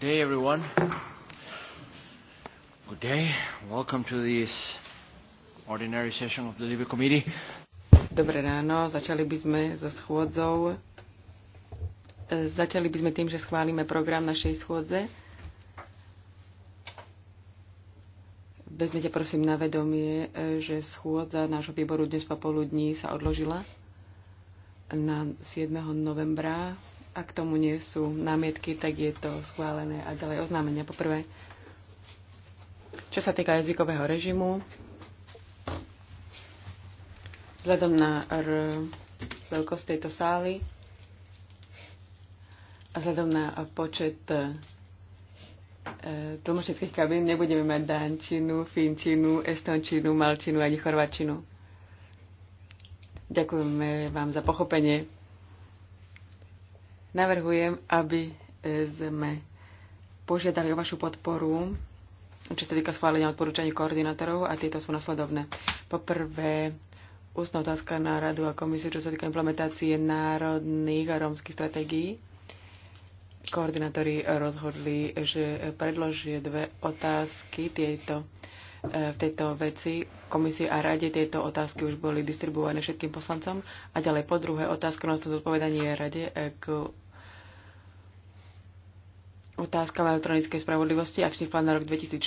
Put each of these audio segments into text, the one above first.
Good day, everyone. Good day. Welcome to this ordinary session of the Libre Committee. Dobré ráno. Začali by sme so schôdzou. Začali by sme tým, že schválime program našej schôdze. Vezmite prosím na vedomie, že schôdza nášho výboru dnes popoludní sa odložila na 7. novembra ak tomu nie sú námietky, tak je to schválené a ďalej oznámenia poprvé. Čo sa týka jazykového režimu, vzhľadom na r- veľkosť tejto sály a vzhľadom na počet e, tlmočnických kabín nebudeme mať dánčinu, finčinu, estončinu, malčinu ani chorvačinu. Ďakujeme vám za pochopenie. Navrhujem, aby e, sme požiadali o vašu podporu, čo sa týka schválenia odporúčaní koordinátorov a tieto sú nasledovné. Poprvé, ústna otázka na radu a komisiu, čo sa týka implementácie národných a rómskych stratégií. Koordinátori rozhodli, že predložia dve otázky tieto v tejto veci. Komisii a rade tieto otázky už boli distribuované všetkým poslancom. A ďalej po druhé otázka na zodpovedanie rade eh, k otázkam elektronickej spravodlivosti. Akčný plán na rok 2014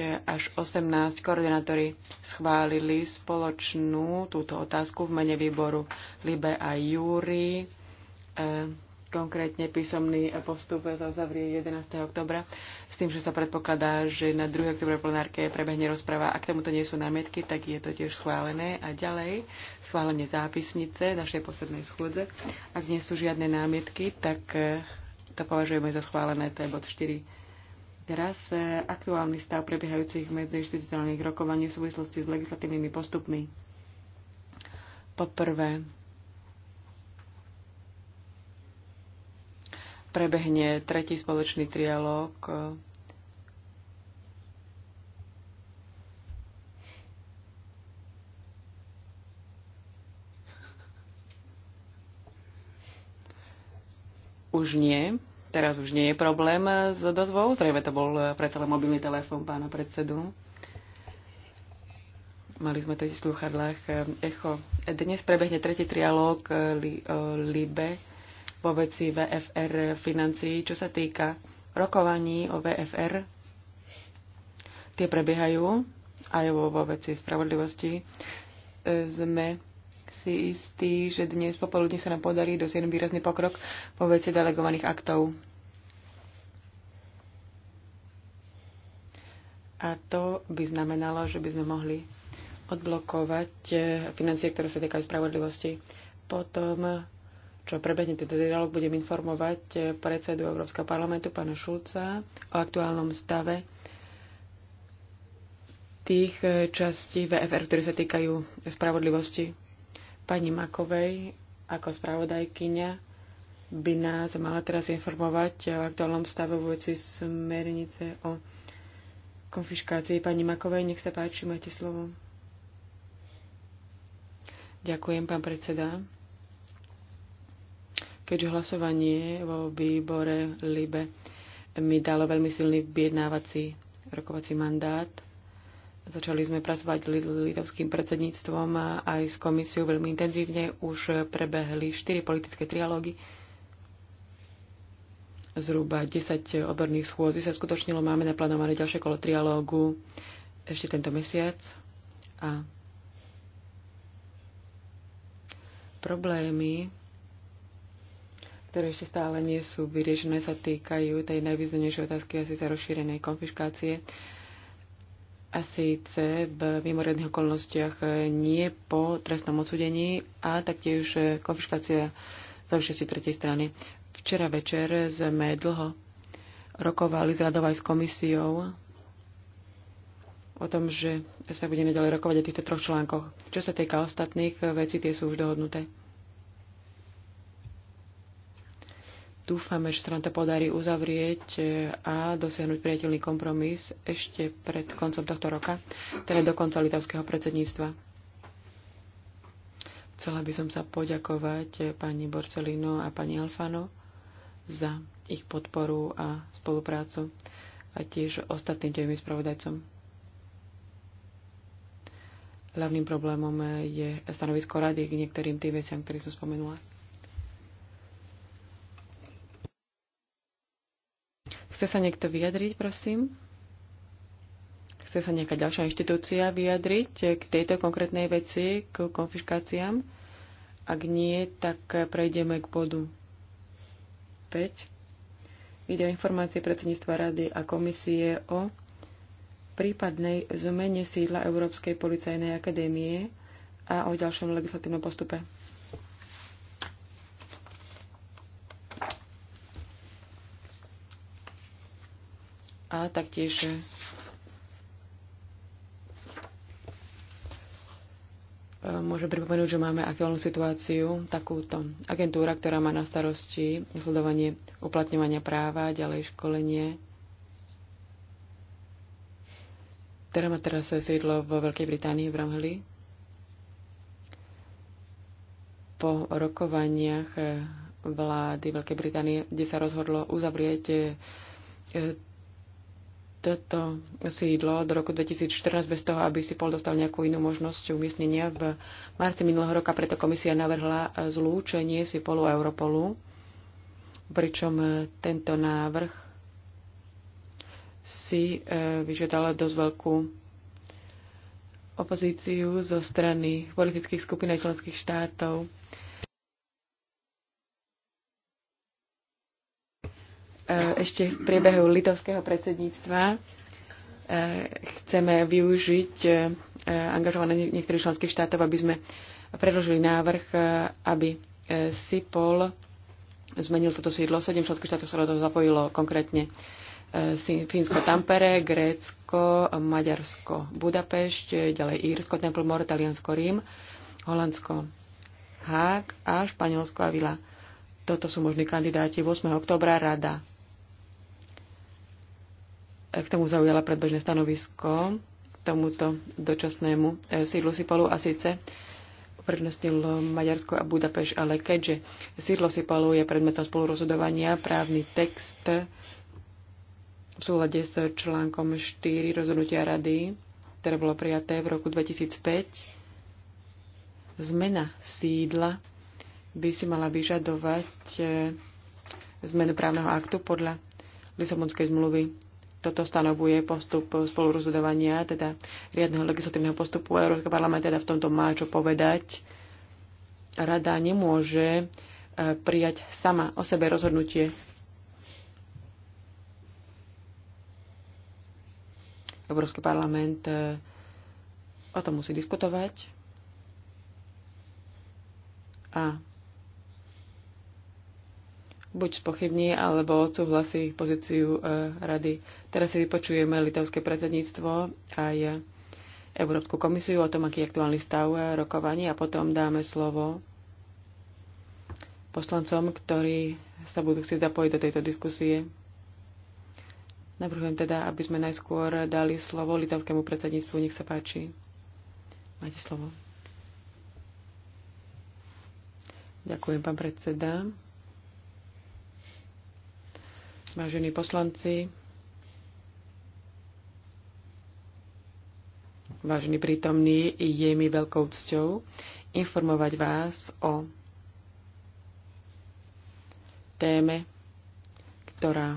eh, až 18 koordinátori schválili spoločnú túto otázku v mene výboru Libe a Júri. E Konkrétne písomný postup sa uzavrie 11. oktobra s tým, že sa predpokladá, že na 2. oktobra plenárke prebehne rozprava. Ak tomuto nie sú námietky, tak je to tiež schválené. A ďalej, schválenie zápisnice našej poslednej schôdze. Ak nie sú žiadne námietky, tak eh, to považujeme za schválené. To je bod 4. Teraz eh, aktuálny stav prebiehajúcich medziinstitucionálnych rokovaní v súvislosti s legislatívnymi postupmi. Poprvé. prebehne tretí spoločný trialóg už nie. Teraz už nie je problém s dozvou. Zrejme to bol pre len mobilný telefón pána predsedu. Mali sme totiž v sluchadlách. echo. Dnes prebehne tretí trialóg li, Libe vo veci VFR financií. Čo sa týka rokovaní o VFR, tie prebiehajú aj vo veci spravodlivosti. E, sme si istí, že dnes popoludne sa nám podarí dosiahnuť výrazný pokrok vo veci delegovaných aktov. A to by znamenalo, že by sme mohli odblokovať e, financie, ktoré sa týkajú spravodlivosti. Potom čo prebehne tento dialog, budem informovať eh, predsedu Európskeho parlamentu, pána Šulca, o aktuálnom stave tých eh, častí VFR, ktoré sa týkajú spravodlivosti. Pani Makovej, ako spravodajkyňa, by nás mala teraz informovať o aktuálnom stave veci smernice o konfiškácii. Pani Makovej, nech sa páči, máte slovo. Ďakujem, pán predseda keďže hlasovanie vo výbore LIBE mi dalo veľmi silný vyjednávací rokovací mandát. Začali sme pracovať litovským predsedníctvom a aj s komisiou veľmi intenzívne. Už prebehli štyri politické trialógy. Zhruba 10 odborných schôzí sa skutočnilo. Máme naplánované ďalšie kolo trialógu ešte tento mesiac. A problémy ktoré ešte stále nie sú vyriešené, sa týkajú tej najvýznamnejšej otázky asi za rozšírenej konfiškácie. A síce v mimoriadných okolnostiach e, nie po trestnom odsudení a taktiež e, konfiškácia za všetci tretej strany. Včera večer sme dlho rokovali z aj s komisiou o tom, že sa budeme ďalej rokovať o týchto troch článkoch. Čo sa týka ostatných e, vecí, tie sú už dohodnuté. Dúfame, že sa nám to podarí uzavrieť e, a dosiahnuť priateľný kompromis ešte pred koncom tohto roka, teda do konca litovského predsedníctva. Chcela by som sa poďakovať e, pani Borcelino a pani Alfano za ich podporu a spoluprácu a tiež ostatným tým spravodajcom. Hlavným problémom e, je stanovisko rady k niektorým tým veciam, ktoré som spomenula. Chce sa niekto vyjadriť, prosím? Chce sa nejaká ďalšia inštitúcia vyjadriť k tejto konkrétnej veci, k konfiškáciám? Ak nie, tak prejdeme k bodu 5. Ide o informácie predsedníctva Rady a komisie o prípadnej zmene sídla Európskej policajnej akadémie a o ďalšom legislatívnom postupe. taktiež môžem pripomenúť, že máme aktuálnu situáciu takúto. Agentúra, ktorá má na starosti sledovanie uplatňovania práva, ďalej školenie, ktorá má teraz sídlo vo Veľkej Británii v Ramhli. Po rokovaniach vlády Veľkej Británie, kde sa rozhodlo uzavrieť eh, toto sídlo do roku 2014 bez toho, aby si Pol dostal nejakú inú možnosť umiestnenia. V marci minulého roka preto komisia navrhla zlúčenie si polu Europolu, pričom tento návrh si e, vyžiadal dosť veľkú opozíciu zo strany politických skupín a členských štátov. E, ešte v priebehu litovského predsedníctva e, chceme využiť e, angažované niektorých členských štátov, aby sme predložili návrh, aby SIPOL zmenil toto sídlo. Sedem členských štátov sa do toho zapojilo konkrétne Fínsko Tampere, Grécko, Maďarsko Budapešť, ďalej Írsko Templemore, Taliansko Rím, Holandsko Hák a Španielsko Avila. Toto sú možní kandidáti. 8. oktobra rada k tomu zaujala predbežné stanovisko k tomuto dočasnému e, sídlu Sipalu a síce uprednostnil Maďarsko a Budapeš, ale keďže sídlo Sipalu je predmetom spolurozhodovania, právny text v súlade s článkom 4 rozhodnutia rady, ktoré bolo prijaté v roku 2005, zmena sídla by si mala vyžadovať e, zmenu právneho aktu podľa Lisabonskej zmluvy toto stanovuje postup spolurozhodovania, teda riadneho legislatívneho postupu. Európsky parlament teda v tomto má čo povedať. Rada nemôže e, prijať sama o sebe rozhodnutie. Európsky parlament e, o tom musí diskutovať a buď spochybní alebo odsúhlasí pozíciu e, rady. Teraz si vypočujeme litovské predsedníctvo aj Európsku komisiu o tom, aký je aktuálny stav e, rokovaní a potom dáme slovo poslancom, ktorí sa budú chcieť zapojiť do tejto diskusie. Navrhujem teda, aby sme najskôr dali slovo litovskému predsedníctvu. Nech sa páči. Máte slovo. Ďakujem, pán predseda vážení poslanci, vážení prítomní, je mi veľkou cťou informovať vás o téme, ktorá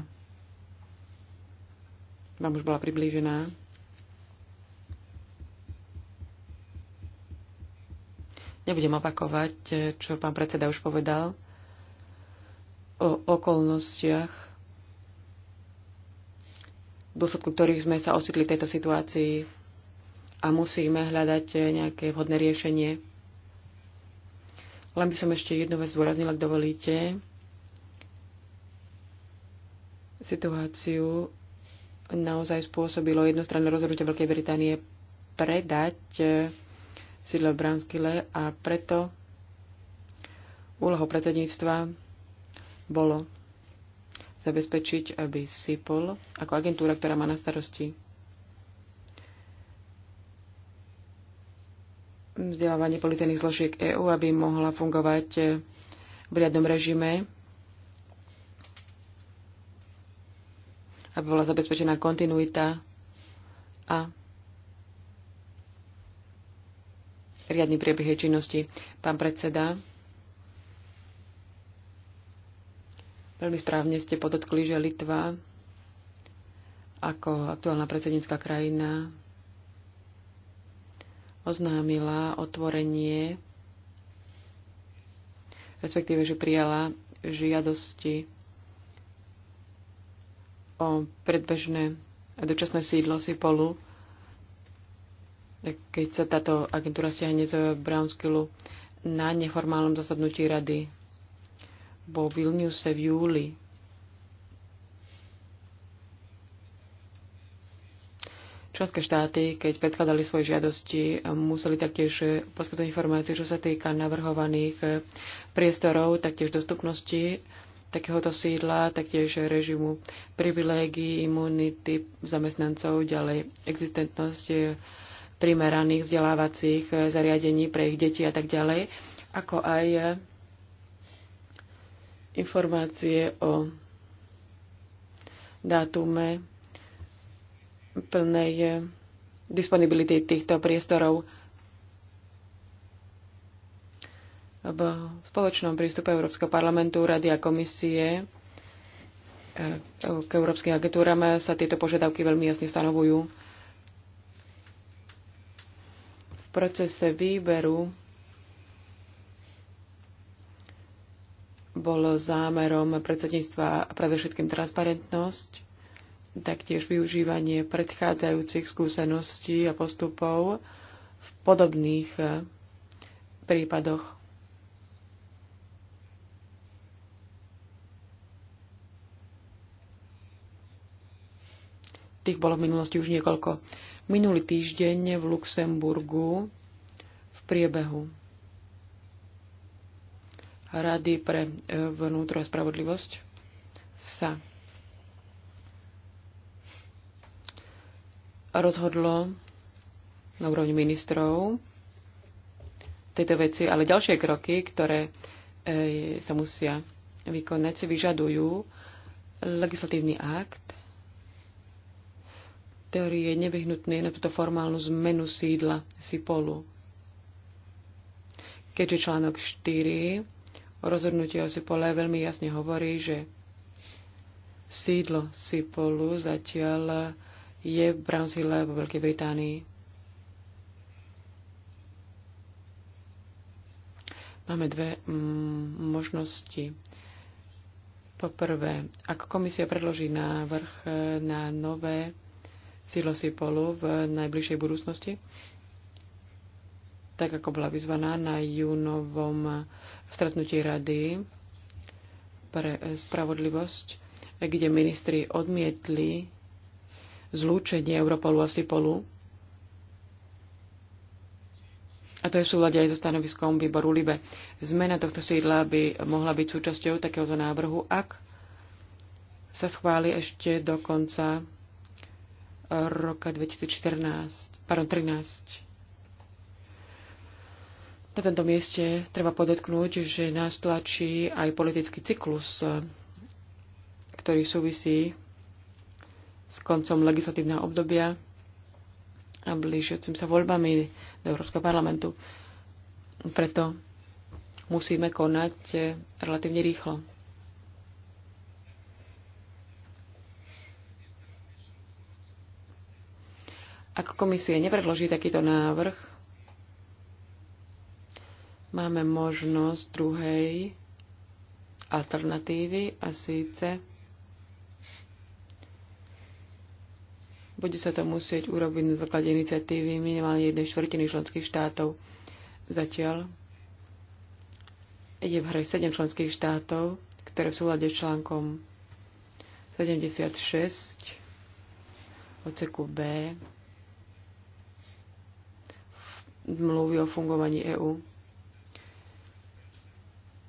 vám už bola priblížená. Nebudem opakovať, čo pán predseda už povedal o okolnostiach, dôsledku ktorých sme sa ocitli v tejto situácii a musíme hľadať nejaké vhodné riešenie. Len by som ešte jednu vec zdôraznila, ak dovolíte. Situáciu naozaj spôsobilo jednostranné rozhodnutie Veľkej Británie predať eh, sídlo v Brownskille a preto úlohou predsedníctva bolo zabezpečiť, aby SIPOL, ako agentúra, ktorá má na starosti vzdelávanie policajných zložiek EÚ, aby mohla fungovať v riadnom režime, aby bola zabezpečená kontinuita a riadny priebeh činnosti. Pán predseda, Veľmi správne ste podotkli, že Litva ako aktuálna predsednícka krajina oznámila otvorenie, respektíve, že prijala žiadosti o predbežné a dočasné sídlo Sipolu, keď sa táto agentúra stiahne z Brownskillu na neformálnom zasadnutí rady vo Vilniuse v júli. Členské štáty, keď predkladali svoje žiadosti, museli taktiež poskytnúť informáciu, čo sa týka navrhovaných priestorov, taktiež dostupnosti takéhoto sídla, taktiež režimu privilégií, imunity zamestnancov, ďalej existentnosť primeraných vzdelávacích zariadení pre ich deti a tak ďalej, ako aj informácie o dátume plnej disponibility týchto priestorov v spoločnom prístupe Európskeho parlamentu, Rady a komisie e, k európskym agentúram sa tieto požiadavky veľmi jasne stanovujú. V procese výberu bol zámerom predsedníctva a predovšetkým transparentnosť, taktiež využívanie predchádzajúcich skúseností a postupov v podobných eh, prípadoch. Tých bolo v minulosti už niekoľko. Minulý týždeň v Luxemburgu v priebehu Rady pre e, vnútro a spravodlivosť sa rozhodlo na úrovni ministrov tejto veci, ale ďalšie kroky, ktoré e, sa musia vykonať, si vyžadujú legislatívny akt, ktorý je nevyhnutný na túto formálnu zmenu sídla Sipolu. Keďže článok 4 Rozhodnutie o Sipole veľmi jasne hovorí, že sídlo Sipolu zatiaľ je v Brownsville vo Veľkej Británii. Máme dve mm, možnosti. Poprvé, ak komisia predloží návrh na nové sídlo Sipolu v najbližšej budúcnosti, tak ako bola vyzvaná na júnovom stretnutí rady pre spravodlivosť, kde ministri odmietli zlúčenie Europolu a Sipolu. A to je v súlade aj so stanoviskom výboru Libe. Zmena tohto sídla by mohla byť súčasťou takéhoto návrhu, ak sa schváli ešte do konca roka 2014, pardon, 2013. Na tomto mieste treba podotknúť, že nás tlačí aj politický cyklus, e, ktorý súvisí s koncom legislatívneho obdobia a blížiacim sa voľbami do Európskeho parlamentu. Preto musíme konať e, relatívne rýchlo. Ak komisie nepredloží takýto návrh, máme možnosť druhej alternatívy a síce bude sa to musieť urobiť na základe iniciatívy minimálne jednej štvrtiny členských štátov. Zatiaľ je v hre 7 členských štátov, ktoré v súlade s článkom 76 oceku B mluví o fungovaní EÚ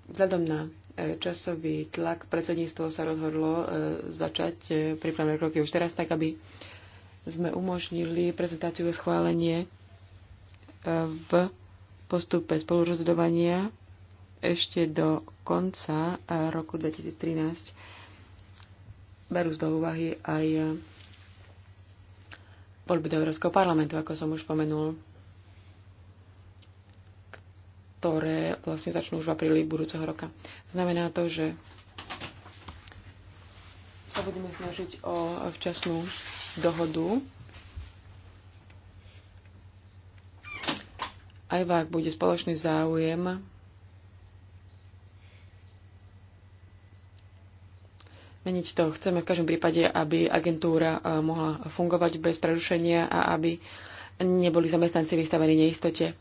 Vzhľadom na e, časový tlak predsedníctvo sa rozhodlo e, začať e, prípravné kroky už teraz, tak aby sme umožnili prezentáciu a schválenie v postupe spolurozhodovania ešte do konca roku 2013 berú do úvahy aj voľby do Európskeho parlamentu, ako som už spomenul ktoré vlastne začnú už v apríli budúceho roka. Znamená to, že sa budeme snažiť o včasnú dohodu. Aj ak bude spoločný záujem, meniť to. Chceme v každom prípade, aby agentúra e, mohla fungovať bez prerušenia a aby neboli zamestnanci vystavení neistote.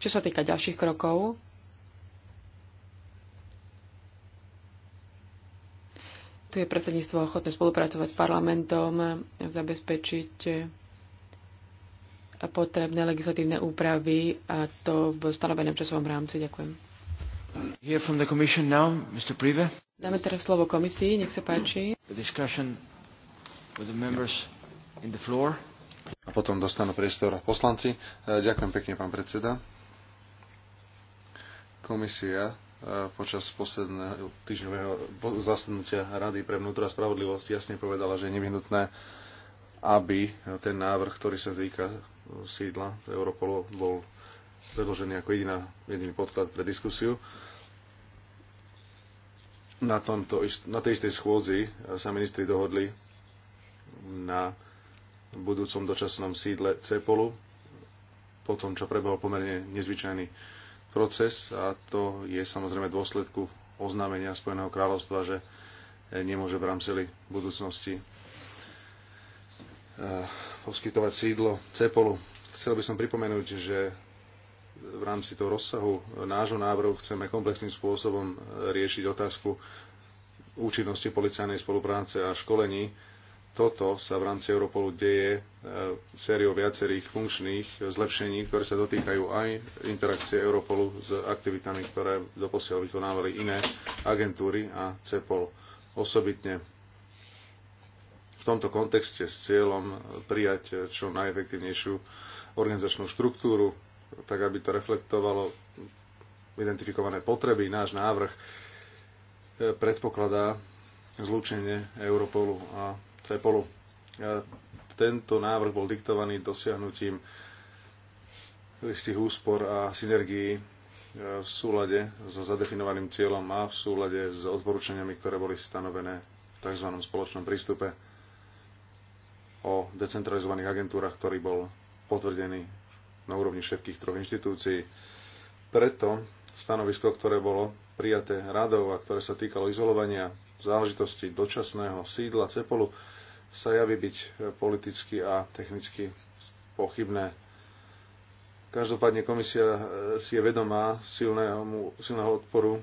Čo sa týka ďalších krokov, tu je predsedníctvo ochotné spolupracovať s parlamentom, zabezpečiť potrebné legislatívne úpravy a to v stanovenom časovom rámci. Ďakujem. Hear from the commission now, Mr. Prive. Dáme teraz slovo komisii, nech sa páči. The discussion with the members in the floor. A potom dostanú priestor poslanci. E, ďakujem pekne, pán predseda. Komisia e, počas posledného týždňového zasadnutia Rady pre vnútra a spravodlivosť jasne povedala, že je nevyhnutné, aby ten návrh, ktorý sa týka sídla Europolu, bol predložený ako jediná, jediný podklad pre diskusiu. Na, tomto, na tej istej schôdzi sa ministri dohodli na budúcom dočasnom sídle CEPOLu, po tom, čo prebehol pomerne nezvyčajný proces a to je samozrejme dôsledku oznámenia Spojeného kráľovstva, že eh, nemôže v rámci budúcnosti eh, poskytovať sídlo CEPOLu. Chcel by som pripomenúť, že v rámci toho rozsahu nášho návrhu chceme komplexným spôsobom eh, riešiť otázku účinnosti policajnej spolupráce a školení toto sa v rámci Europolu deje e, sériou viacerých funkčných zlepšení, ktoré sa dotýkajú aj interakcie Europolu s aktivitami, ktoré doposiaľ vykonávali iné agentúry a CEPOL osobitne. V tomto kontexte s cieľom prijať čo najefektívnejšiu organizačnú štruktúru, tak aby to reflektovalo identifikované potreby. Náš návrh e, predpokladá zlúčenie Europolu a CEPOLu. Tento návrh bol diktovaný dosiahnutím istých úspor a synergií e, v súlade so zadefinovaným cieľom a v súlade s odporúčaniami, ktoré boli stanovené v tzv. spoločnom prístupe o decentralizovaných agentúrach, ktorý bol potvrdený na úrovni všetkých troch inštitúcií. Preto stanovisko, ktoré bolo prijaté radov a ktoré sa týkalo izolovania záležitosti dočasného sídla Cepolu, sa javí byť e, politicky a technicky pochybné. Každopádne komisia e, si je vedomá silného, silného odporu,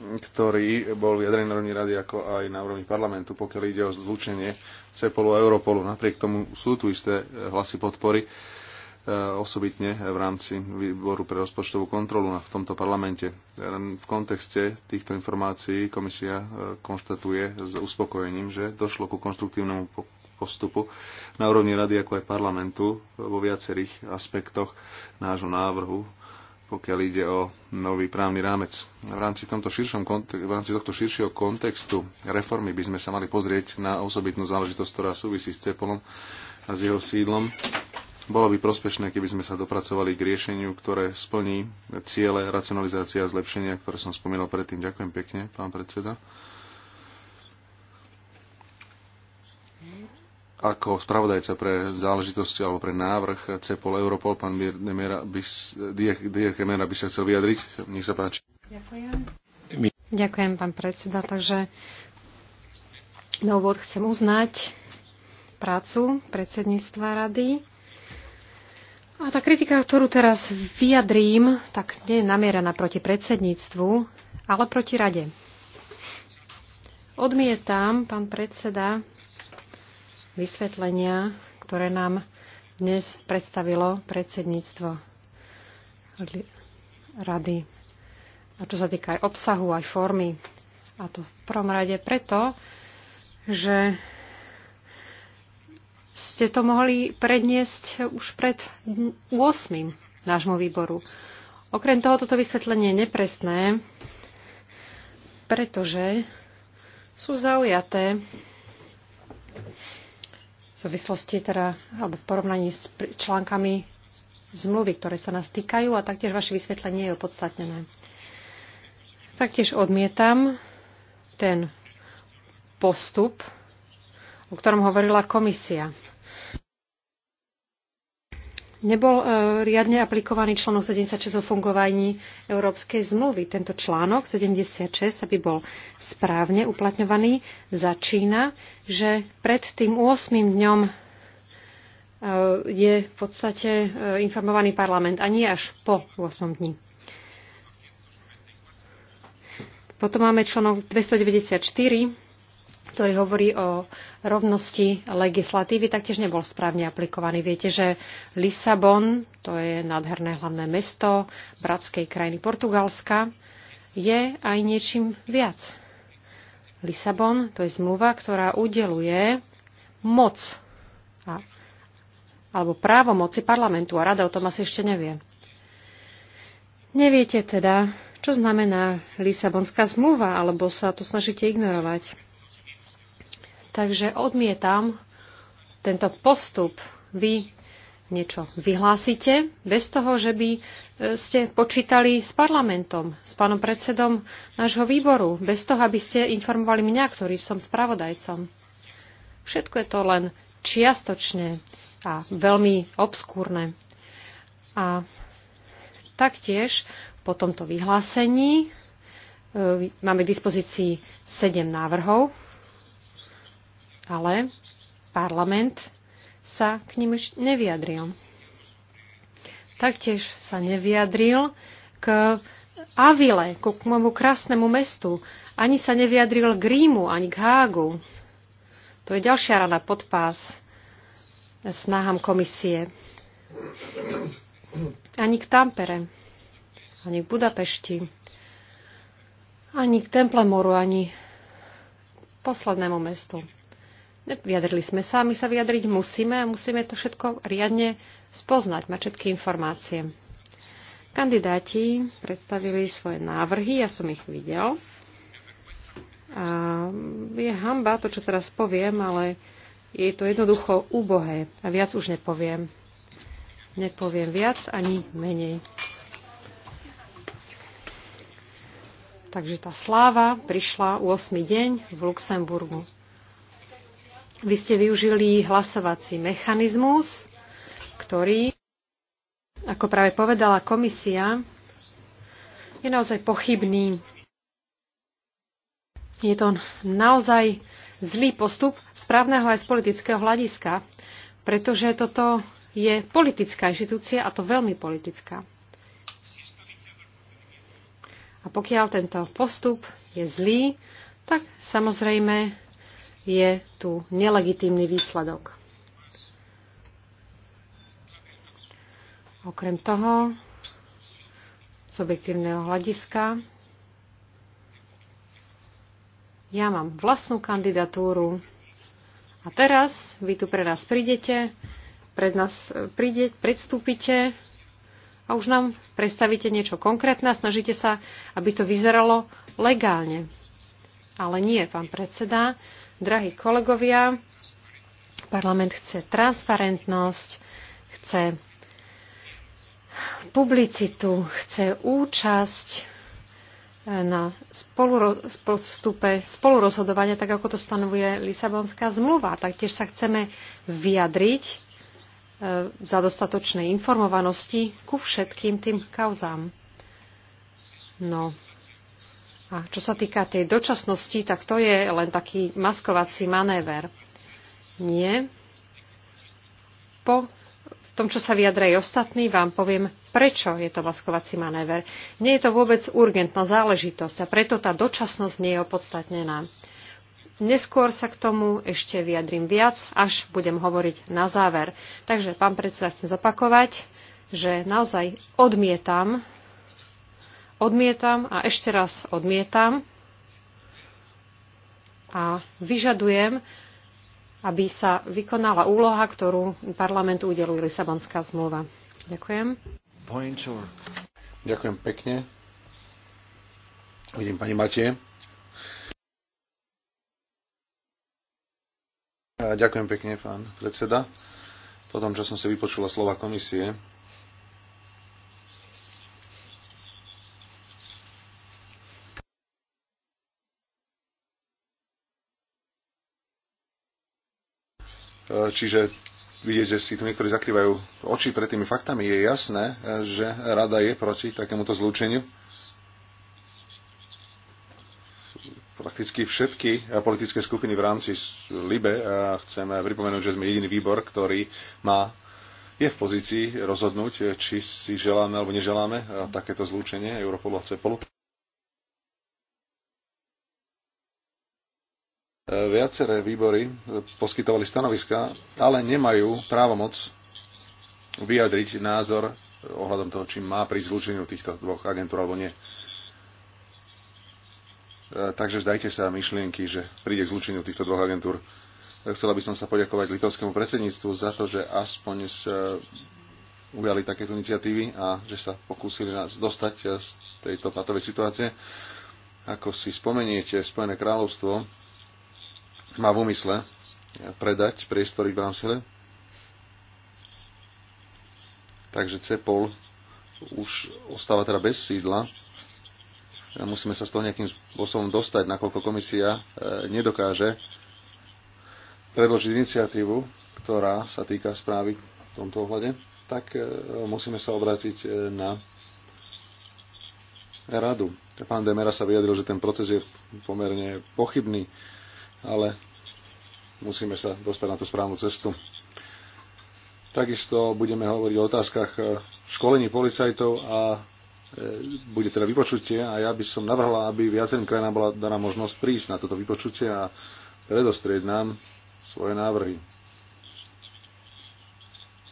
ktorý bol vyjadrený na rovni rady ako aj na úrovni parlamentu, pokiaľ ide o zlučenie CEPOLu a Europolu. Napriek tomu sú tu isté e, hlasy podpory Eh, osobitne v rámci výboru pre rozpočtovú kontrolu v tomto parlamente. V kontexte týchto informácií komisia eh, konštatuje s uspokojením, že došlo ku konštruktívnemu postupu na úrovni rady ako aj parlamentu eh, vo viacerých aspektoch nášho návrhu pokiaľ ide o nový právny rámec. V rámci, tomto širšom, v rámci tohto širšieho kontextu reformy by sme sa mali pozrieť na osobitnú záležitosť, ktorá súvisí s Cepolom a s jeho sídlom bolo by prospešné, keby sme sa dopracovali k riešeniu, ktoré splní ciele racionalizácia a zlepšenia, ktoré som spomínal predtým. Ďakujem pekne, pán predseda. ako spravodajca pre záležitosti alebo pre návrh CEPOL Europol, pán Dier by, by sa chcel vyjadriť. Nech sa páči. Ďakujem. Ďakujem, pán predseda. Takže na úvod chcem uznať prácu predsedníctva rady a tá kritika, ktorú teraz vyjadrím, tak nie je namieraná proti predsedníctvu, ale proti rade. Odmietam, pán predseda, vysvetlenia, ktoré nám dnes predstavilo predsedníctvo rady. A čo sa týka aj obsahu, aj formy. A to v prvom rade preto, že ste to mohli predniesť už pred 8. nášmu výboru. Okrem toho, toto vysvetlenie je nepresné, pretože sú zaujaté v súvislosti teda, alebo v porovnaní s článkami zmluvy, ktoré sa nás týkajú a taktiež vaše vysvetlenie je opodstatnené. Taktiež odmietam ten postup, o ktorom hovorila komisia nebol e, riadne aplikovaný článok 76 o fungovaní Európskej zmluvy. Tento článok 76, aby bol správne uplatňovaný, začína, že pred tým 8. dňom e, je v podstate e, informovaný parlament a nie až po 8 dní. Potom máme článok 294, ktorý hovorí o rovnosti legislatívy, taktiež nebol správne aplikovaný. Viete, že Lisabon, to je nádherné hlavné mesto bratskej krajiny Portugalska, je aj niečím viac. Lisabon, to je zmluva, ktorá udeluje moc a, alebo právo moci parlamentu a rada o tom asi ešte nevie. Neviete teda, čo znamená Lisabonská zmluva, alebo sa to snažíte ignorovať. Takže odmietam tento postup. Vy niečo vyhlásite bez toho, že by e, ste počítali s parlamentom, s pánom predsedom nášho výboru, bez toho, aby ste informovali mňa, ktorý som spravodajcom. Všetko je to len čiastočne a veľmi obskúrne. A taktiež po tomto vyhlásení e, máme k dispozícii sedem návrhov ale parlament sa k ním už nevyjadril. Taktiež sa nevyjadril k Avile, k môjmu krásnemu mestu. Ani sa nevyjadril k Rímu, ani k Hágu. To je ďalšia rana pod pás snahám komisie. Ani k Tampere, ani k Budapešti, ani k Templemoru, ani k poslednému mestu. Vyjadrili sme sa a my sa vyjadriť musíme a musíme to všetko riadne spoznať, mať všetky informácie. Kandidáti predstavili svoje návrhy, ja som ich videl. A je hamba to, čo teraz poviem, ale je to jednoducho úbohé a viac už nepoviem. Nepoviem viac ani menej. Takže tá sláva prišla u 8. deň v Luxemburgu. Vy ste využili hlasovací mechanizmus, ktorý, ako práve povedala komisia, je naozaj pochybný. Je to naozaj zlý postup správneho aj z politického hľadiska, pretože toto je politická inštitúcia a to veľmi politická. A pokiaľ tento postup je zlý, tak samozrejme je tu nelegitímny výsledok. Okrem toho, z objektívneho hľadiska, ja mám vlastnú kandidatúru a teraz vy tu pre nás prídete, pred nás e, príde, predstúpite a už nám predstavíte niečo konkrétne a snažíte sa, aby to vyzeralo legálne. Ale nie, pán predseda, Drahí kolegovia, parlament chce transparentnosť, chce publicitu, chce účasť e, na spolustupe spolurozhodovania, tak ako to stanovuje Lisabonská zmluva. Taktiež sa chceme vyjadriť e, za dostatočnej informovanosti ku všetkým tým kauzám. No, a čo sa týka tej dočasnosti, tak to je len taký maskovací manéver. Nie. Po tom, čo sa vyjadrajú ostatní, vám poviem, prečo je to maskovací manéver. Nie je to vôbec urgentná záležitosť a preto tá dočasnosť nie je opodstatnená. Neskôr sa k tomu ešte vyjadrím viac, až budem hovoriť na záver. Takže, pán predseda, chcem zopakovať, že naozaj odmietam odmietam a ešte raz odmietam a vyžadujem, aby sa vykonala úloha, ktorú parlamentu udeluje Lisabonská zmluva. Ďakujem. Ďakujem pekne. Vidím pani Matie. Ďakujem pekne, pán predseda. Potom, čo som si vypočula slova komisie, E, čiže vidieť, že si tu niektorí zakrývajú oči pred tými faktami, je jasné, e, že rada je proti takémuto zlúčeniu. Prakticky všetky e, politické skupiny v rámci LIBE a chceme pripomenúť, že sme jediný výbor, ktorý má je v pozícii rozhodnúť, či si želáme alebo neželáme takéto zlúčenie Europolu a Cepolu. E, viaceré výbory poskytovali stanoviska, ale nemajú právomoc vyjadriť názor ohľadom toho, či má pri zlučeniu týchto dvoch agentúr alebo nie. E, takže zdajte sa myšlienky, že príde k zlučeniu týchto dvoch agentúr. E, chcela by som sa poďakovať litovskému predsedníctvu za to, že aspoň sa ujali takéto iniciatívy a že sa pokúsili nás dostať z tejto patovej situácie. Ako si spomeniete, Spojené kráľovstvo má v úmysle predať priestory v Brownsville. Takže Cepol už ostáva teda bez sídla. Musíme sa z toho nejakým spôsobom dostať, nakoľko komisia e, nedokáže predložiť iniciatívu, ktorá sa týka správy v tomto ohľade, tak e, musíme sa obrátiť e, na radu. Pán Demera sa vyjadril, že ten proces je pomerne pochybný ale musíme sa dostať na tú správnu cestu. Takisto budeme hovoriť o otázkach e, školení policajtov a e, bude teda vypočutie a ja by som navrhla, aby viacerým krajinám bola daná možnosť prísť na toto vypočutie a predostrieť nám svoje návrhy.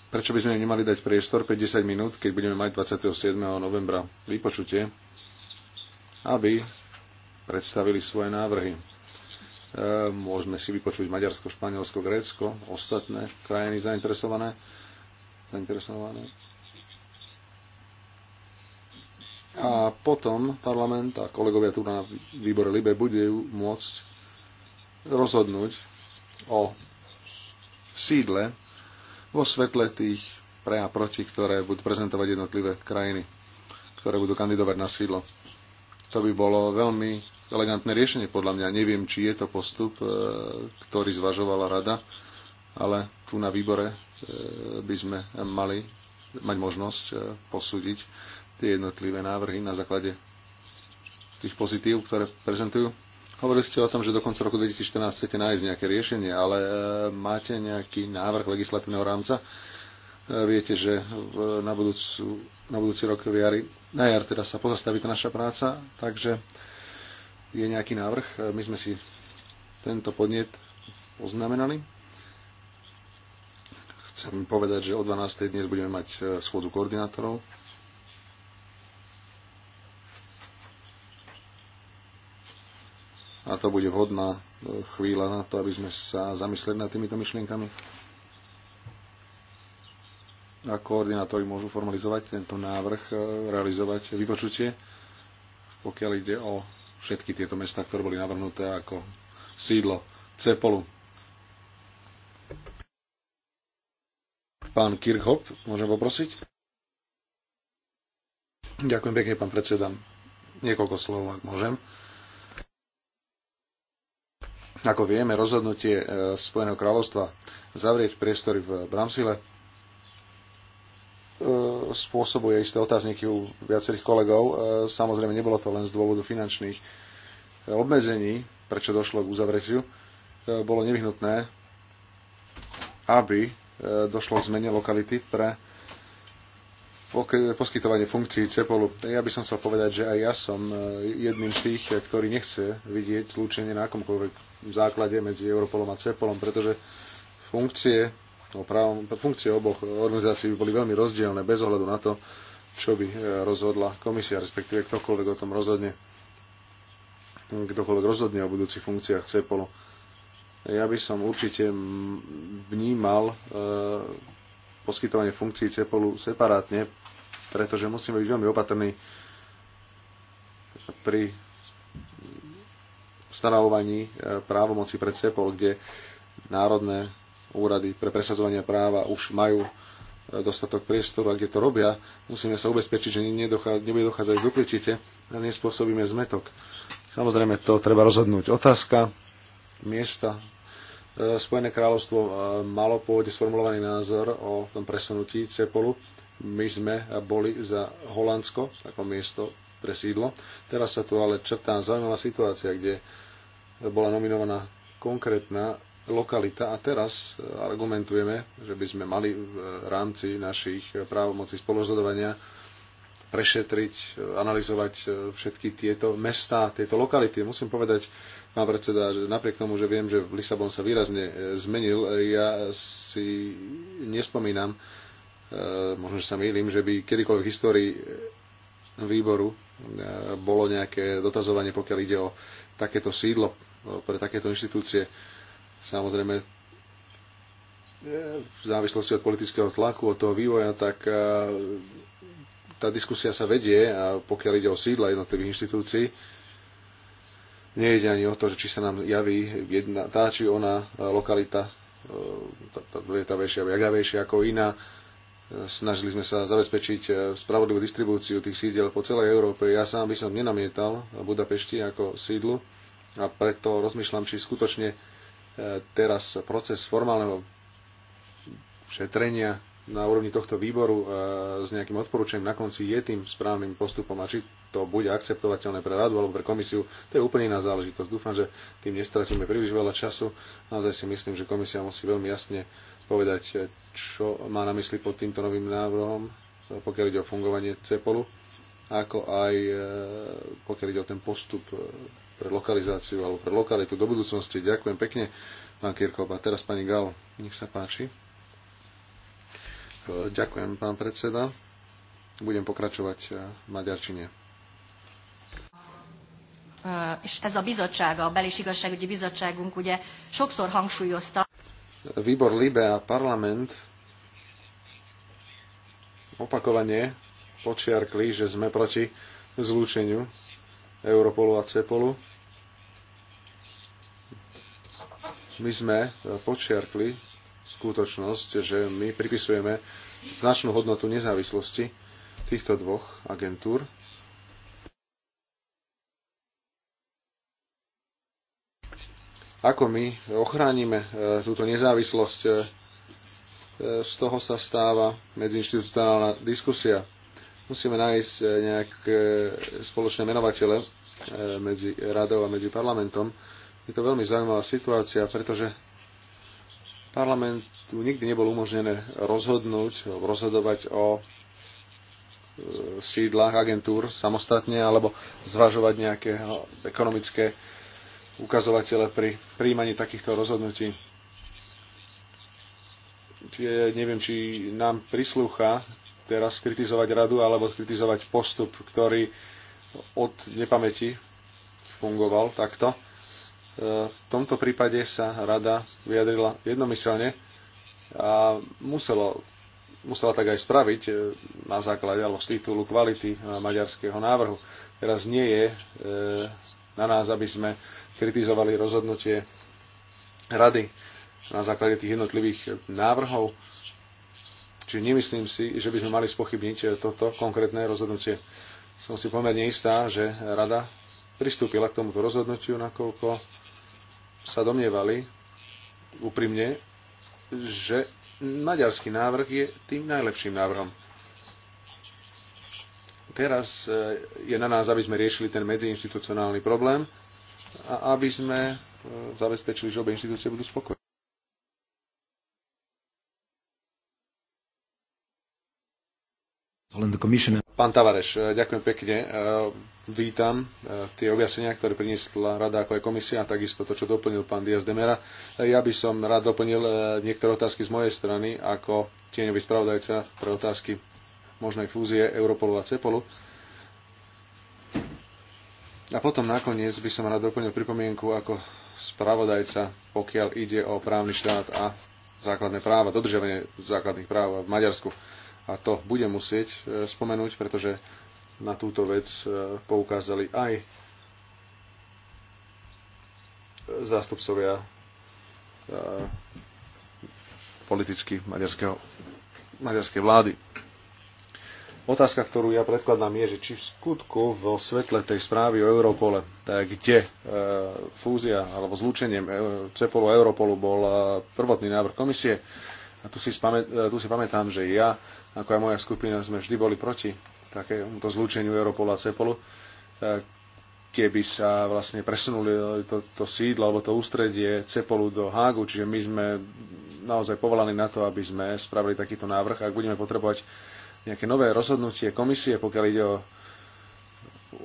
Prečo by sme im nemali dať priestor 50 minút, keď budeme mať 27. novembra vypočutie, aby predstavili svoje návrhy E, môžeme si vypočuť Maďarsko, Španielsko, Grécko, ostatné krajiny zainteresované. zainteresované. A potom parlament a kolegovia tu na výbore Libe budú môcť rozhodnúť o sídle vo svetle tých pre a proti, ktoré budú prezentovať jednotlivé krajiny, ktoré budú kandidovať na sídlo. To by bolo veľmi elegantné riešenie podľa mňa. Neviem, či je to postup, e, ktorý zvažovala rada, ale tu na výbore e, by sme mali mať možnosť e, posúdiť tie jednotlivé návrhy na základe tých pozitív, ktoré prezentujú. Hovorili ste o tom, že do konca roku 2014 chcete nájsť nejaké riešenie, ale máte nejaký návrh legislatívneho rámca? Viete, že na, budúcu, na budúci rok v jari, na jar teda sa pozastaví tá naša práca, takže je nejaký návrh. E, my sme si tento podnet poznamenali. Chcem povedať, že o 12. dnes budeme mať e, schôdzu koordinátorov. A to bude vhodná e, chvíľa na to, aby sme sa zamysleli nad týmito myšlienkami. A koordinátori môžu formalizovať tento návrh, realizovať vypočutie pokiaľ ide o všetky tieto mesta, ktoré boli navrhnuté ako sídlo Cepolu. Pán Kirchhoff, môžem poprosiť? Ďakujem pekne, pán predseda. Niekoľko slov, ak môžem. Ako vieme, rozhodnutie e, Spojeného kráľovstva zavrieť priestory v Bramsile E, spôsobuje isté otázniky u viacerých kolegov. E, samozrejme, nebolo to len z dôvodu finančných e, obmedzení, prečo došlo k uzavretiu. Bolo nevyhnutné, aby došlo k zmene lokality pre poskytovanie funkcií CEPOLu. Ja by som chcel povedať, že aj ja som jedným z tých, ktorý nechce vidieť zlúčenie na akomkoľvek základe medzi Europolom a CEPOLom, pretože funkcie no, právom, funkcie oboch organizácií by boli veľmi rozdielne bez ohľadu na to, čo by e, rozhodla komisia, respektíve ktokoľvek o tom rozhodne, ktokoľvek rozhodne o budúcich funkciách CEPOLu. Ja by som určite vnímal e, poskytovanie funkcií CEPOLu separátne, pretože musíme byť veľmi opatrní pri stanovovaní e, právomoci pre CEPOL, kde národné úrady pre presadzovanie práva už majú e, dostatok priestoru a kde to robia, musíme sa ubezpečiť, že nedochá, nebude dochádzať k duplicite a nespôsobíme zmetok. Samozrejme, to treba rozhodnúť. Otázka miesta. E, Spojené kráľovstvo e, malo pôvodne sformulovaný názor o tom presunutí Cepolu. My sme boli za Holandsko ako miesto pre sídlo. Teraz sa tu ale črtá zaujímavá situácia, kde bola nominovaná konkrétna lokalita. A teraz eh, argumentujeme, že by sme mali v eh, rámci našich eh, právomocí spolurozhodovania prešetriť, analyzovať všetky tieto mestá, tieto lokality. Musím povedať, pán predseda, že napriek tomu, že viem, že Lisabon sa výrazne zmenil, ja si nespomínam, možno, že sa mýlim, že by kedykoľvek v histórii výboru bolo nejaké dotazovanie, pokiaľ ide o takéto sídlo pre takéto inštitúcie samozrejme e, v závislosti od politického tlaku, od toho vývoja, tak e, tá diskusia sa vedie a pokiaľ ide o sídla jednotlivých inštitúcií, nejde ani o to, že či sa nám javí jedna, tá či ona e, lokalita lietavejšia alebo jagavejšia ako iná. Snažili sme sa zabezpečiť spravodlivú distribúciu tých sídel po celej Európe. Ja sám by som nenamietal Budapešti ako sídlu a preto rozmýšľam, či skutočne Teraz proces formálneho šetrenia na úrovni tohto výboru e, s nejakým odporúčaním na konci je tým správnym postupom a či to bude akceptovateľné pre radu alebo pre komisiu, to je úplne iná záležitosť. Dúfam, že tým nestratíme príliš veľa času. Naozaj si myslím, že komisia musí veľmi jasne povedať, e, čo má na mysli pod týmto novým návrhom, pokiaľ ide o fungovanie CEPOLu, ako aj e, pokiaľ ide o ten postup pre lokalizáciu alebo pre lokalitu do budúcnosti. Ďakujem pekne, pán Kirkov. A teraz pani Gal, nech sa páči. E, ďakujem, pán predseda. Budem pokračovať e, v maďarčine. E, ez a a Belis igazságügyi bizottságunk ugye sokszor hangsúlyozta. Výbor Libe a parlament opakovane počiarkli, že sme proti zlúčeniu Europolu a Cepolu. my sme e, počiarkli skutočnosť, že my pripisujeme značnú hodnotu nezávislosti týchto dvoch agentúr. Ako my ochránime e, túto nezávislosť, e, z toho sa stáva medziinstitucionálna diskusia. Musíme nájsť nejaké spoločné menovatele medzi radou a medzi parlamentom je to veľmi zaujímavá situácia, pretože parlamentu nikdy nebolo umožnené rozhodnúť, rozhodovať o e, sídlach agentúr samostatne alebo zvažovať nejaké no, ekonomické ukazovatele pri príjmaní takýchto rozhodnutí. Čiže neviem, či nám prislúcha teraz kritizovať radu alebo kritizovať postup, ktorý od nepamäti fungoval takto. V tomto prípade sa rada vyjadrila jednomyselne a muselo, musela tak aj spraviť e, na základe alebo z titulu kvality e, maďarského návrhu. Teraz nie je e, na nás, aby sme kritizovali rozhodnutie rady na základe tých jednotlivých návrhov. Čiže nemyslím si, že by sme mali spochybniť toto konkrétne rozhodnutie. Som si pomerne istá, že rada pristúpila k tomuto rozhodnutiu, nakoľko sa domnievali úprimne, že maďarský návrh je tým najlepším návrhom. Teraz e, je na nás, aby sme riešili ten medziinstitucionálny problém a aby sme e, zabezpečili, že obe inštitúcie budú spokojné. Pán Tavareš, e, ďakujem pekne. E, vítam e, tie objasnenia, ktoré priniesla rada ako aj komisia a takisto to, čo doplnil pán Diaz Demera. Ja by som rád doplnil niektoré otázky z mojej strany ako tieňový spravodajca pre otázky možnej fúzie Europolu a Cepolu. A potom nakoniec by som rád doplnil pripomienku ako spravodajca, pokiaľ ide o právny štát a základné práva, dodržiavanie základných práv v Maďarsku a to budem musieť e, spomenúť, pretože na túto vec e, poukázali aj zástupcovia e, politicky maďarskej vlády. Otázka, ktorú ja predkladám, je, že či v skutku vo svetle tej správy o Europole, kde e, fúzia alebo zlúčenie e, Cepolu a Europolu bol e, prvotný návrh komisie, a tu si, spamät, e, tu si pamätám, že ja, ako aj moja skupina, sme vždy boli proti takémuto zlúčeniu Europolu a Cepolu, e, keby sa vlastne presunuli e, to, to sídlo alebo to ústredie Cepolu do Hágu, čiže my sme naozaj povolaní na to, aby sme spravili takýto návrh. Ak budeme potrebovať nejaké nové rozhodnutie komisie, pokiaľ ide o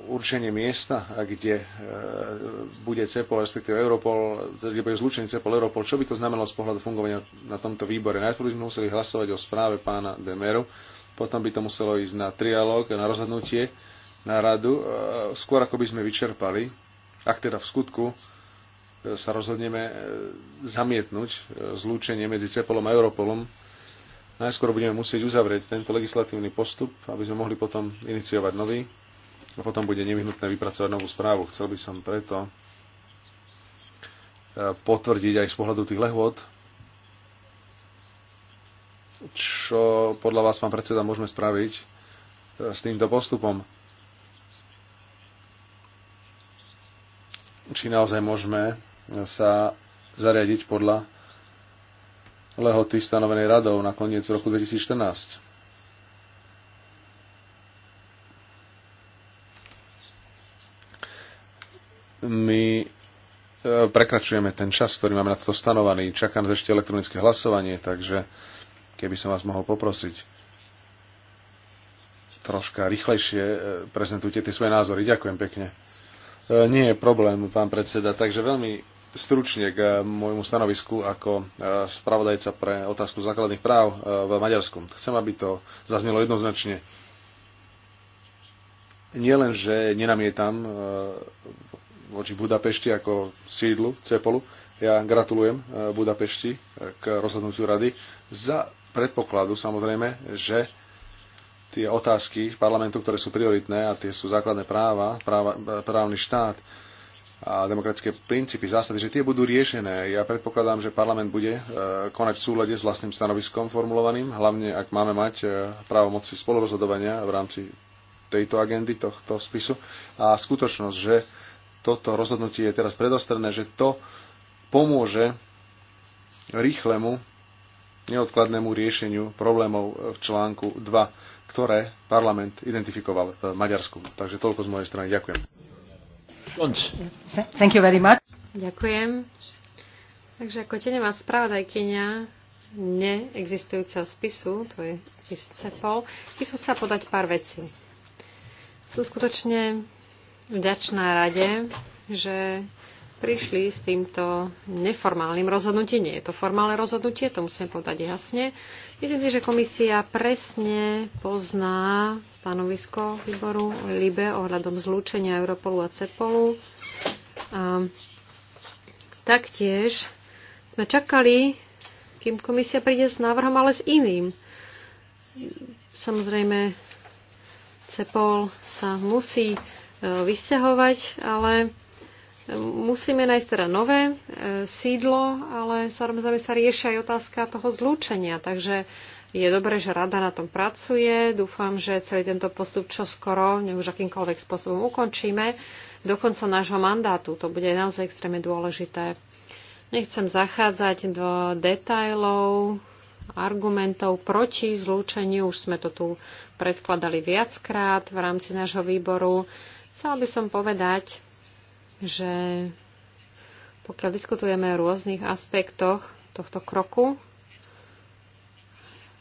určenie miesta, kde e, bude CEPOL, respektíve Europol, kde bude zlučený CEPOL Europol, čo by to znamenalo z pohľadu fungovania na tomto výbore? Najprv by sme museli hlasovať o správe pána Demeru, potom by to muselo ísť na trialóg, na rozhodnutie, na radu, e, skôr ako by sme vyčerpali, ak teda v skutku e, sa rozhodneme zamietnúť zlúčenie medzi CEPOLom a Europolom, najskôr budeme musieť uzavrieť tento legislatívny postup, aby sme mohli potom iniciovať nový a potom bude nevyhnutné vypracovať novú správu. Chcel by som preto e, potvrdiť aj z pohľadu tých lehôd, čo podľa vás, pán predseda, môžeme spraviť e, s týmto postupom. Či naozaj môžeme sa zariadiť podľa lehoty stanovenej radou na koniec roku 2014 my e, prekračujeme ten čas, ktorý máme na toto stanovaný. Čaká nás ešte elektronické hlasovanie, takže keby som vás mohol poprosiť troška rýchlejšie e, prezentujte tie svoje názory. Ďakujem pekne. E, nie je problém, pán predseda, takže veľmi stručne k môjmu stanovisku ako spravodajca pre otázku základných práv v Maďarsku. Chcem, aby to zaznelo jednoznačne. Nie len, že nenamietam voči Budapešti ako sídlu Cepolu. Ja gratulujem e, Budapešti e, k rozhodnutiu rady za predpokladu samozrejme, že tie otázky parlamentu, ktoré sú prioritné a tie sú základné práva, práva e, právny štát a demokratické princípy, zásady, že tie budú riešené. Ja predpokladám, že parlament bude konať v súlade s vlastným stanoviskom formulovaným, hlavne ak máme mať právomoci spolurozhodovania v rámci tejto agendy, tohto spisu. A skutočnosť, že toto rozhodnutie je teraz predostrené, že to pomôže rýchlemu, neodkladnému riešeniu problémov v článku 2, ktoré parlament identifikoval v Maďarsku. Takže toľko z mojej strany. Ďakujem. Thank you very much. Ďakujem. Takže ako tenová spravodajkynia neexistujúceho spisu, to je spis CEPOL, by som chcela podať pár vecí. Som skutočne vďačná rade, že prišli s týmto neformálnym rozhodnutím. Nie je to formálne rozhodnutie, to musím povedať jasne. Myslím si, že komisia presne pozná stanovisko výboru LIBE ohľadom zlúčenia Europolu a CEPOLu. A taktiež sme čakali, kým komisia príde s návrhom, ale s iným. Samozrejme, CEPOL sa musí E, vysťahovať, ale musíme nájsť teda nové e, sídlo, ale samozrejme sa riešia aj otázka toho zlúčenia, takže je dobré, že rada na tom pracuje. Dúfam, že celý tento postup čoskoro, skoro, už akýmkoľvek spôsobom ukončíme. Do konca nášho mandátu to bude naozaj extrémne dôležité. Nechcem zachádzať do detajlov, argumentov proti zlúčeniu. Už sme to tu predkladali viackrát v rámci nášho výboru. Chcela by som povedať, že pokiaľ diskutujeme o rôznych aspektoch tohto kroku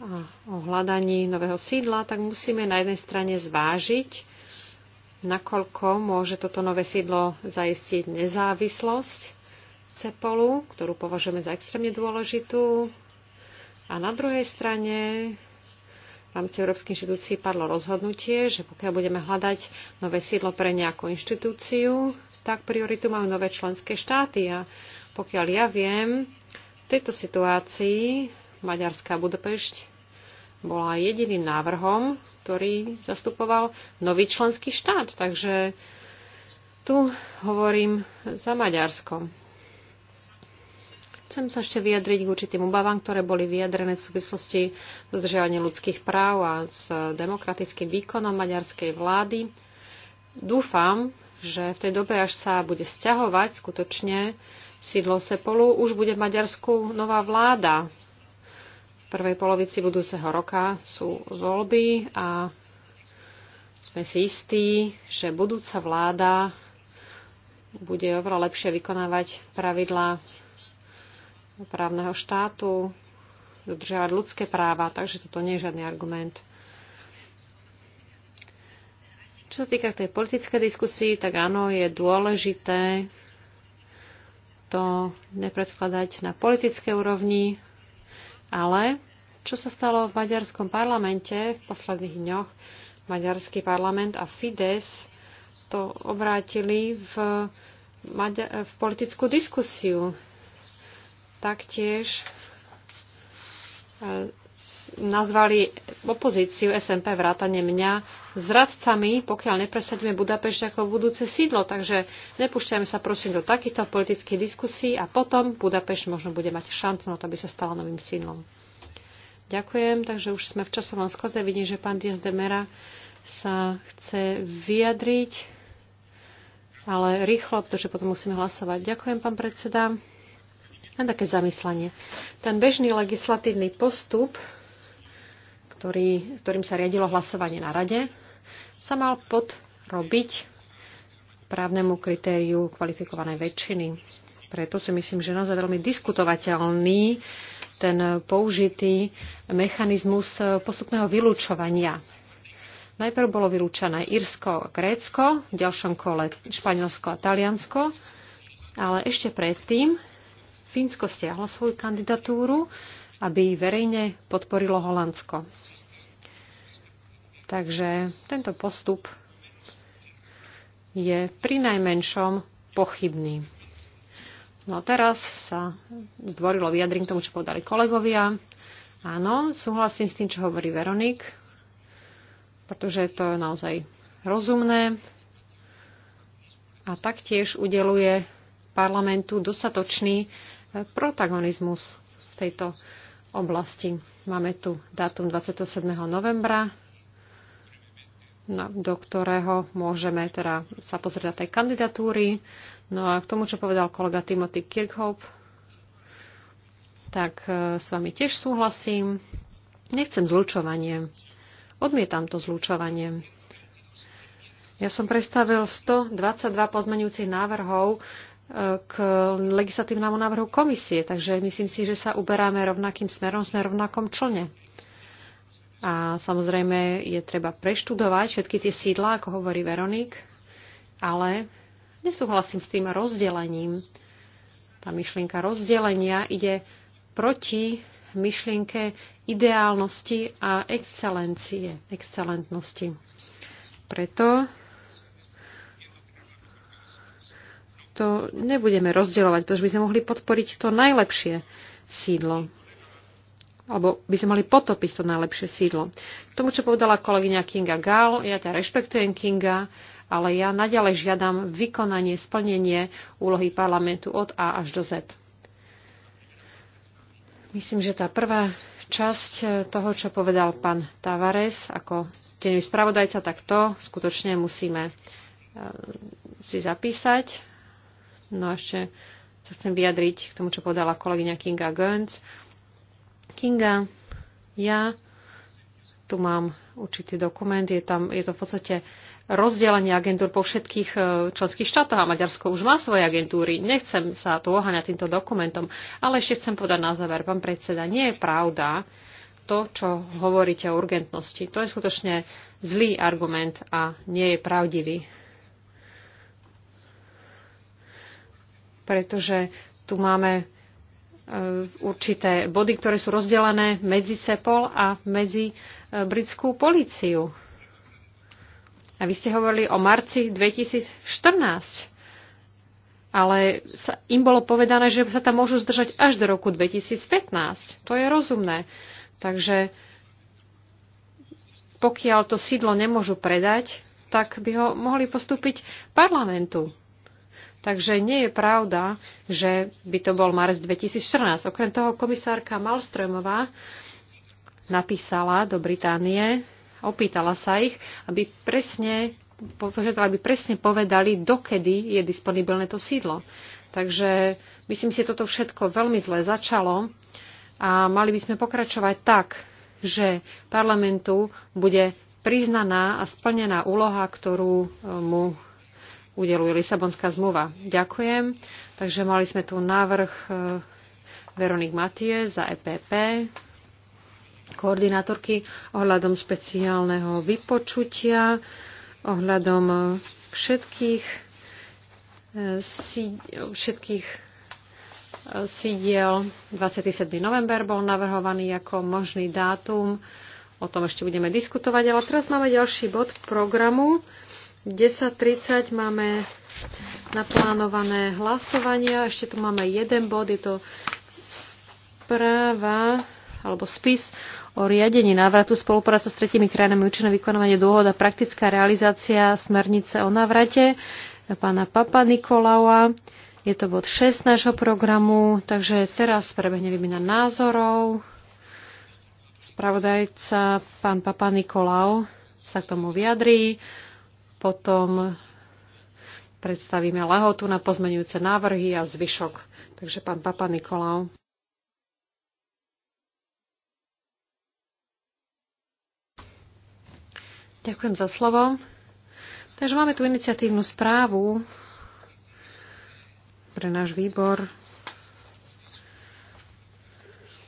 a o hľadaní nového sídla, tak musíme na jednej strane zvážiť, nakoľko môže toto nové sídlo zaistiť nezávislosť CEPOLu, ktorú považujeme za extrémne dôležitú. A na druhej strane v rámci Európskej inštitúcii padlo rozhodnutie, že pokiaľ budeme hľadať nové sídlo pre nejakú inštitúciu, tak prioritu majú nové členské štáty. A pokiaľ ja viem, v tejto situácii Maďarská Budapešť bola jediným návrhom, ktorý zastupoval nový členský štát. Takže tu hovorím za Maďarskom. Chcem sa ešte vyjadriť k určitým obavám, ktoré boli vyjadrené v súvislosti s dodržiavaním ľudských práv a s demokratickým výkonom maďarskej vlády. Dúfam, že v tej dobe, až sa bude sťahovať skutočne sídlo Sepolu, už bude v Maďarsku nová vláda. V prvej polovici budúceho roka sú voľby a sme si istí, že budúca vláda bude oveľa lepšie vykonávať pravidlá právneho štátu, dodržiavať ľudské práva, takže toto nie je žiadny argument. Čo sa týka tej politickej diskusii, tak áno, je dôležité to nepredkladať na politické úrovni, ale čo sa stalo v maďarskom parlamente v posledných dňoch, maďarský parlament a Fides to obrátili v, v politickú diskusiu taktiež e, nazvali opozíciu SMP vrátane mňa zradcami, pokiaľ nepresadíme Budapešť ako budúce sídlo. Takže nepúšťajme sa prosím do takýchto politických diskusí a potom Budapešť možno bude mať šancu na to, aby sa stala novým sídlom. Ďakujem, takže už sme v časovom skoze. Vidím, že pán Dias de Mera sa chce vyjadriť, ale rýchlo, pretože potom musíme hlasovať. Ďakujem, pán predseda na také zamyslenie. Ten bežný legislatívny postup, ktorý, ktorým sa riadilo hlasovanie na rade, sa mal podrobiť právnemu kritériu kvalifikovanej väčšiny. Preto si myslím, že naozaj veľmi diskutovateľný ten použitý mechanizmus postupného vylúčovania. Najprv bolo vylúčené Írsko, Grécko, v ďalšom kole Španielsko a Taliansko, ale ešte predtým Fínsko stiahlo svoju kandidatúru, aby verejne podporilo Holandsko. Takže tento postup je pri najmenšom pochybný. No a teraz sa zdvorilo vyjadrím tomu, čo povedali kolegovia. Áno, súhlasím s tým, čo hovorí Veronik, pretože to je naozaj rozumné a taktiež udeluje parlamentu dostatočný protagonizmus v tejto oblasti. Máme tu dátum 27. novembra, do ktorého môžeme teda sa pozrieť na tej kandidatúry. No a k tomu, čo povedal kolega Timothy Kirchhoff, tak e, s vami tiež súhlasím. Nechcem zlučovanie. Odmietam to zlučovanie. Ja som predstavil 122 pozmenujúcich návrhov k legislatívnemu návrhu komisie. Takže myslím si, že sa uberáme rovnakým smerom, sme rovnakom člne. A samozrejme je treba preštudovať všetky tie sídla, ako hovorí Veronik, ale nesúhlasím s tým rozdelením. Tá myšlienka rozdelenia ide proti myšlienke ideálnosti a excelencie, excelentnosti. Preto to nebudeme rozdielovať, pretože by sme mohli podporiť to najlepšie sídlo. Alebo by sme mohli potopiť to najlepšie sídlo. K tomu, čo povedala kolegyňa Kinga Gall, ja ťa rešpektujem, Kinga, ale ja naďalej žiadam vykonanie, splnenie úlohy parlamentu od A až do Z. Myslím, že tá prvá časť toho, čo povedal pán Tavares ako tenový spravodajca, tak to skutočne musíme eh, si zapísať No a ešte sa chcem vyjadriť k tomu, čo podala kolegyňa Kinga Gönc. Kinga, ja tu mám určitý dokument, je, tam, je to v podstate rozdelenie agentúr po všetkých e, členských štátoch a Maďarsko už má svoje agentúry. Nechcem sa tu oháňať týmto dokumentom, ale ešte chcem podať na záver, pán predseda, nie je pravda to, čo hovoríte o urgentnosti. To je skutočne zlý argument a nie je pravdivý. pretože tu máme e, určité body, ktoré sú rozdelené medzi CEPOL a medzi e, britskú políciu. A vy ste hovorili o marci 2014, ale sa, im bolo povedané, že sa tam môžu zdržať až do roku 2015. To je rozumné. Takže pokiaľ to sídlo nemôžu predať, tak by ho mohli postúpiť parlamentu. Takže nie je pravda, že by to bol marec 2014. Okrem toho komisárka Malströmová napísala do Británie, opýtala sa ich, aby presne požiadala, aby presne povedali, dokedy je disponibilné to sídlo. Takže myslím si, že toto všetko veľmi zle začalo a mali by sme pokračovať tak, že parlamentu bude priznaná a splnená úloha, ktorú mu udeluje Lisabonská zmluva. Ďakujem. Takže mali sme tu návrh e, Veronik Matie za EPP, koordinátorky ohľadom špeciálneho vypočutia, ohľadom e, všetkých, e, všetkých sídiel. 27. november bol navrhovaný ako možný dátum. O tom ešte budeme diskutovať, ale teraz máme ďalší bod programu 10.30 máme naplánované hlasovania. Ešte tu máme jeden bod, je to správa alebo spis o riadení návratu spolupráca s tretimi krajinami účinné vykonávanie dôhod a praktická realizácia smernice o návrate pána Papa Nikolaua. Je to bod 6 nášho programu, takže teraz prebehne výmena názorov. Spravodajca pán Papa Nikolau sa k tomu vyjadrí potom predstavíme lahotu na pozmenujúce návrhy a zvyšok. Takže pán Papa Nikolau. Ďakujem za slovo. Takže máme tu iniciatívnu správu pre náš výbor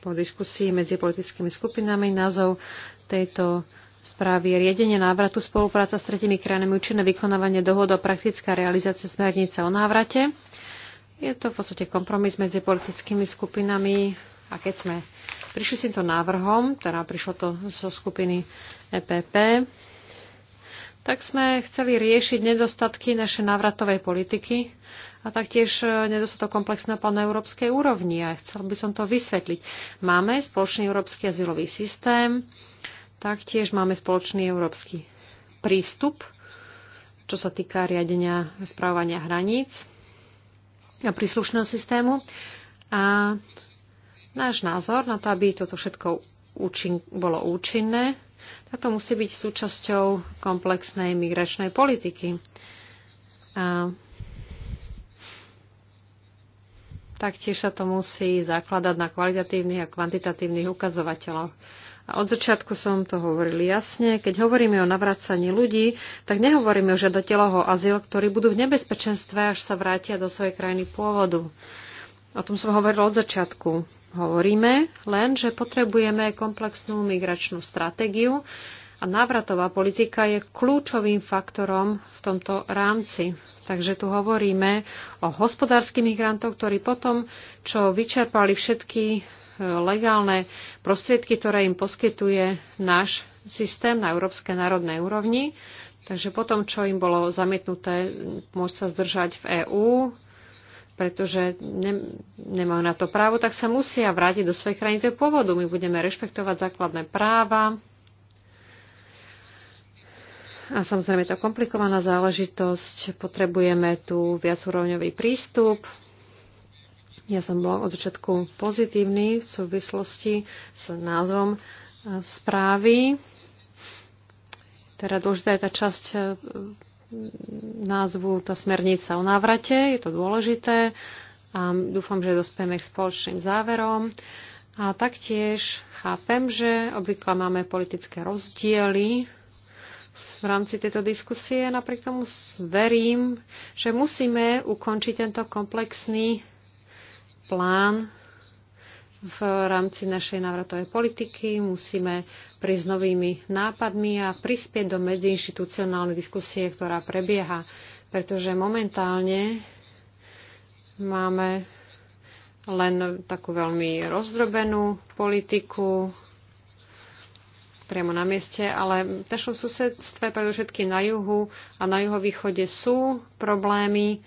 po diskusii medzi politickými skupinami. Názov tejto správy riadenie návratu, spolupráca s tretimi krajinami, účinné vykonávanie dohod a praktická realizácia smernice o návrate. Je to v podstate kompromis medzi politickými skupinami a keď sme prišli s týmto návrhom, teda prišlo to zo skupiny EPP, tak sme chceli riešiť nedostatky našej návratovej politiky a taktiež e, nedostatok komplexného plánu európskej úrovni. A chcel by som to vysvetliť. Máme spoločný európsky azylový systém, Taktiež máme spoločný európsky prístup, čo sa týka riadenia správania hraníc a príslušného systému. A náš názor na to, aby toto všetko účin- bolo účinné, tak to musí byť súčasťou komplexnej migračnej politiky. A taktiež sa to musí zakladať na kvalitatívnych a kvantitatívnych ukazovateľoch. A od začiatku som to hovoril jasne. Keď hovoríme o navracaní ľudí, tak nehovoríme o žiadateľoch o azyl, ktorí budú v nebezpečenstve, až sa vrátia do svojej krajiny pôvodu. O tom som hovoril od začiatku. Hovoríme len, že potrebujeme komplexnú migračnú stratégiu a návratová politika je kľúčovým faktorom v tomto rámci. Takže tu hovoríme o hospodárskych migrantov, ktorí potom, čo vyčerpali všetky e, legálne prostriedky, ktoré im poskytuje náš systém na európskej národnej úrovni, takže potom, čo im bolo zamietnuté, môžu sa zdržať v EÚ, pretože ne, nemajú na to právo, tak sa musia vrátiť do svojej krajiny pôvodu. My budeme rešpektovať základné práva, a samozrejme je to komplikovaná záležitosť. Potrebujeme tu viacúrovňový prístup. Ja som bol od začiatku pozitívny v súvislosti s názvom e, správy. Teda dôležitá je tá časť e, názvu, tá smernica o návrate, je to dôležité a dúfam, že dospieme k spoločným záverom. A taktiež chápem, že obvykle máme politické rozdiely v rámci tejto diskusie. Napriek tomu verím, že musíme ukončiť tento komplexný plán v rámci našej návratovej politiky. Musíme prísť novými nápadmi a prispieť do medziinstitucionálnej diskusie, ktorá prebieha, pretože momentálne máme len takú veľmi rozdrobenú politiku, priamo na mieste, ale v našom susedstve, predovšetkým na juhu a na juhovýchode sú problémy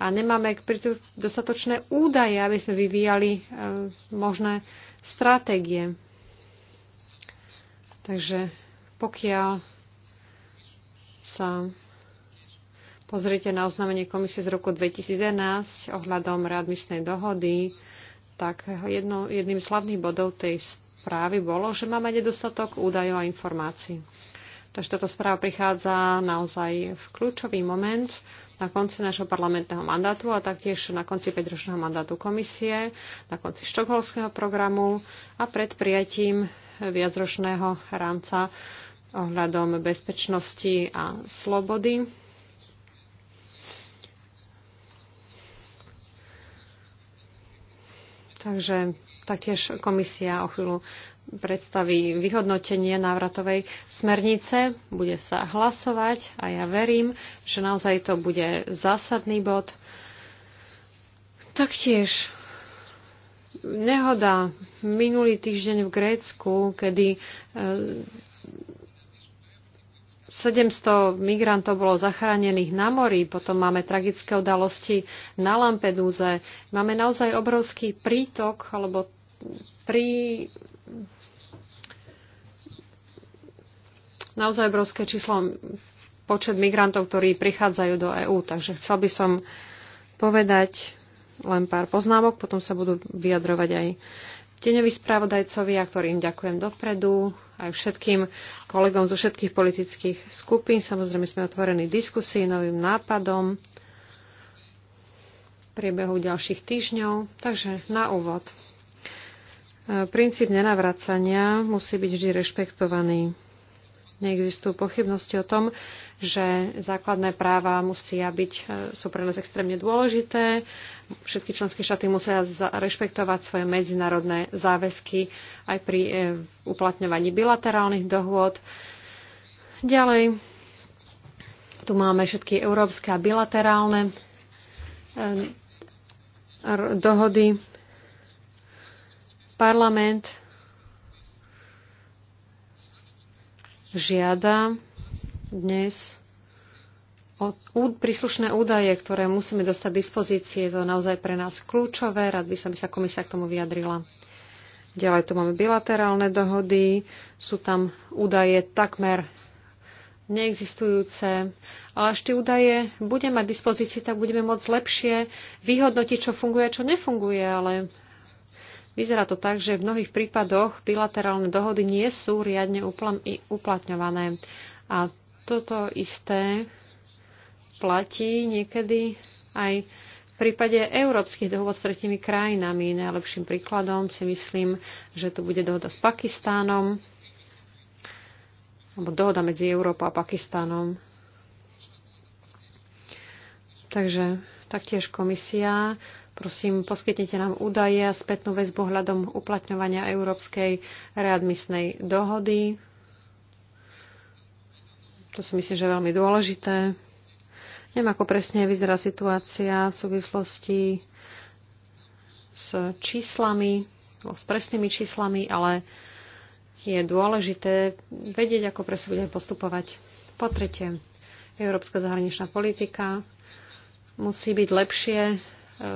a nemáme dostatočné údaje, aby sme vyvíjali e, možné stratégie. Takže pokiaľ sa pozriete na oznámenie komisie z roku 2011 ohľadom readmisnej dohody, tak jedno, jedným z hlavných bodov tej správy bolo, že máme nedostatok údajov a informácií. Takže táto správa prichádza naozaj v kľúčový moment na konci nášho parlamentného mandátu a taktiež na konci 5-ročného mandátu komisie, na konci štokholského programu a pred prijatím viacročného rámca ohľadom bezpečnosti a slobody. Takže Taktiež komisia o chvíľu predstaví vyhodnotenie návratovej smernice. Bude sa hlasovať a ja verím, že naozaj to bude zásadný bod. Taktiež nehoda minulý týždeň v Grécku, kedy e, 700 migrantov bolo zachránených na mori, potom máme tragické udalosti na Lampedúze. Máme naozaj obrovský prítok, alebo pri naozaj obrovské číslo počet migrantov, ktorí prichádzajú do EÚ. Takže chcel by som povedať len pár poznámok, potom sa budú vyjadrovať aj tieňoví správodajcovia, ktorým ďakujem dopredu, aj všetkým kolegom zo všetkých politických skupín. Samozrejme sme otvorení diskusii, novým nápadom v priebehu ďalších týždňov. Takže na úvod. E, princíp nenavracania musí byť vždy rešpektovaný. Neexistujú pochybnosti o tom, že základné práva musia byť, e, sú pre nás extrémne dôležité. Všetky členské štáty musia rešpektovať svoje medzinárodné záväzky aj pri e, uplatňovaní bilaterálnych dohôd. Ďalej, tu máme všetky európske a bilaterálne e, dohody. Parlament žiada dnes o príslušné údaje, ktoré musíme dostať dispozície. Je to naozaj pre nás kľúčové. Rád by som by sa komisia k tomu vyjadrila. Ďalej tu máme bilaterálne dohody. Sú tam údaje takmer neexistujúce. Ale až tie údaje budeme mať dispozícii, tak budeme môcť lepšie vyhodnotiť, čo funguje a čo nefunguje. Ale Vyzerá to tak, že v mnohých prípadoch bilaterálne dohody nie sú riadne uplatňované. A toto isté platí niekedy aj v prípade európskych dohod s tretími krajinami. Najlepším príkladom si myslím, že tu bude dohoda s Pakistánom, alebo dohoda medzi Európou a Pakistánom. Takže taktiež komisia Prosím, poskytnite nám údaje a spätnú väzbu hľadom uplatňovania Európskej readmisnej dohody. To si myslím, že je veľmi dôležité. Neviem, ako presne vyzerá situácia v súvislosti s číslami, no, s presnými číslami, ale je dôležité vedieť, ako presne budeme postupovať. Po tretie, európska zahraničná politika musí byť lepšie E,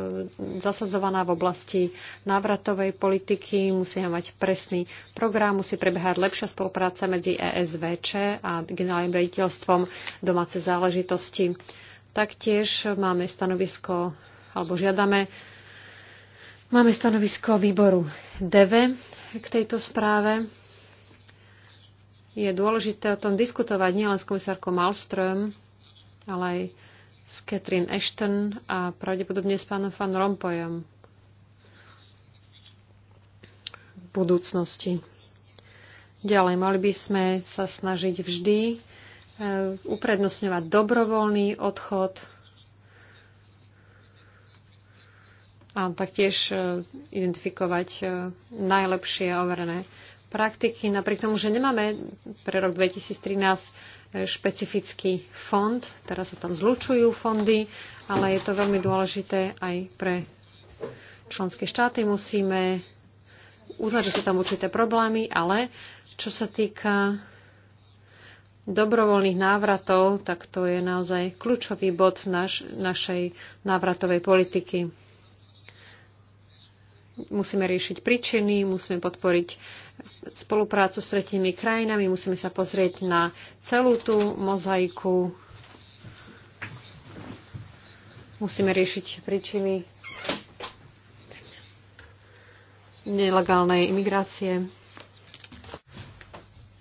zasadzovaná v oblasti návratovej politiky, musíme mať presný program, musí prebiehať lepšia spolupráca medzi ESVČ a generálnym rediteľstvom domáce záležitosti. Taktiež máme stanovisko, alebo žiadame, máme stanovisko výboru DV k tejto správe. Je dôležité o tom diskutovať nielen s komisárkou Malström, ale aj s Catherine Ashton a pravdepodobne s pánom Van Rompoyom v budúcnosti. Ďalej, mali by sme sa snažiť vždy e, uprednostňovať dobrovoľný odchod a taktiež e, identifikovať e, najlepšie overené praktiky, napriek tomu, že nemáme pre rok 2013 špecifický fond, teraz sa tam zlučujú fondy, ale je to veľmi dôležité aj pre členské štáty. Musíme uznať, že sú tam určité problémy, ale čo sa týka dobrovoľných návratov, tak to je naozaj kľúčový bod naš, našej návratovej politiky musíme riešiť príčiny, musíme podporiť spoluprácu s tretími krajinami, musíme sa pozrieť na celú tú mozaiku, musíme riešiť príčiny nelegálnej imigrácie.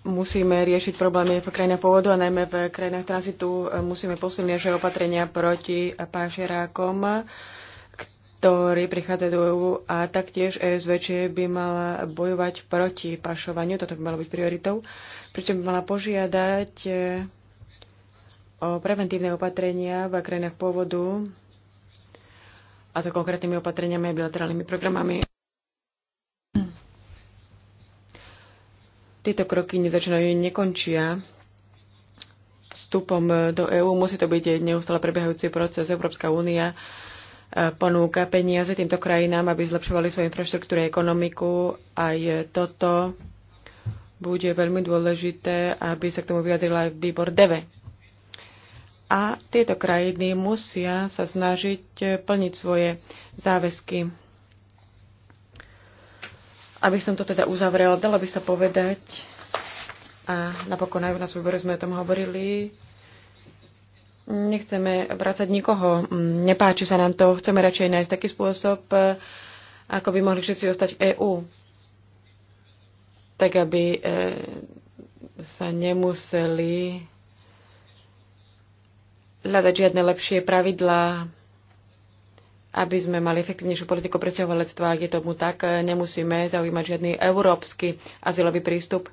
Musíme riešiť problémy v krajinách pôvodu a najmä v krajinách tranzitu. Musíme posilniť opatrenia proti pašerákom ktorí prichádzajú do EÚ a taktiež ESVČ by mala bojovať proti pašovaniu, toto by malo byť prioritou, pričom by mala požiadať e, o preventívne opatrenia v krajinách pôvodu a to konkrétnymi opatreniami a bilaterálnymi programami. Tieto kroky nezačínajú, nekončia vstupom do EÚ. Musí to byť neustále prebiehajúci proces. Európska únia ponúka peniaze týmto krajinám, aby zlepšovali svoju infraštruktúru a ekonomiku. Aj toto bude veľmi dôležité, aby sa k tomu vyjadrila aj výbor DEVE. A tieto krajiny musia sa snažiť plniť svoje záväzky. Aby som to teda uzavrela, dalo by sa povedať, a napokon aj v nás výbore sme o tom hovorili, Nechceme vrácať nikoho, nepáči sa nám to, chceme radšej nájsť taký spôsob, eh, ako by mohli všetci ostať v EÚ, tak aby eh, sa nemuseli hľadať žiadne lepšie pravidlá, aby sme mali efektívnejšiu politiku presťahovalectva. Ak je tomu tak, eh, nemusíme zaujímať žiadny európsky azylový prístup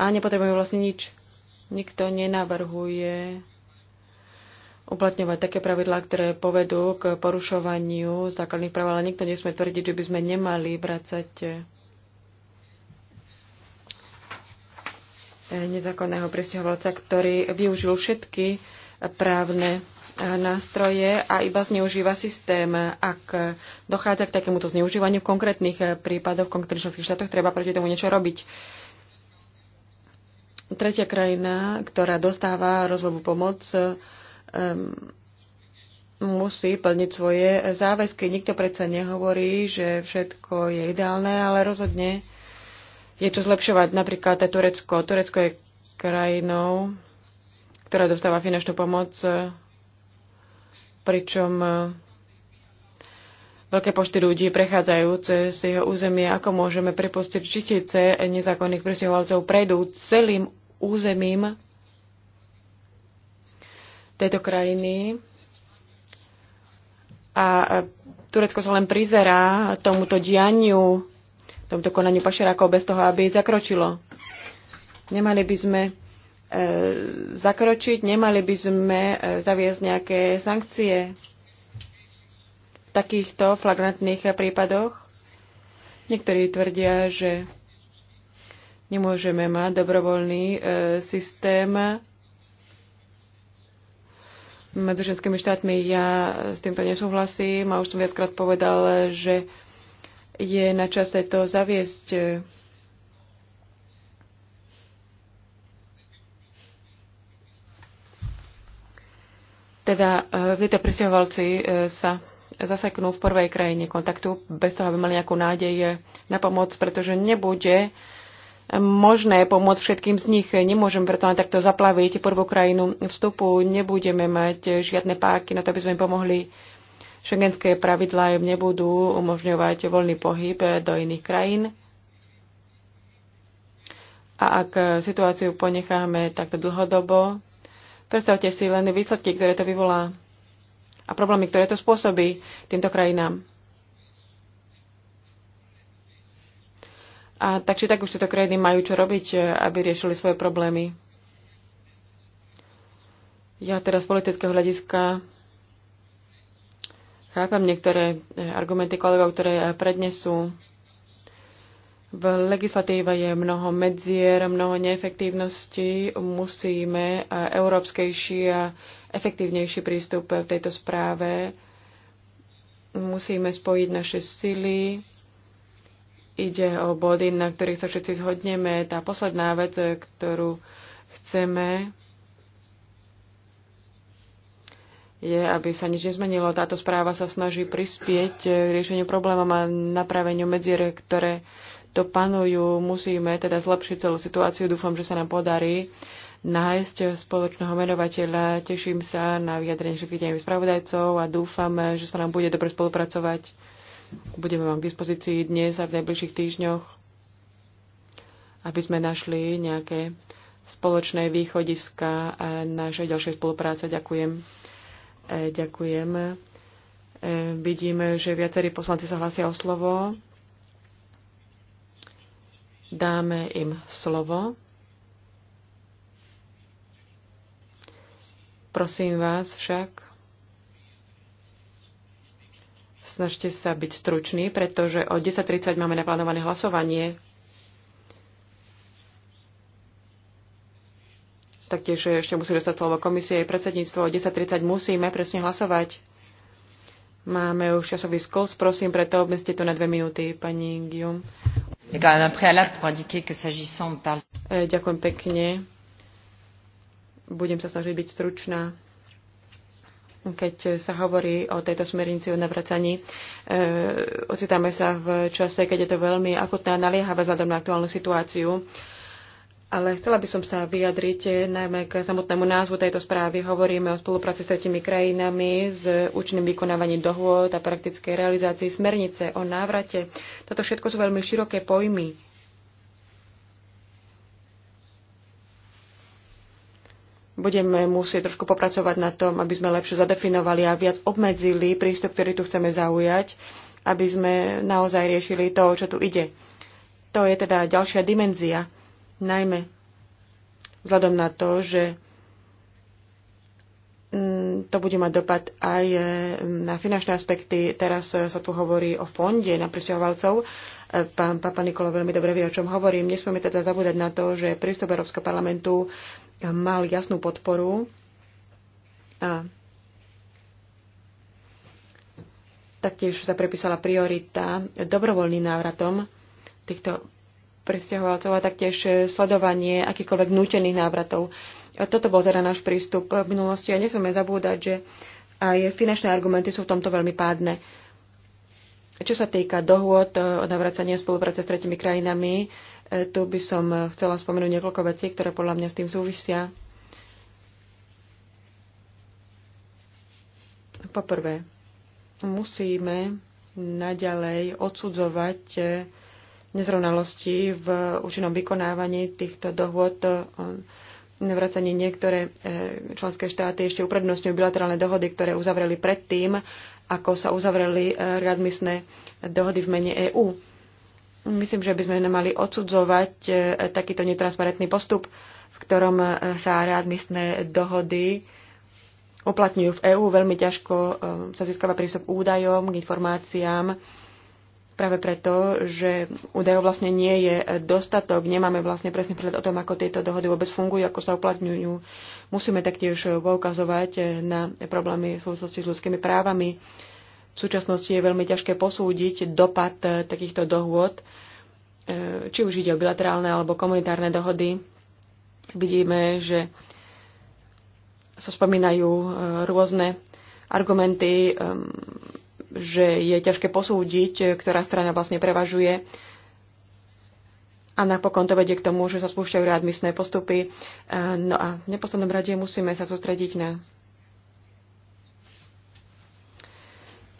a nepotrebujeme vlastne nič. Nikto nenavrhuje uplatňovať také pravidlá, ktoré povedú k porušovaniu základných práv, ale nikto nesme tvrdiť, že by sme nemali vracať eh, nezákonného presťahovalca, ktorý využil všetky právne eh, nástroje a iba zneužíva systém. Ak dochádza k takémuto zneužívaniu v konkrétnych eh, prípadoch, v konkrétnych členských štátoch, treba proti tomu niečo robiť. Tretia krajina, ktorá dostáva rozvojovú pomoc, musí plniť svoje záväzky. Nikto predsa nehovorí, že všetko je ideálne, ale rozhodne je čo zlepšovať. Napríklad aj Turecko. Turecko je krajinou, ktorá dostáva finančnú pomoc, pričom eh, veľké počty ľudí prechádzajú cez jeho územie. Ako môžeme prepustiť tisíce nezákonných presťahovalcov prejdú celým územím tejto krajiny. A Turecko sa len prizerá tomuto dianiu, tomuto konaniu pašerákov bez toho, aby zakročilo. Nemali by sme e, zakročiť, nemali by sme e, zaviesť nejaké sankcie v takýchto flagrantných prípadoch. Niektorí tvrdia, že nemôžeme mať dobrovoľný e, systém medzi ženskými štátmi. Ja s týmto nesúhlasím a už som viackrát povedal, že je na čase to zaviesť. Teda eh, tieto pristahovalci eh, sa zaseknú v prvej krajine kontaktu bez toho, aby mali nejakú nádej eh, na pomoc, pretože nebude možné pomôcť všetkým z nich. Nemôžem preto len takto zaplaviť prvú krajinu vstupu. Nebudeme mať žiadne páky na to, aby sme im pomohli. Šengenské pravidlá im nebudú umožňovať voľný pohyb do iných krajín. A ak situáciu ponecháme takto dlhodobo, predstavte si len výsledky, ktoré to vyvolá a problémy, ktoré to spôsobí týmto krajinám. A tak či tak už tieto krajiny majú čo robiť, e, aby riešili svoje problémy. Ja teraz z politického hľadiska chápam niektoré e, argumenty kolegov, ktoré e, prednesú. V legislatíve je mnoho medzier, mnoho neefektívnosti. Musíme európskejší a efektívnejší prístup v tejto správe. Musíme spojiť naše sily Ide o body, na ktorých sa všetci zhodneme. Tá posledná vec, ktorú chceme, je, aby sa nič nezmenilo. Táto správa sa snaží prispieť k riešeniu problémom a napraveniu medzier, ktoré to panujú. Musíme teda zlepšiť celú situáciu. Dúfam, že sa nám podarí nájsť spoločného menovateľa. Teším sa na vyjadrenie všetkých dňových spravodajcov a dúfam, že sa nám bude dobre spolupracovať Budeme vám k dispozícii dnes a v najbližších týždňoch, aby sme našli nejaké spoločné východiska a našej ďalšej spolupráce. Ďakujem. E, ďakujem. E, vidím, že viacerí poslanci sa hlasia o slovo. Dáme im slovo. Prosím vás však, Snažte sa byť stručný, pretože o 10.30 máme naplánované hlasovanie. Taktiež ešte musí dostať slovo komisie predsedníctvo. O 10.30 musíme presne hlasovať. Máme už časový skos, prosím, preto obmeste to na dve minúty, pani Gium. Eh, ďakujem pekne. Budem sa snažiť byť stručná keď sa hovorí o tejto smernici o navracaní. E, ocitáme sa v čase, keď je to veľmi akutné a naliehavé vzhľadom na aktuálnu situáciu. Ale chcela by som sa vyjadriť najmä k samotnému názvu tejto správy. Hovoríme o spolupráci s tretimi krajinami, s účinným vykonávaním dohôd a praktickej realizácii smernice o návrate. Toto všetko sú veľmi široké pojmy budeme musieť trošku popracovať na tom, aby sme lepšie zadefinovali a viac obmedzili prístup, ktorý tu chceme zaujať, aby sme naozaj riešili to, čo tu ide. To je teda ďalšia dimenzia, najmä vzhľadom na to, že mm, to bude mať dopad aj e, na finančné aspekty. Teraz e, sa tu hovorí o fonde na prisťahovalcov. E, pán Papa Nikolo veľmi dobre vie, o čom hovorím. Nesmieme teda zabúdať na to, že prístup Európskeho parlamentu mal jasnú podporu a taktiež sa prepísala priorita dobrovoľným návratom týchto presťahovalcov a taktiež sledovanie akýchkoľvek nútených návratov. A toto bol teda náš prístup v minulosti a nesmieme zabúdať, že aj finančné argumenty sú v tomto veľmi pádne. Čo sa týka dohôd o navracanie spolupráce s tretimi krajinami, tu by som chcela spomenúť niekoľko vecí, ktoré podľa mňa s tým súvisia. Poprvé, musíme naďalej odsudzovať nezrovnalosti v účinnom vykonávaní týchto dohôd nevracanie niektoré e, členské štáty ešte uprednostňujú bilaterálne dohody, ktoré uzavreli predtým, ako sa uzavreli e, readmisné dohody v mene EÚ. Myslím, že by sme nemali odsudzovať e, takýto netransparentný postup, v ktorom e, sa readmisné dohody uplatňujú v EÚ. Veľmi ťažko e, sa získava prístup k údajom, k informáciám, práve preto, že údajov vlastne nie je dostatok. Nemáme vlastne presný prehľad o tom, ako tieto dohody vôbec fungujú, ako sa uplatňujú. Musíme taktiež poukazovať na problémy v súvislosti s ľudskými právami v súčasnosti je veľmi ťažké posúdiť dopad e, takýchto dohôd, e, či už ide o bilaterálne alebo komunitárne dohody. Vidíme, že sa spomínajú e, rôzne argumenty, že je ťažké posúdiť, ktorá strana vlastne prevažuje. A napokon to vedie k tomu, že sa spúšťajú readmisné postupy. No a v neposlednom rade musíme sa sústrediť na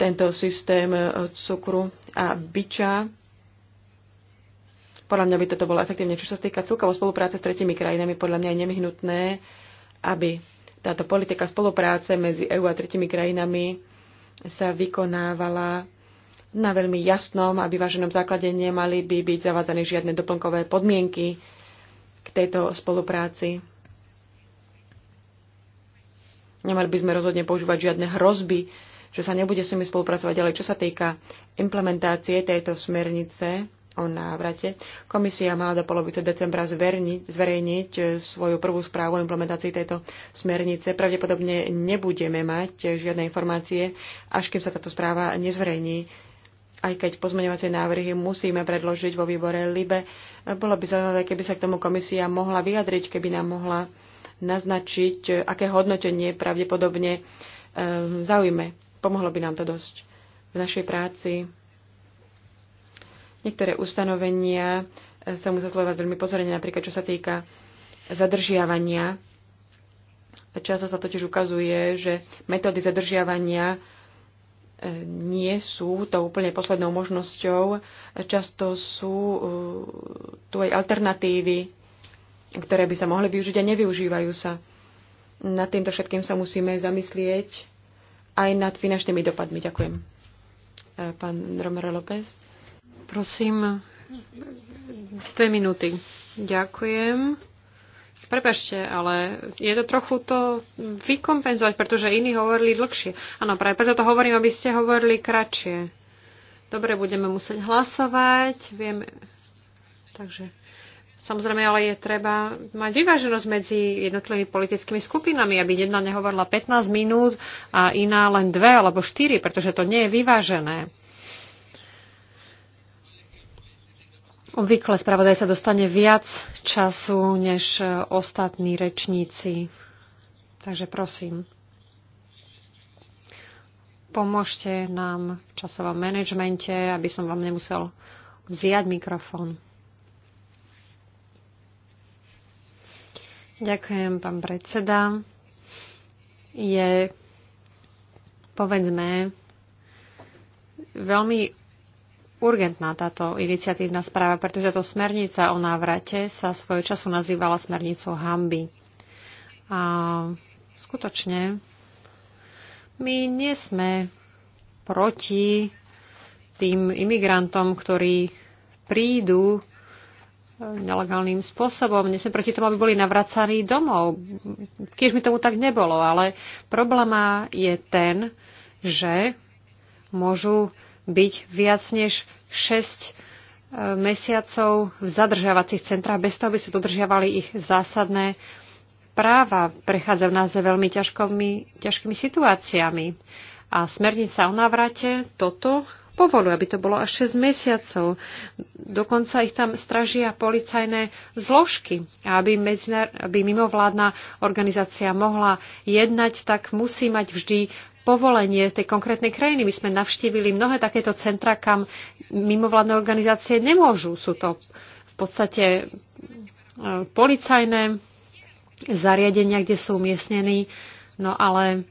tento systém e, cukru a byča. Podľa mňa by toto bolo efektívne. Čo sa týka celkovo spolupráce s tretimi krajinami, podľa mňa je nevyhnutné, aby táto politika spolupráce medzi EU a tretimi krajinami sa vykonávala na veľmi jasnom a vyváženom základe nemali by byť zavádzané žiadne doplnkové podmienky k tejto spolupráci. Nemali by sme rozhodne používať žiadne hrozby že sa nebude s nimi spolupracovať ďalej. Čo sa týka implementácie tejto smernice o návrate, komisia mala do polovice decembra zverni, zverejniť e, svoju prvú správu o implementácii tejto smernice. Pravdepodobne nebudeme mať žiadne informácie, až kým sa táto správa nezverejní aj keď pozmeňovacie návrhy musíme predložiť vo výbore LIBE. E, bolo by zaujímavé, keby sa k tomu komisia mohla vyjadriť, keby nám mohla naznačiť, e, aké hodnotenie pravdepodobne zaujme Pomohlo by nám to dosť v našej práci. Niektoré ustanovenia sa musia sledovať veľmi pozorne, napríklad čo sa týka zadržiavania. Často sa totiž ukazuje, že metódy zadržiavania e, nie sú to úplne poslednou možnosťou. Často sú e, tu aj alternatívy, ktoré by sa mohli využiť a nevyužívajú sa. Nad týmto všetkým sa musíme zamyslieť aj nad finančnými dopadmi. Ďakujem. E, pán Romero López. Prosím, dve minúty. Ďakujem. Prepašte, ale je to trochu to vykompenzovať, pretože iní hovorili dlhšie. Áno, práve preto to hovorím, aby ste hovorili kratšie. Dobre, budeme musieť hlasovať. Vieme. Takže Samozrejme, ale je treba mať vyváženosť medzi jednotlivými politickými skupinami, aby jedna nehovorila 15 minút a iná len dve alebo štyri, pretože to nie je vyvážené. Obvykle spravodaj sa dostane viac času než ostatní rečníci. Takže prosím, pomôžte nám v časovom manažmente, aby som vám nemusel vziať mikrofón. Ďakujem, pán predseda. Je, povedzme, veľmi urgentná táto iniciatívna správa, pretože táto smernica o návrate sa svojho času nazývala smernicou hamby. A skutočne my nie sme proti tým imigrantom, ktorí prídu nelegálnym spôsobom. Nie sme proti tomu, aby boli navracaní domov. Keď mi tomu tak nebolo, ale problém je ten, že môžu byť viac než 6 e, mesiacov v zadržiavacích centrách bez toho, aby sa dodržiavali ich zásadné práva. Prechádzajú nás veľmi ťažkými, ťažkými situáciami. A smernica o návrate toto povolujú, aby to bolo až 6 mesiacov. Dokonca ich tam stražia policajné zložky. A aby, medzinár, aby mimovládna organizácia mohla jednať, tak musí mať vždy povolenie tej konkrétnej krajiny. My sme navštívili mnohé takéto centra, kam mimovládne organizácie nemôžu. Sú to v podstate e, policajné zariadenia, kde sú umiestnení. No ale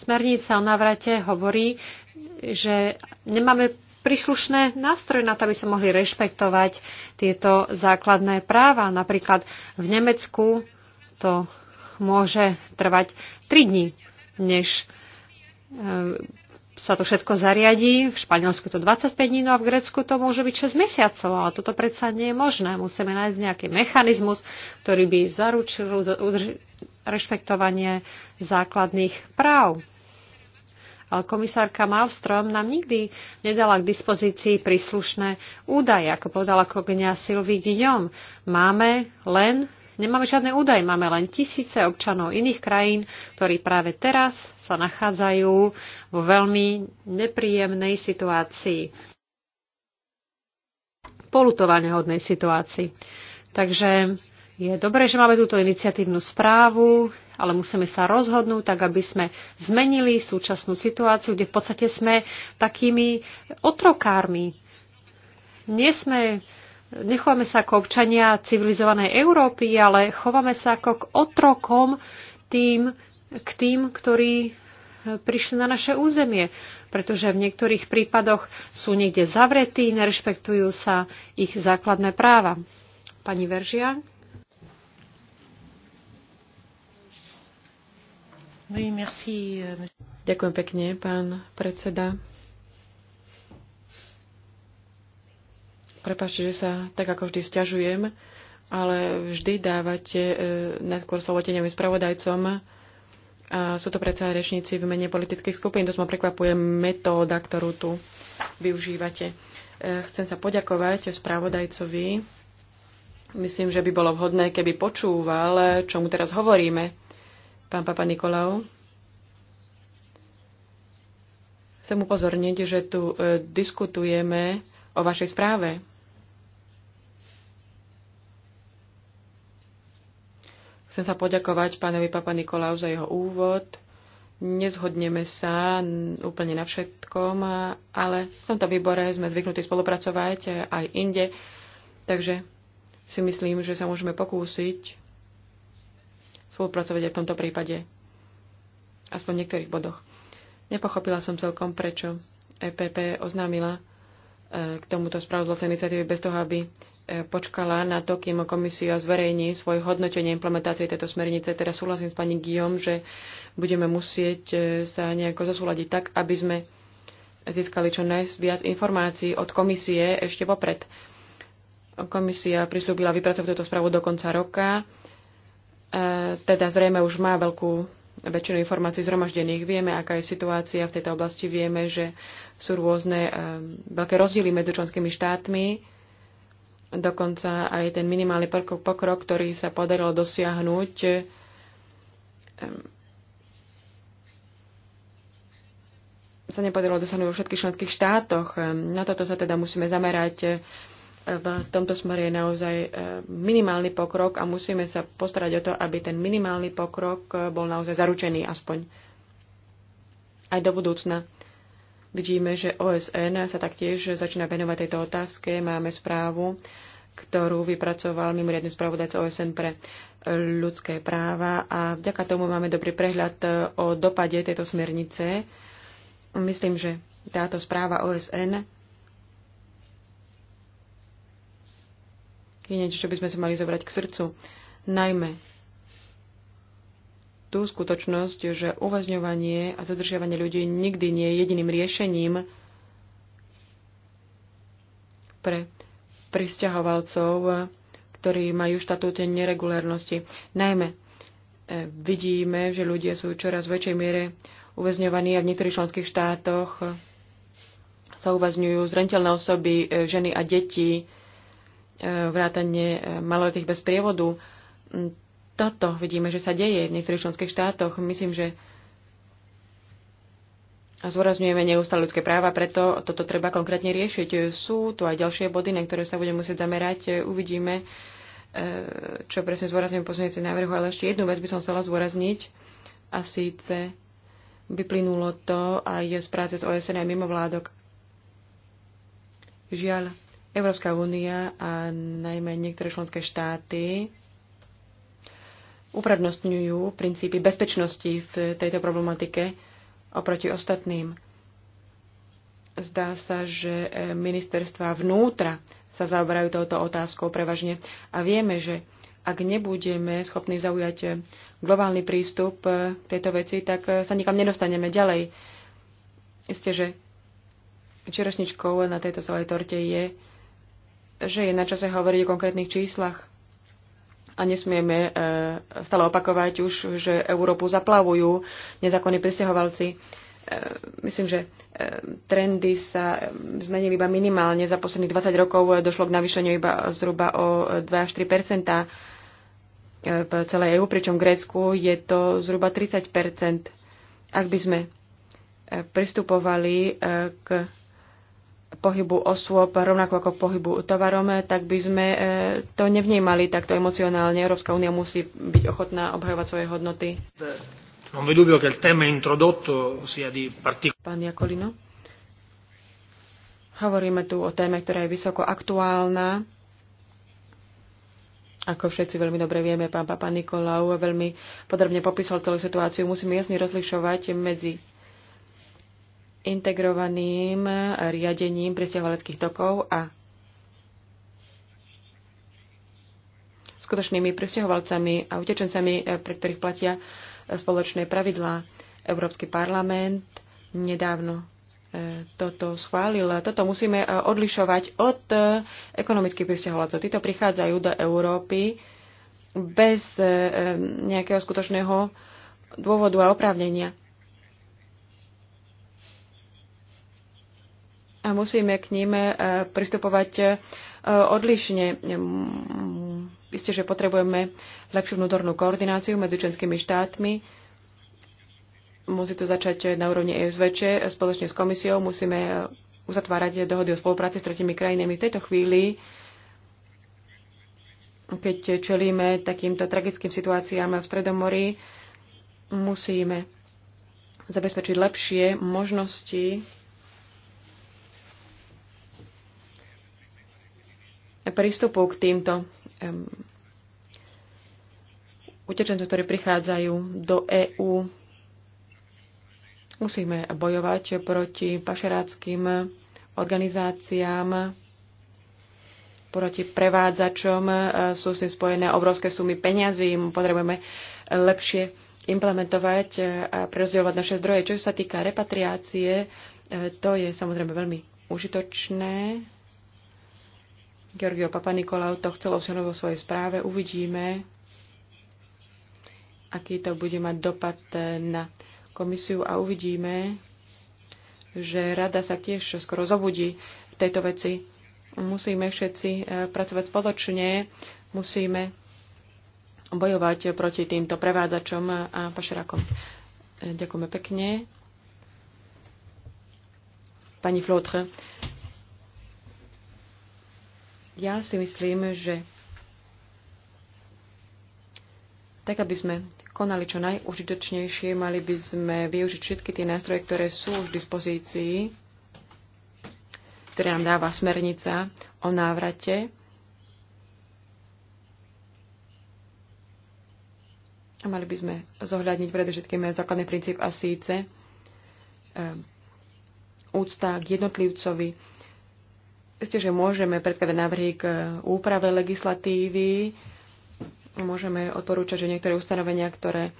Smernica o navrate hovorí, že nemáme príslušné nástroje na to, aby sa mohli rešpektovať tieto základné práva. Napríklad v Nemecku to môže trvať 3 dní, než sa to všetko zariadí, v Španielsku to 25 dní, no a v Grécku to môže byť 6 mesiacov, ale toto predsa nie je možné. Musíme nájsť nejaký mechanizmus, ktorý by zaručil rešpektovanie základných práv. Ale komisárka Malstrom nám nikdy nedala k dispozícii príslušné údaje, ako povedala kogňa Sylvie Guillaume. Máme len Nemáme žiadne údaje, máme len tisíce občanov iných krajín, ktorí práve teraz sa nachádzajú vo veľmi nepríjemnej situácii. Polutovania hodnej situácii. Takže je dobré, že máme túto iniciatívnu správu, ale musíme sa rozhodnúť tak, aby sme zmenili súčasnú situáciu, kde v podstate sme takými otrokármi. Nie sme nechováme sa ako občania civilizovanej Európy, ale chováme sa ako k otrokom tým, k tým, ktorí e, prišli na naše územie, pretože v niektorých prípadoch sú niekde zavretí, nerešpektujú sa ich základné práva. Pani Veržia? Euh, Ďakujem pekne, pán predseda. Prepačte, že sa tak ako vždy sťažujem, ale vždy dávate e, najskôr slovo teňovým spravodajcom. A sú to predsa rečníci v mene politických skupín. Dosť ma prekvapuje metóda, ktorú tu využívate. E, chcem sa poďakovať spravodajcovi. Myslím, že by bolo vhodné, keby počúval, čo mu teraz hovoríme. Pán Papa Nikolau. Chcem upozorniť, že tu e, diskutujeme o vašej správe. Chcem sa poďakovať pánovi Papa Nikolau za jeho úvod. Nezhodneme sa úplne na všetkom, ale v tomto výbore sme zvyknutí spolupracovať e, aj inde, takže si myslím, že sa môžeme pokúsiť spolupracovať aj v tomto prípade. Aspoň v niektorých bodoch. Nepochopila som celkom, prečo EPP oznámila e, k tomuto spravodlacej iniciatívy bez toho, aby počkala na to, kým komisia zverejní svoje hodnotenie implementácie tejto smernice. Teda súhlasím s pani Guillaume, že budeme musieť e, sa nejako zasúľadiť tak, aby sme získali čo najviac informácií od komisie ešte vopred. Komisia prislúbila vypracovať túto správu do konca roka. E, teda zrejme už má veľkú väčšinu informácií zhromaždených. Vieme, aká je situácia v tejto oblasti. Vieme, že sú rôzne e, veľké rozdiely medzi členskými štátmi Dokonca aj ten minimálny pokrok, ktorý sa podarilo dosiahnuť, sa nepodarilo dosiahnuť vo všetkých členských štátoch. Na toto sa teda musíme zamerať. E, v tomto smere je naozaj e, minimálny pokrok a musíme sa postarať o to, aby ten minimálny pokrok e, bol naozaj zaručený aspoň aj do budúcna. Vidíme, že OSN sa taktiež začína venovať tejto otázke. Máme správu, ktorú vypracoval mimoriadny spravodajca OSN pre ľudské práva a vďaka tomu máme dobrý prehľad e, o dopade tejto smernice. Myslím, že táto správa OSN je niečo, čo by sme sa mali zobrať k srdcu. Najmä tú skutočnosť, že uväzňovanie a zadržiavanie ľudí nikdy nie je jediným riešením pre pristahovalcov, ktorí majú štatúte neregulárnosti. Najmä e, vidíme, že ľudia sú čoraz väčšej miere uväzňovaní a v niektorých členských štátoch sa uväzňujú zraniteľné osoby, e, ženy a deti, e, vrátane maloletých bez prievodu toto vidíme, že sa deje v niektorých členských štátoch. Myslím, že a zvorazňujeme neustále ľudské práva, preto toto treba konkrétne riešiť. Sú tu aj ďalšie body, na ktoré sa budeme musieť zamerať. Uvidíme, e, čo presne zvorazňujem posunujúci návrhu, ale ešte jednu vec by som chcela zvorazniť a síce vyplynulo to aj z práce s OSN a mimovládok. Žiaľ, Európska únia a najmä niektoré členské štáty uprednostňujú princípy bezpečnosti v tejto problematike oproti ostatným. Zdá sa, že e, ministerstva vnútra sa zaoberajú touto otázkou prevažne a vieme, že ak nebudeme schopní zaujať e, globálny prístup e, k tejto veci, tak sa nikam nedostaneme ďalej. Isté, že čerešničkou na tejto celej torte je, že je na čase hovoriť o konkrétnych číslach a nesmieme e, stále opakovať už, že Európu zaplavujú nezákonní pristahovalci. E, myslím, že e, trendy sa zmenili iba minimálne. Za posledných 20 rokov došlo k navýšeniu iba zhruba o 2 až 3 v celej EÚ, pričom v Grécku je to zhruba 30 Ak by sme pristupovali k pohybu osôb, rovnako ako pohybu tovarom, tak by sme e, to nevnímali takto emocionálne. Európska únia musí byť ochotná obhajovať svoje hodnoty. Pán Jakolino, hovoríme tu o téme, ktorá je vysoko aktuálna. Ako všetci veľmi dobre vieme, pán Papa Nikolau veľmi podrobne popísal celú situáciu. Musíme jasne rozlišovať medzi integrovaným riadením presťahovaleckých tokov a skutočnými presťahovalcami a utečencami, eh, pre ktorých platia eh, spoločné pravidlá. Európsky parlament nedávno eh, toto schválil. Toto musíme odlišovať od ekonomických presťahovalcov. Títo prichádzajú do Európy bez nejakého skutočného dôvodu a oprávnenia. a musíme k ním e, pristupovať e, odlišne. Isté, že potrebujeme lepšiu vnútornú koordináciu medzi členskými štátmi. Musí to začať na úrovni ESVČ spoločne s komisiou. Musíme e, uzatvárať dohody o spolupráci s tretimi krajinami. V tejto chvíli, keď čelíme takýmto tragickým situáciám v Stredomorí, musíme zabezpečiť lepšie možnosti prístupu k týmto um, utečencom, ktorí prichádzajú do EÚ. Musíme bojovať proti pašeráckým organizáciám, proti prevádzačom. E, sú s tým spojené obrovské sumy peňazí. Potrebujeme lepšie implementovať e, a prerozdielovať naše zdroje. Čo sa týka repatriácie, e, to je samozrejme veľmi užitočné Georgio Papa Nikolau to chcel obsahnuť vo svojej správe. Uvidíme, aký to bude mať dopad eh, na komisiu a uvidíme, že rada sa tiež skoro zobudí v tejto veci. Musíme všetci eh, pracovať spoločne, musíme bojovať proti týmto prevádzačom a pašerakom. Eh, ďakujeme pekne. Pani Flotre, ja si myslím, že tak, aby sme konali čo najúžitočnejšie, mali by sme využiť všetky tie nástroje, ktoré sú v dispozícii, ktoré nám dáva smernica o návrate. A mali by sme zohľadniť predovšetkým základný princíp a síce ehm, úcta k jednotlivcovi, Isté, že môžeme predkladať návrhy k e, úprave legislatívy, môžeme odporúčať, že niektoré ustanovenia, ktoré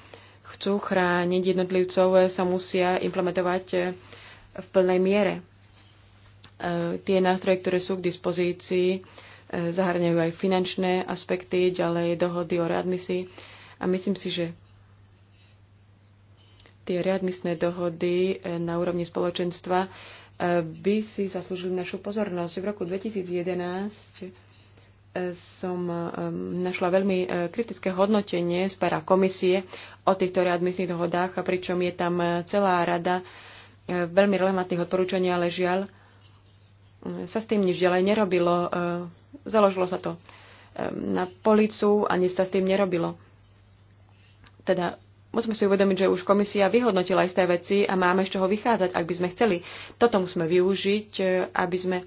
chcú chrániť jednotlivcov, e, sa musia implementovať e, v plnej miere. Tie nástroje, ktoré sú k dispozícii, zahrňajú aj finančné aspekty, ďalej dohody o readmisii. A myslím si, že tie readmisné dohody na úrovni spoločenstva by si zaslúžili našu pozornosť. V roku 2011 e, som e, našla veľmi e, kritické hodnotenie z pera komisie o týchto readmisných dohodách, a pričom je tam celá rada veľmi relevantných odporúčaní, ale žiaľ sa s tým nič ďalej nerobilo. Založilo sa to na policu a nič sa s tým nerobilo. Teda musíme si uvedomiť, že už komisia vyhodnotila isté veci a máme z čoho vychádzať, ak by sme chceli. Toto musíme využiť, e, aby sme e,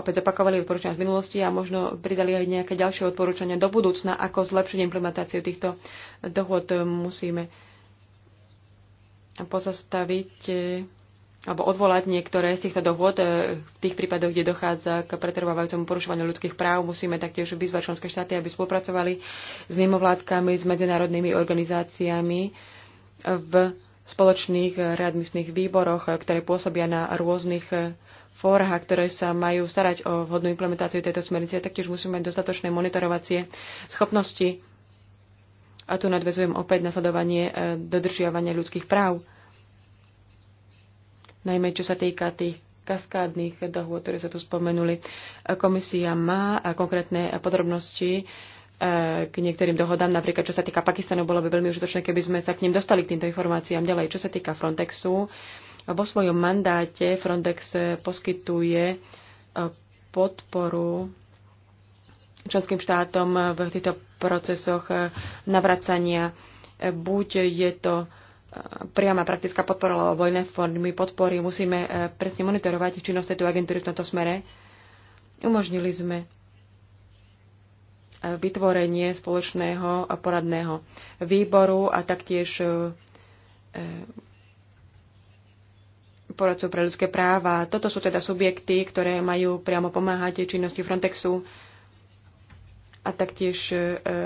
opäť zopakovali odporúčania z minulosti a možno pridali aj nejaké ďalšie odporúčania do budúcna, ako zlepšiť implementáciu týchto dohod. E, musíme pozastaviť alebo odvolať niektoré z týchto dohôd e, v tých prípadoch, kde dochádza k pretrvávajúcemu porušovaniu ľudských práv. Musíme taktiež vyzvať členské štáty, aby spolupracovali s mimovládkami, s medzinárodnými organizáciami v spoločných readmisných výboroch, e, ktoré pôsobia na rôznych e, fórach, ktoré sa majú starať o vhodnú implementáciu tejto smernice. Taktiež musíme mať dostatočné monitorovacie schopnosti. A tu nadvezujem opäť nasledovanie dodržiavania ľudských práv najmä čo sa týka tých kaskádnych dohôd, ktoré sa tu spomenuli. Komisia má konkrétne podrobnosti eh, k niektorým dohodám, napríklad čo sa týka Pakistanu, bolo by veľmi užitočné, keby sme sa k ním dostali k týmto informáciám ďalej. Čo sa týka Frontexu, vo svojom mandáte Frontex poskytuje eh, podporu členským štátom v týchto procesoch eh, navracania. Buď je to priama praktická podpora alebo iné formy podpory. Musíme e, presne monitorovať činnosť tejto agentúry v tomto smere. Umožnili sme e, vytvorenie spoločného poradného výboru a taktiež e, poradcov pre ľudské práva. Toto sú teda subjekty, ktoré majú priamo pomáhať činnosti Frontexu a taktiež e,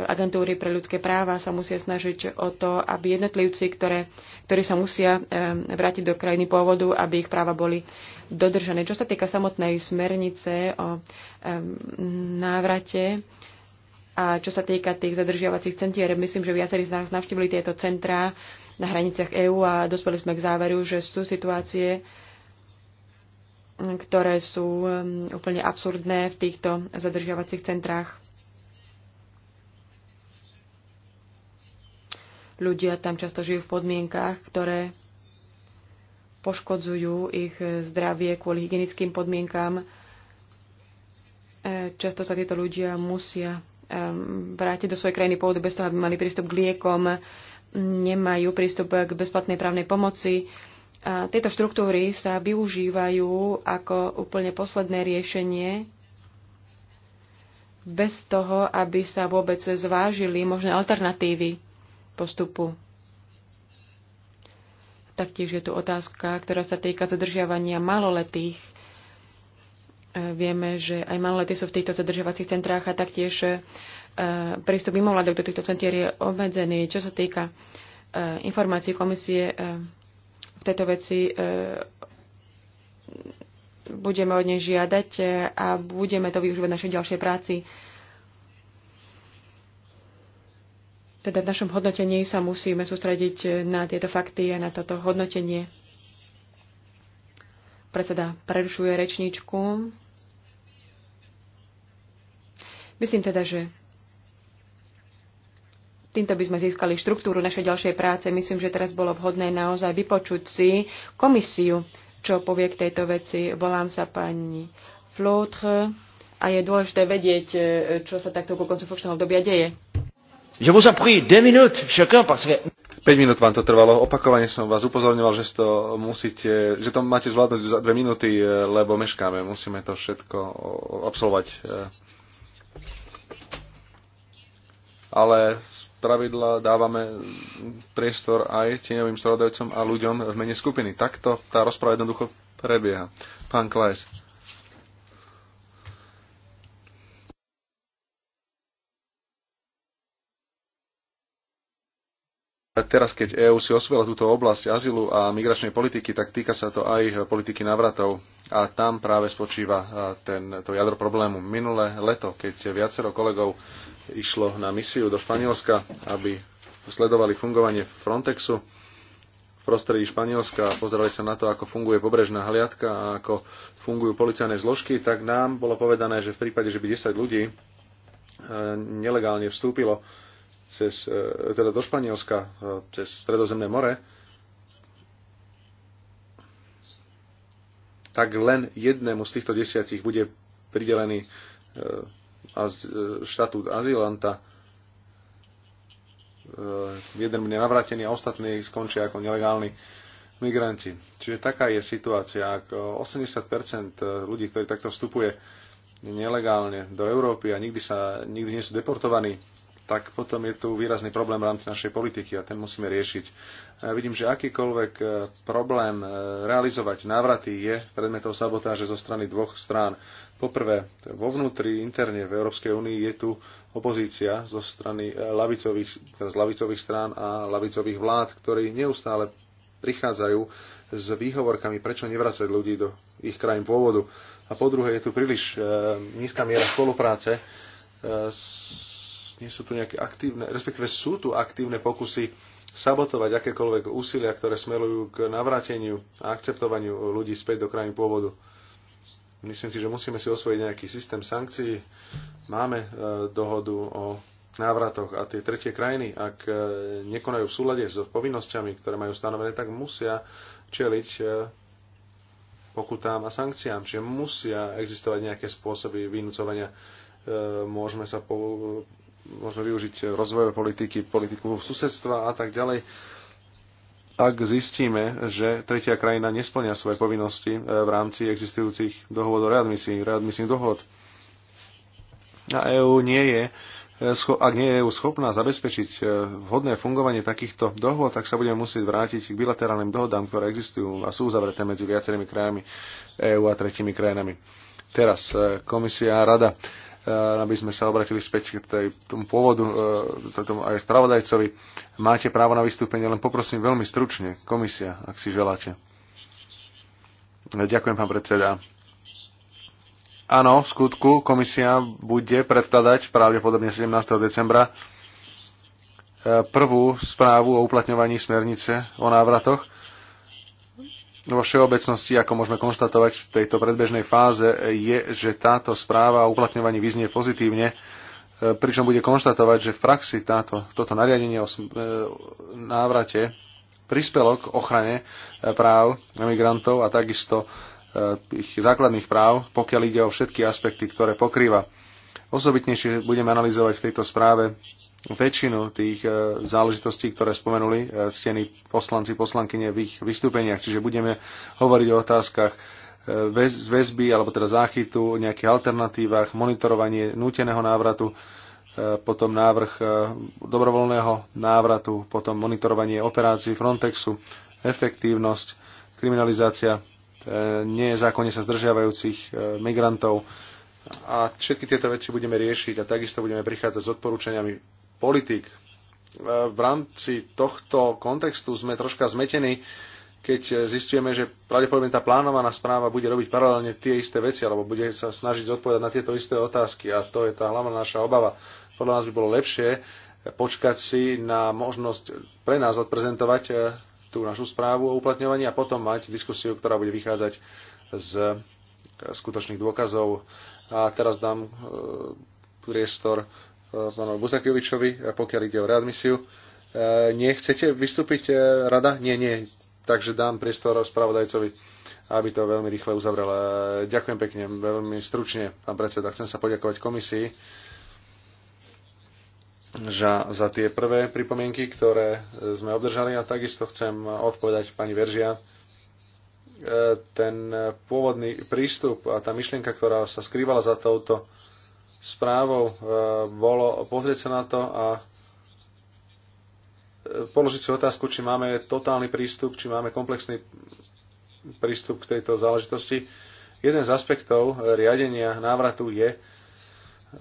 agentúry pre ľudské práva sa musia snažiť o to, aby jednotlivci, ktoré, ktorí sa musia e, vrátiť do krajiny pôvodu, aby ich práva boli dodržané. Čo sa týka samotnej smernice o e, návrate a čo sa týka tých zadržiavacích centier, myslím, že viacerí z nás navštívili tieto centrá na hraniciach EÚ a dospeli sme k záveru, že sú situácie, ktoré sú úplne absurdné v týchto zadržiavacích centrách Ľudia tam často žijú v podmienkach, ktoré poškodzujú ich zdravie kvôli hygienickým podmienkám. E, často sa títo ľudia musia e, vrátiť do svojej krajiny pôvodu bez toho, aby mali prístup k liekom, nemajú prístup k bezplatnej právnej pomoci. A e, tieto štruktúry sa využívajú ako úplne posledné riešenie bez toho, aby sa vôbec zvážili možné alternatívy postupu. Taktiež je tu otázka, ktorá sa týka zadržiavania maloletých. E, vieme, že aj maloletí sú v týchto zadržiavacích centrách a taktiež e, prístup mimovládok do týchto centier je obmedzený. Čo sa týka e, informácií komisie v tejto veci, budeme od nej žiadať a budeme to využívať v našej ďalšej práci. Teda v našom hodnotení sa musíme sústrediť na tieto fakty a na toto hodnotenie. Predseda prerušuje rečníčku. Myslím teda, že týmto by sme získali štruktúru našej ďalšej práce. Myslím, že teraz bolo vhodné naozaj vypočuť si komisiu, čo povie k tejto veci. Volám sa pani Flotre a je dôležité vedieť, čo sa takto ku koncu funkčného obdobia deje. Je vous en prie, deux minutes chacun parce que... 5 minút vám to trvalo. Opakovane som vás upozorňoval, že to musíte, že to máte zvládnuť za dve minúty, eh, lebo meškáme. Musíme to všetko absolvovať. Eh. Ale z pravidla dávame priestor aj tieňovým spravodajcom a ľuďom v mene skupiny. Takto tá rozpráva jednoducho prebieha. Pán Klajs. teraz, keď EÚ si osvojila túto oblasť azylu a migračnej politiky, tak týka sa to aj politiky návratov. A tam práve spočíva ten, to jadro problému. Minulé leto, keď viacero kolegov išlo na misiu do Španielska, aby sledovali fungovanie Frontexu v prostredí Španielska a pozerali sa na to, ako funguje pobrežná hliadka a ako fungujú policajné zložky, tak nám bolo povedané, že v prípade, že by 10 ľudí e, nelegálne vstúpilo cez, e, teda do Španielska, e, cez Stredozemné more, tak len jednému z týchto desiatich bude pridelený e, štatút azylanta, jeden bude navrátený a ostatní skončia ako nelegálni migranti. Čiže taká je situácia. Ak 80% ľudí, ktorí takto vstupuje nelegálne do Európy a nikdy, sa, nikdy nie sú deportovaní, tak potom je tu výrazný problém v rámci našej politiky a ten musíme riešiť. Ja vidím, že akýkoľvek e, problém e, realizovať návraty je predmetom sabotáže zo strany dvoch strán. Poprvé, vo vnútri, interne v Európskej únii je tu opozícia zo strany e, lavicových, teda z lavicových strán a lavicových vlád, ktorí neustále prichádzajú s výhovorkami, prečo nevracať ľudí do ich krajín pôvodu. A po druhé, je tu príliš nízka miera spolupráce s nie sú tu nejaké aktívne, respektíve sú tu aktívne pokusy sabotovať akékoľvek úsilia, ktoré smerujú k navráteniu a akceptovaniu ľudí späť do krajín pôvodu. Myslím si, že musíme si osvojiť nejaký systém sankcií. Máme e, dohodu o návratoch a tie tretie krajiny, ak e, nekonajú v súlade s so povinnosťami, ktoré majú stanovené, tak musia čeliť e, pokutám a sankciám. Čiže musia existovať nejaké spôsoby vynúcovania. Môžeme sa po, môžeme využiť rozvojové politiky, politiku susedstva a tak ďalej. Ak zistíme, že tretia krajina nesplňa svoje povinnosti e, v rámci existujúcich dohôd o readmisii, readmisných dohôd, a EÚ nie je, e, ak nie je EÚ schopná zabezpečiť e, vhodné fungovanie takýchto dohôd, tak sa budeme musieť vrátiť k bilaterálnym dohodám, ktoré existujú a sú uzavreté medzi viacerými krajami EÚ a tretími krajinami. Teraz komisia a rada Ehm, aby sme sa obratili späť k tej, tomu pôvodu, ehm, tomu aj spravodajcovi. Máte právo na vystúpenie, len poprosím veľmi stručne, komisia, ak si želáte. Ďakujem, pán predseda. Áno, v skutku komisia bude predkladať pravdepodobne 17. decembra ehm, prvú správu o uplatňovaní smernice o návratoch vo všeobecnosti, ako môžeme konštatovať v tejto predbežnej fáze, je, že táto správa o uplatňovaní vyznie pozitívne, e, pričom bude konštatovať, že v praxi táto, toto nariadenie o e, návrate prispelo k ochrane e, práv migrantov a takisto ich základných práv, pokiaľ ide o všetky aspekty, ktoré pokrýva. Osobitnejšie budeme analyzovať v tejto správe väčšinu tých e, záležitostí, ktoré spomenuli e, ctení poslanci, poslankyne v ich vystúpeniach. Čiže budeme hovoriť o otázkach e, väz, väzby alebo teda záchytu, o nejakých alternatívach, monitorovanie núteného návratu, potom návrh dobrovoľného návratu, potom monitorovanie operácií Frontexu, efektívnosť, kriminalizácia nezákonne sa zdržiavajúcich migrantov, a všetky tieto veci budeme riešiť a takisto budeme prichádzať s odporúčaniami politik. E, v rámci tohto kontextu sme troška zmetení, keď zistujeme, že pravdepodobne tá plánovaná správa bude robiť paralelne tie isté veci, alebo bude sa snažiť zodpovedať na tieto isté otázky. A to je tá hlavná naša obava. Podľa nás by bolo lepšie počkať si na možnosť pre nás odprezentovať e, tú našu správu o uplatňovaní a potom mať diskusiu, ktorá bude vychádzať z e, skutočných dôkazov. A teraz dám priestor Eh, pánovi Buzakiovičovi, eh, pokiaľ ide o readmisiu. Eh, nechcete vystúpiť rada? Nie, nie. Takže dám priestor spravodajcovi, aby to veľmi rýchle uzavrel. Ďakujem pekne, veľmi stručne, pán predseda. Chcem sa poďakovať komisii za tie prvé pripomienky, ktoré sme obdržali a takisto chcem odpovedať pani Veržia. Ten pôvodný prístup a tá myšlienka, ktorá sa skrývala za touto správou e, bolo pozrieť sa na to a e, položiť si otázku, či máme totálny prístup, či máme komplexný prístup k tejto záležitosti. Jeden z aspektov e, riadenia návratu je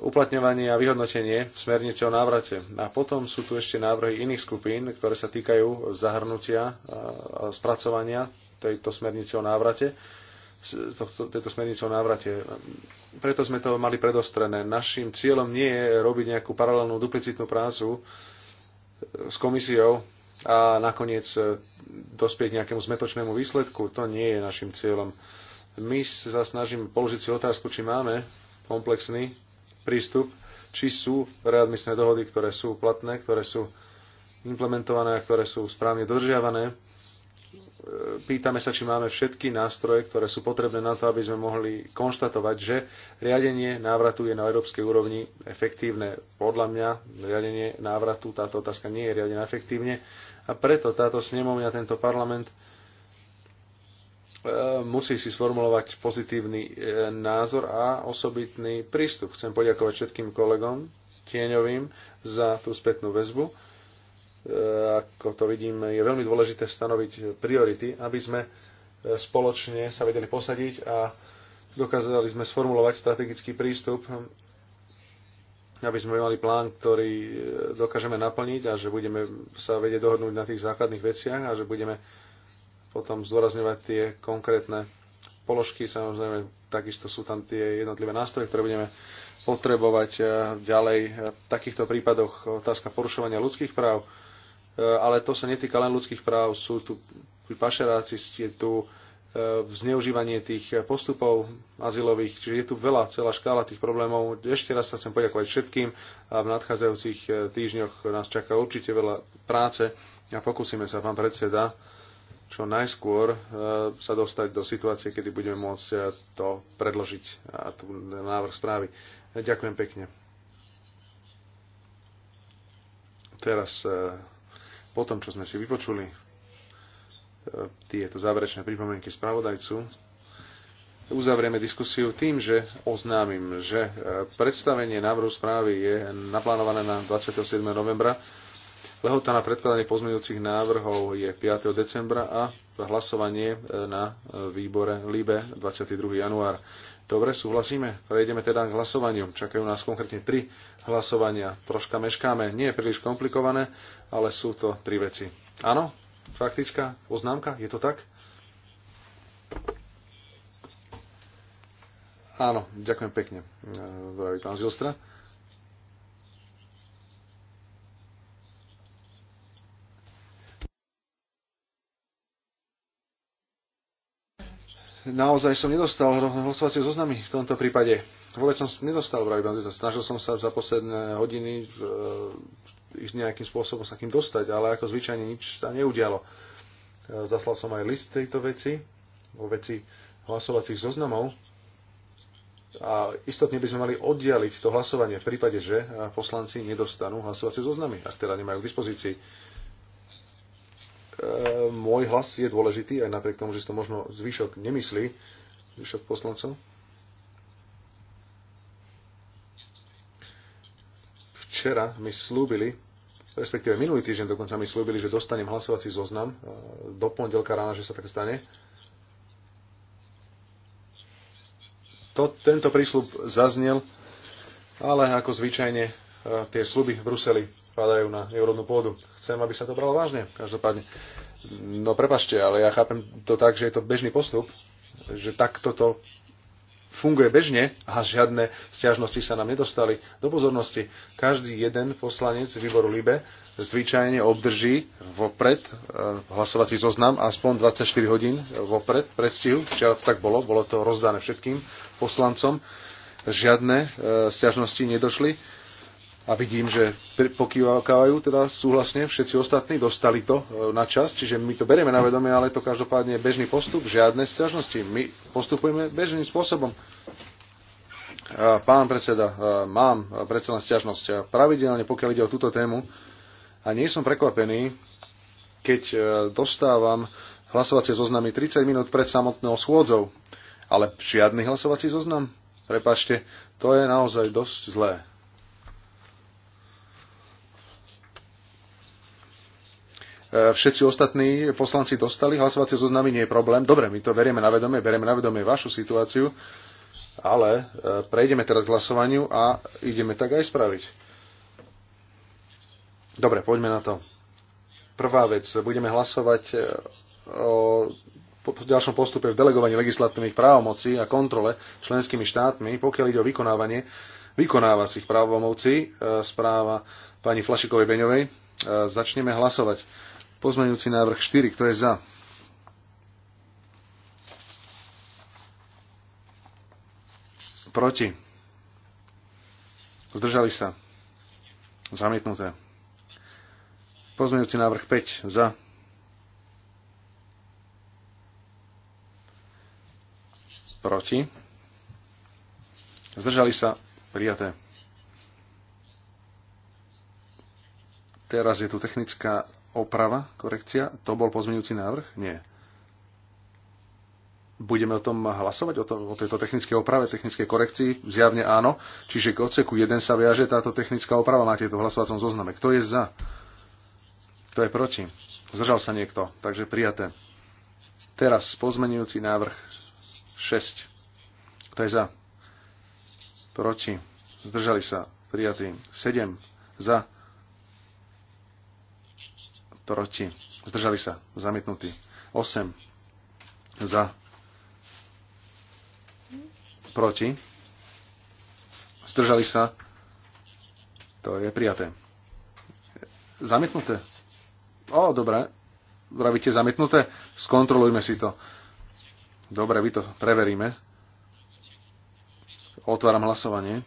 uplatňovanie a vyhodnotenie smernice o návrate. A potom sú tu ešte návrhy iných skupín, ktoré sa týkajú zahrnutia a spracovania tejto smernice o návrate tohto, tejto smernice o návrate. Preto sme to mali predostrené. Našim cieľom nie je robiť nejakú paralelnú duplicitnú prácu e, s komisiou a nakoniec e, dospieť nejakému zmetočnému výsledku. To nie je našim cieľom. My sa snažíme položiť si otázku, či máme komplexný prístup, či sú readmisné dohody, ktoré sú platné, ktoré sú implementované a ktoré sú správne dodržiavané pýtame sa, či máme všetky nástroje, ktoré sú potrebné na to, aby sme mohli konštatovať, že riadenie návratu je na európskej úrovni efektívne. Podľa mňa riadenie návratu, táto otázka nie je riadená efektívne a preto táto snemovňa, tento parlament e, musí si sformulovať pozitívny e, názor a osobitný prístup. Chcem poďakovať všetkým kolegom tieňovým za tú spätnú väzbu E, ako to vidím, je veľmi dôležité stanoviť priority, aby sme e, spoločne sa vedeli posadiť a dokázali sme sformulovať strategický prístup, aby sme mali plán, ktorý e, dokážeme naplniť a že budeme sa vedieť dohodnúť na tých základných veciach a že budeme potom zdôrazňovať tie konkrétne položky. Samozrejme, takisto sú tam tie jednotlivé nástroje, ktoré budeme potrebovať ďalej. V takýchto prípadoch otázka porušovania ľudských práv, Eh, ale to sa netýka len ľudských práv, sú tu pašeráci, je tu eh, zneužívanie tých postupov azylových, čiže je tu veľa, celá škála tých problémov. Ešte raz sa chcem poďakovať všetkým a v nadchádzajúcich eh, týždňoch nás čaká určite veľa práce a pokúsime sa, pán predseda, čo najskôr sa dostať do situácie, kedy budeme môcť to predložiť a tu návrh správy. Ďakujem pekne. Teraz po tom, čo sme si vypočuli e, tieto záverečné pripomienky spravodajcu, uzavrieme diskusiu tým, že oznámim, že e, predstavenie návrhu správy je naplánované na 27. novembra. Lehota na predkladanie pozmeňujúcich návrhov je 5. decembra a hlasovanie e, na výbore LIBE 22. január. Dobre, súhlasíme. Prejdeme teda k hlasovaniu. Čakajú nás konkrétne tri hlasovania. Troška meškáme. Nie je príliš komplikované, ale sú to tri veci. Áno? Faktická poznámka? Je to tak? Áno, ďakujem pekne, eh, vraví pán Zilstra. naozaj som nedostal hlasovacie zoznamy v tomto prípade. Vôbec som nedostal vraj Snažil som sa za posledné hodiny e, ísť nejakým spôsobom sa kým dostať, ale ako zvyčajne nič sa neudialo. E, zaslal som aj list tejto veci, vo veci hlasovacích zoznamov. A istotne by sme mali oddialiť to hlasovanie v prípade, že e, poslanci nedostanú hlasovacie zoznamy, ak teda nemajú k dispozícii E, môj hlas je dôležitý, aj napriek tomu, že si to možno zvyšok nemyslí, zvyšok poslancov. Včera mi slúbili, respektíve minulý týždeň dokonca mi slúbili, že dostanem hlasovací zoznam e, do pondelka rána, že sa tak stane. To, tento prísľub zaznel, ale ako zvyčajne e, tie sluby v Bruseli padajú na neurodnú pôdu. Chcem, aby sa to bralo vážne, každopádne. No prepašte, ale ja chápem to tak, že je to bežný postup, že takto to funguje bežne a žiadne stiažnosti sa nám nedostali do pozornosti. Každý jeden poslanec výboru LIBE zvyčajne obdrží vopred eh, hlasovací zoznam aspoň 24 hodín vopred predstihu. Včera tak bolo, bolo to rozdané všetkým poslancom. Žiadne eh, stiažnosti nedošli a vidím, že pokývajú teda súhlasne všetci ostatní, dostali to e, na čas, čiže my to berieme na vedomie, ale to každopádne je bežný postup, žiadne sťažnosti. My postupujeme bežným spôsobom. E, pán predseda, e, mám predsa len sťažnosť. Pravidelne, pokiaľ ide o túto tému, a nie som prekvapený, keď dostávam hlasovacie zoznamy 30 minút pred samotnou schôdzou, ale žiadny hlasovací zoznam. Prepačte, to je naozaj dosť zlé. E, všetci ostatní poslanci dostali hlasovacie zoznamy, nie je problém. Dobre, my to berieme na vedomie, berieme na vedomie vašu situáciu, ale e, prejdeme teraz k hlasovaniu a ideme tak aj spraviť. Dobre, poďme na to. Prvá vec, budeme hlasovať e, o ďalšom postupe v delegovaní legislatívnych právomocí a kontrole členskými štátmi, pokiaľ ide o vykonávanie vykonávacích právomocí, správa pani Flašikovej Beňovej začneme hlasovať. Pozmeňujúci návrh 4, kto je za? Proti. Zdržali sa. Zamietnuté. Pozmeňujúci návrh 5. Za. Proti. Zdržali sa. Prijaté. Teraz je tu technická oprava, korekcia, to bol pozmeňujúci návrh? Nie. Budeme o tom hlasovať, o, to, o tejto technickej oprave, technickej korekcii? Zjavne áno. Čiže k odseku 1 sa viaže táto technická oprava, máte to v hlasovacom zozname. Kto je za? Kto je proti? Zdržal sa niekto, takže prijaté. Teraz pozmenujúci návrh 6. Kto je za? Proti. Zdržali sa. Prijatý. 7. Za proti, zdržali sa, zamietnutí. 8 za, proti, zdržali sa, to je prijaté. Zamietnuté. O, dobre, vravíte zamietnuté, skontrolujme si to. Dobre, vy to preveríme. Otváram hlasovanie.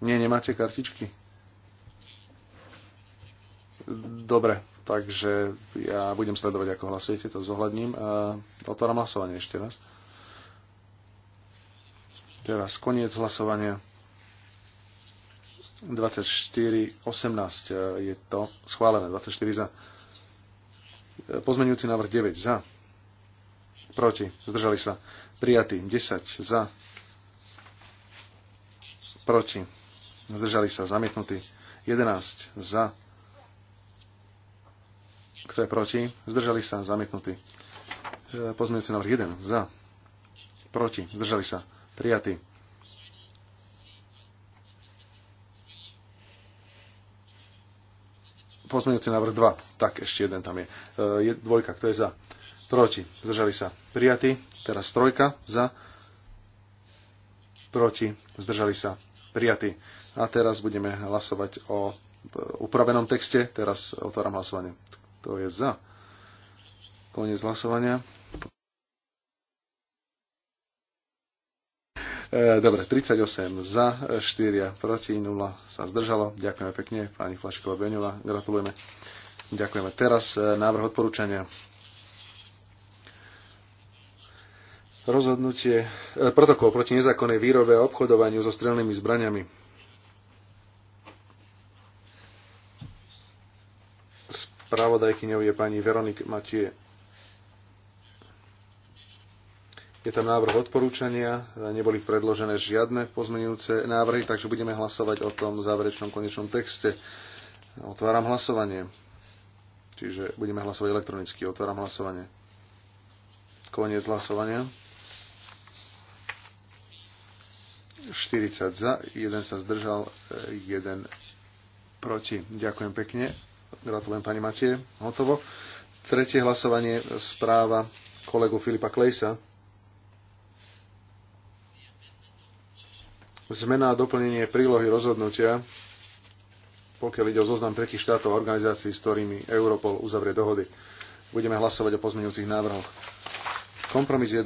Nie, nemáte kartičky. Dobre, takže ja budem sledovať, ako hlasujete, to zohľadním. E, otváram hlasovanie ešte raz. Teraz koniec hlasovania. 24, 18 e, je to schválené, 24 za. E, Pozmenujúci návrh 9 za. Proti, zdržali sa. Prijatý 10 za. Proti, zdržali sa. Zamietnutý 11 za kto je proti? Zdržali sa. Zamietnutý. E, pozmeňujúci návrh 1. Za. Proti. Zdržali sa. Prijatý. Pozmeňujúci návrh 2. Tak, ešte jeden tam je. E, je dvojka. Kto je za? Proti. Zdržali sa. Prijatý. Teraz trojka. Za. Proti. Zdržali sa. Prijatý. A teraz budeme hlasovať o e, upravenom texte. Teraz otváram hlasovanie. To je za. Koniec hlasovania. E, dobre, 38 za, 4 proti, 0 sa zdržalo. Ďakujeme pekne, pani Flašková Beňová, gratulujeme. Ďakujeme. Teraz e, návrh odporúčania. Rozhodnutie, e, protokol proti nezákonnej výrobe a obchodovaniu so strelnými zbraniami. Spravodajkyňou je pani Veronik Matie. Je tam návrh odporúčania, neboli predložené žiadne pozmenujúce návrhy, takže budeme hlasovať o tom záverečnom konečnom texte. Otváram hlasovanie. Čiže budeme hlasovať elektronicky. Otváram hlasovanie. Koniec hlasovania. 40 za, 1 sa zdržal, 1 proti. Ďakujem pekne. Gratulujem pani Matie. Hotovo. Tretie hlasovanie správa kolegu Filipa Klejsa. Zmena a doplnenie prílohy rozhodnutia, pokiaľ ide o zoznam tretich štátov a organizácií, s ktorými Europol uzavrie dohody. Budeme hlasovať o pozmeňujúcich návrhoch. Kompromis 1.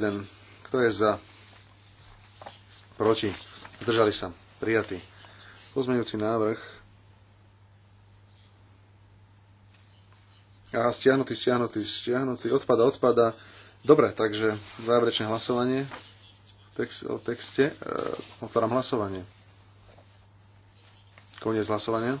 Kto je za? Proti? Zdržali sa. Prijatý. Pozmeňujúci návrh A stiahnutý, stiahnutý, stiahnutý. Odpada, odpada. Dobre, takže záverečné hlasovanie text, o texte. E, otváram hlasovanie. Koniec hlasovania.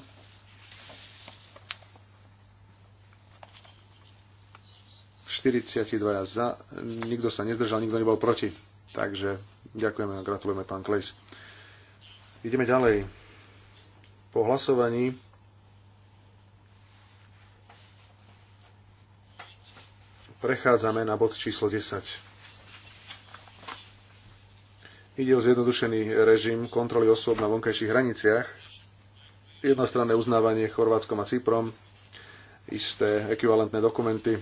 dvaja za, nikto sa nezdržal, nikto nebol proti. Takže ďakujeme a gratulujeme pán Klejs. Ideme ďalej. Po hlasovaní prechádzame na bod číslo 10. Ide o zjednodušený režim kontroly osôb na vonkajších hraniciach, jednostranné uznávanie Chorvátskom a Cyprom, isté ekvivalentné dokumenty,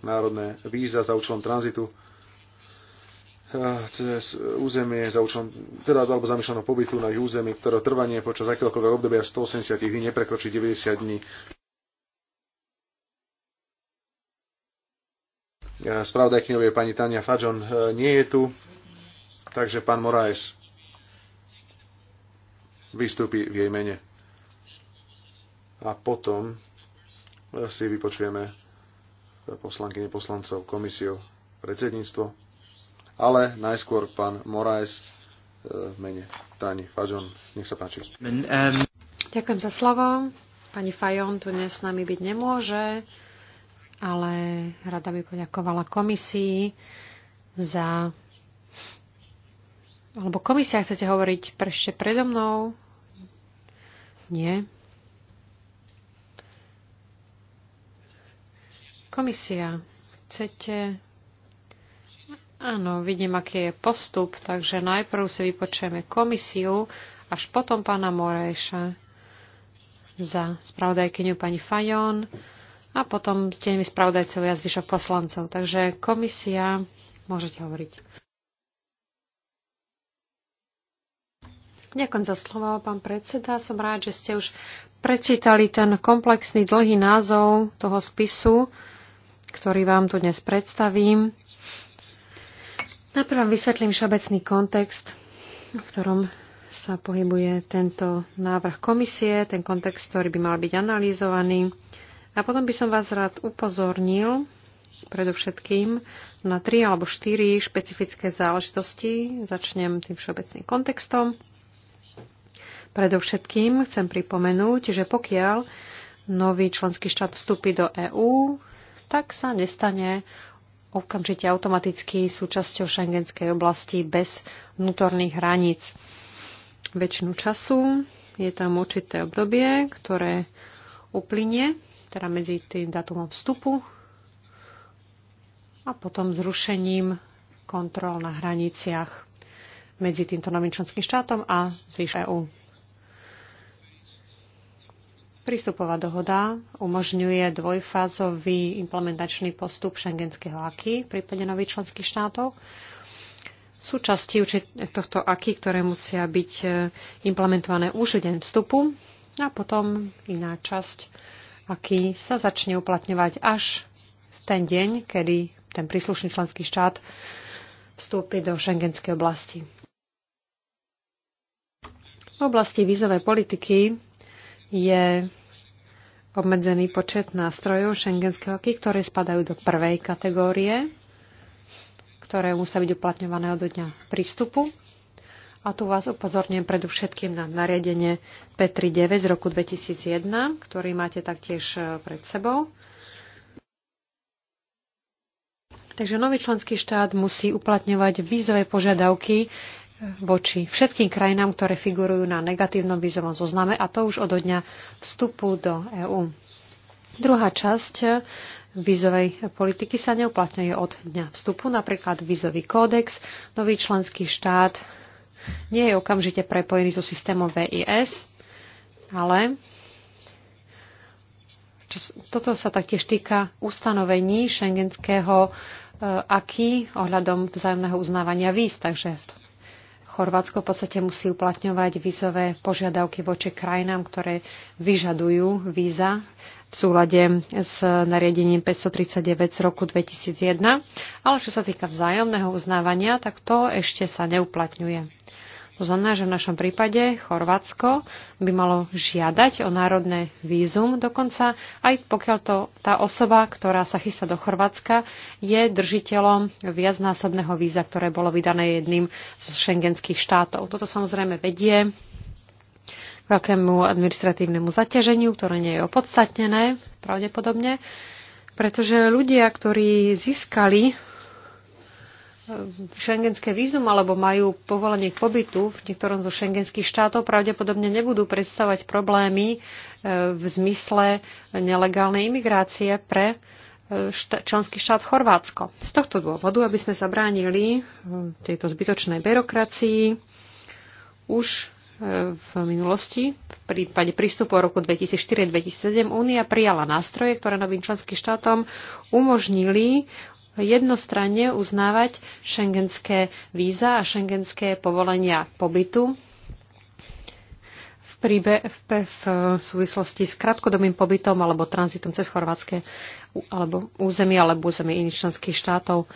národné víza za účelom tranzitu cez územie za účelom, teda alebo zamýšľaného pobytu na ich území, ktoré trvanie počas akéhokoľvek obdobia 180 dní neprekročí 90 dní. Spravodajkyňou je pani Tania Fadžon. E, nie je tu, takže pán Moraes vystúpi v jej mene. A potom e, si vypočujeme poslankyne poslancov, komisiu, predsedníctvo, ale najskôr pán Moraes e, v mene Tani Fajon. Nech sa páči. Ďakujem za slovo. Pani Fajon tu dnes s nami byť nemôže ale rada by poďakovala komisii za... Alebo komisia, chcete hovoriť ešte predo mnou? Nie. Komisia, chcete... Áno, vidím, aký je postup, takže najprv si vypočujeme komisiu, až potom pána Morejša za spravodajkyňu pani Fajon a potom ste nimi spravodajcovia a zvyšok poslancov. Takže komisia, môžete hovoriť. Ďakujem za slovo, pán predseda. Som rád, že ste už prečítali ten komplexný dlhý názov toho spisu, ktorý vám tu dnes predstavím. Najprv vám vysvetlím všeobecný kontext, v ktorom sa pohybuje tento návrh komisie, ten kontext, ktorý by mal byť analýzovaný. A potom by som vás rád upozornil predovšetkým na tri alebo štyri špecifické záležitosti. Začnem tým všeobecným kontextom. Predovšetkým chcem pripomenúť, že pokiaľ nový členský štát vstúpi do EÚ, tak sa nestane okamžite automaticky súčasťou šengenskej oblasti bez vnútorných hraníc. Väčšinu času je tam určité obdobie, ktoré uplynie teda medzi tým datumom vstupu a potom zrušením kontrol na hraniciach medzi týmto novým členským štátom a zvyš EU. Prístupová dohoda umožňuje dvojfázový implementačný postup šengenského AKI v prípade nových členských štátov. Sú tohto AKI, ktoré musia byť e, implementované už v deň vstupu a potom iná časť aký sa začne uplatňovať až v ten deň, kedy ten príslušný členský štát vstúpi do šengenskej oblasti. V oblasti vízovej politiky je obmedzený počet nástrojov šengenského aký, ktoré spadajú do prvej kategórie, ktoré musia byť uplatňované od dňa prístupu. A tu vás upozorňujem predovšetkým na nariadenie P39 z roku 2001, ktorý máte taktiež e, pred sebou. Takže nový členský štát musí uplatňovať vízové požiadavky e, voči všetkým krajinám, ktoré figurujú na negatívnom vízovom zozname a to už od dňa vstupu do EÚ. Druhá časť e, vízovej politiky sa neuplatňuje od dňa vstupu, napríklad vízový kódex. Nový členský štát nie je okamžite prepojený so systémom VIS, ale toto sa taktiež týka ustanovení šengenského e, aký ohľadom vzájomného uznávania víz. Takže Chorvátsko v podstate musí uplatňovať vízové požiadavky voči krajinám, ktoré vyžadujú víza v súlade s nariadením 539 z roku 2001. Ale čo sa týka vzájomného uznávania, tak to ešte sa neuplatňuje. To znamená, že v našom prípade Chorvátsko by malo žiadať o národné vízum dokonca, aj pokiaľ to, tá osoba, ktorá sa chystá do Chorvátska, je držiteľom viacnásobného víza, ktoré bolo vydané jedným z šengenských štátov. Toto samozrejme vedie k veľkému administratívnemu zaťaženiu, ktoré nie je opodstatnené pravdepodobne, pretože ľudia, ktorí získali šengenské vízum alebo majú povolenie k pobytu v niektorom zo šengenských štátov, pravdepodobne nebudú predstavovať problémy e, v zmysle nelegálnej imigrácie pre e, členský štát Chorvátsko. Z tohto dôvodu, aby sme zabránili e, tejto zbytočnej byrokracii, už v minulosti, v prípade prístupu roku 2004-2007, Únia prijala nástroje, ktoré novým členským štátom umožnili jednostranne uznávať šengenské víza a šengenské povolenia pobytu v, príbe, v, v súvislosti s krátkodobým pobytom alebo tranzitom cez chorvátske alebo územie alebo územie iných členských štátov.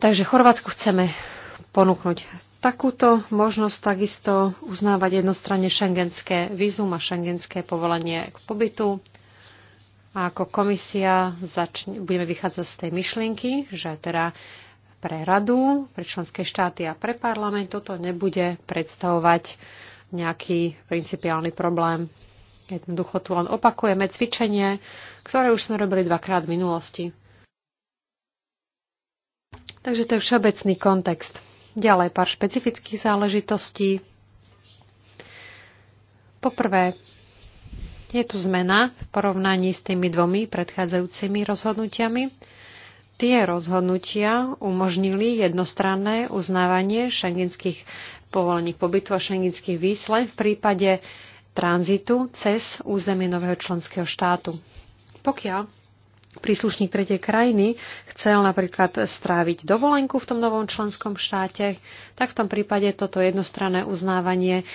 Takže Chorvátsku chceme ponúknuť takúto možnosť takisto uznávať jednostranne šengenské vízum a šengenské povolenie k pobytu a ako komisia začne, budeme vychádzať z tej myšlienky, že teda pre radu, pre členské štáty a pre parlament toto nebude predstavovať nejaký principiálny problém. Jednoducho tu len opakujeme cvičenie, ktoré už sme robili dvakrát v minulosti. Takže to je všeobecný kontext. Ďalej pár špecifických záležitostí. Poprvé, je tu zmena v porovnaní s tými dvomi predchádzajúcimi rozhodnutiami. Tie rozhodnutia umožnili jednostranné uznávanie šengenských povolení pobytu a šengenských víz len v prípade tranzitu cez územie nového členského štátu. Pokiaľ príslušník tretej krajiny chcel napríklad stráviť dovolenku v tom novom členskom štáte, tak v tom prípade toto jednostranné uznávanie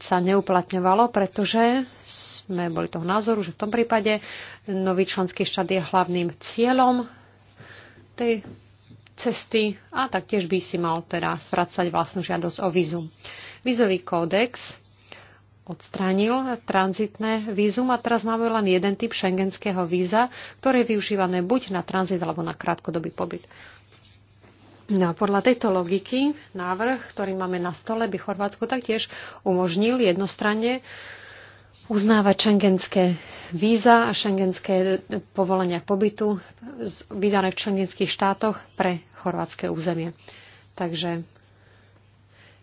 sa neuplatňovalo, pretože sme boli toho názoru, že v tom prípade nový členský štát je hlavným cieľom tej cesty a taktiež by si mal teda svracať vlastnú žiadosť o vízum. Vízový kódex odstránil tranzitné vízum a teraz máme len jeden typ šengenského víza, ktoré je využívané buď na tranzit alebo na krátkodobý pobyt. No a podľa tejto logiky návrh, ktorý máme na stole, by Chorvátsko taktiež umožnil jednostranne uznávať šengenské víza a šengenské povolenia k pobytu vydané v šengenských štátoch pre chorvátske územie. Takže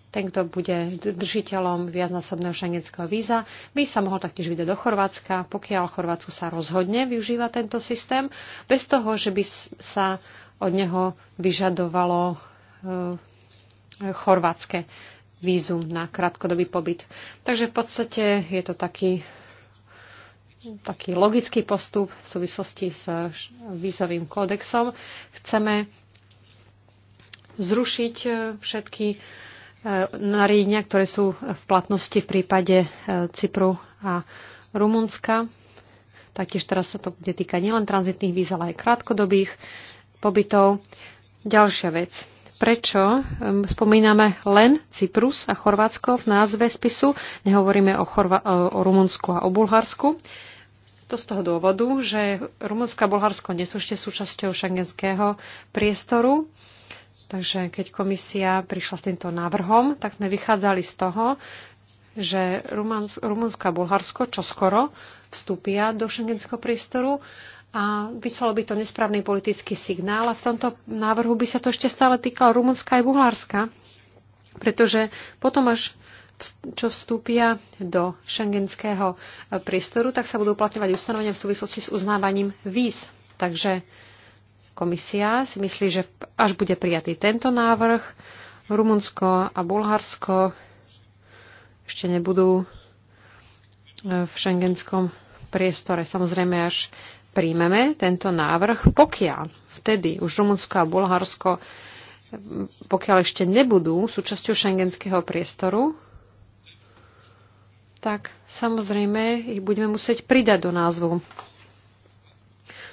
ten, kto bude držiteľom viacnásobného šengenského víza, by sa mohol taktiež vydať do Chorvátska, pokiaľ Chorvátsku sa rozhodne využíva tento systém, bez toho, že by sa od neho vyžadovalo e, chorvátske vízum na krátkodobý pobyt. Takže v podstate je to taký, taký logický postup v súvislosti s vízovým kódexom. Chceme zrušiť e, všetky nariadenia, ktoré sú v platnosti v prípade e, Cypru a Rumunska. Taktiež teraz sa to bude týkať nielen tranzitných víz, ale aj krátkodobých pobytov. Ďalšia vec. Prečo spomíname len Cyprus a Chorvátsko v názve spisu? Nehovoríme o, Chorva- e, o Rumunsku a o Bulharsku. To z toho dôvodu, že Rumunsko a Bulharsko nie sú ešte súčasťou šengenského priestoru Takže keď komisia prišla s týmto návrhom, tak sme vychádzali z toho, že Rumunsko a Bulharsko čoskoro vstúpia do šengenského priestoru a vyslalo by to nesprávny politický signál a v tomto návrhu by sa to ešte stále týkalo Rumunska aj Bulharska, pretože potom až čo vstúpia do šengenského e, priestoru, tak sa budú uplatňovať ustanovenia v súvislosti s uznávaním víz. Takže Komisia si myslí, že až bude prijatý tento návrh, Rumunsko a Bulharsko ešte nebudú e, v šengenskom priestore. Samozrejme, až príjmeme tento návrh, pokiaľ vtedy už Rumunsko a Bulharsko, e, pokiaľ ešte nebudú súčasťou šengenského priestoru, tak samozrejme ich budeme musieť pridať do názvu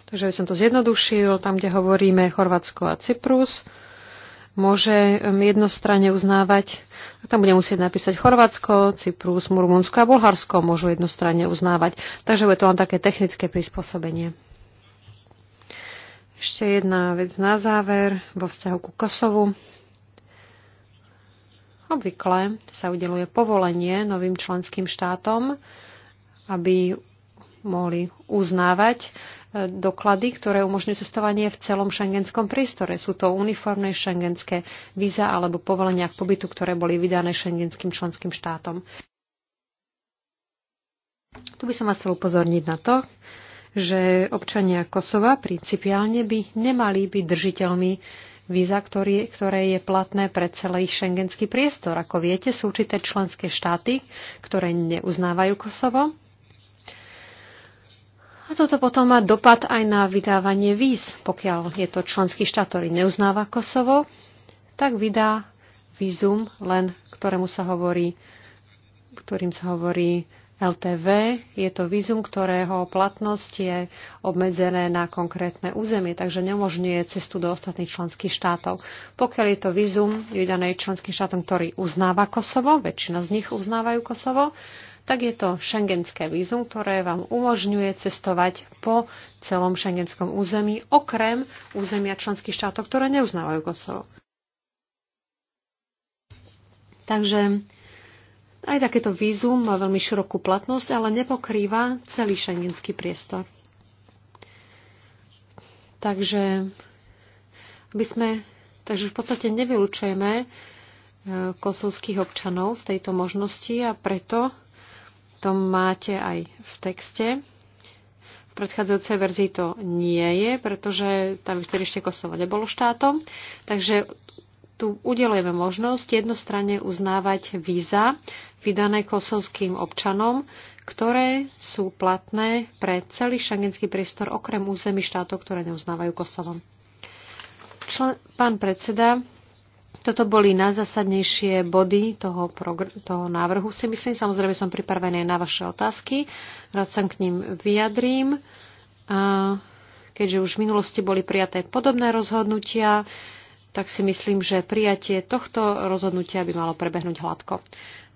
Takže by som to zjednodušil, tam, kde hovoríme Chorvátsko a Cyprus, môže um, jednostranne uznávať, tam bude musieť napísať Chorvátsko, Cyprus, Murmunsko a Bulharsko môžu jednostranne uznávať. Takže je to len také technické prispôsobenie. Ešte jedna vec na záver vo vzťahu ku Kosovu. Obvykle sa udeluje povolenie novým členským štátom, aby mohli uznávať doklady, ktoré umožňujú cestovanie v celom šengenskom priestore. Sú to uniformné šengenské víza alebo povolenia k pobytu, ktoré boli vydané šengenským členským štátom. Tu by som vás chcel upozorniť na to, že občania Kosova principiálne by nemali byť držiteľmi víza, ktorý, ktoré je platné pre celý šengenský priestor. Ako viete, sú určité členské štáty, ktoré neuznávajú Kosovo a toto potom má dopad aj na vydávanie víz. Pokiaľ je to členský štát, ktorý neuznáva Kosovo, tak vydá vízum len, ktorému sa hovorí, ktorým sa hovorí LTV. Je to vízum, ktorého platnosť je obmedzené na konkrétne územie, takže neumožňuje cestu do ostatných členských štátov. Pokiaľ je to vízum vydané členským štátom, ktorý uznáva Kosovo, väčšina z nich uznávajú Kosovo, tak je to šengenské vízum, ktoré vám umožňuje cestovať po celom šengenskom území, okrem územia členských štátov, ktoré neuznávajú Kosovo. Takže aj takéto vízum má veľmi širokú platnosť, ale nepokrýva celý šengenský priestor. Takže, aby sme, takže v podstate nevylučujeme eh, kosovských občanov z tejto možnosti a preto to máte aj v texte. V predchádzajúcej verzii to nie je, pretože tam vtedy ešte Kosovo nebolo štátom. Takže tu udelujeme možnosť jednostranne uznávať víza vydané kosovským občanom, ktoré sú platné pre celý šangenský priestor okrem území štátov, ktoré neuznávajú Kosovo. Člen, pán predseda, toto boli najzasadnejšie body toho, toho návrhu, si myslím. Samozrejme som pripravený na vaše otázky. Rád sa k ním vyjadrím. A keďže už v minulosti boli prijaté podobné rozhodnutia, tak si myslím, že prijatie tohto rozhodnutia by malo prebehnúť hladko.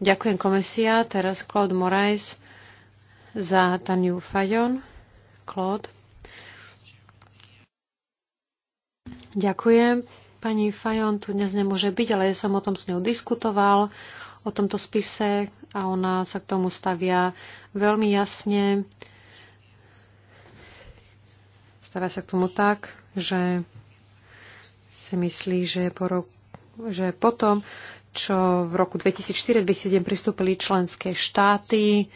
Ďakujem komisia, teraz Claude Moraes za Taniu Fajon. Claude. Ďakujem. Pani Fajon tu dnes nemôže byť, ale ja som o tom s ňou diskutoval, o tomto spise a ona sa k tomu stavia veľmi jasne. Stavia sa k tomu tak, že si myslí, že, po roku, že potom, čo v roku 2004-2007 pristúpili členské štáty,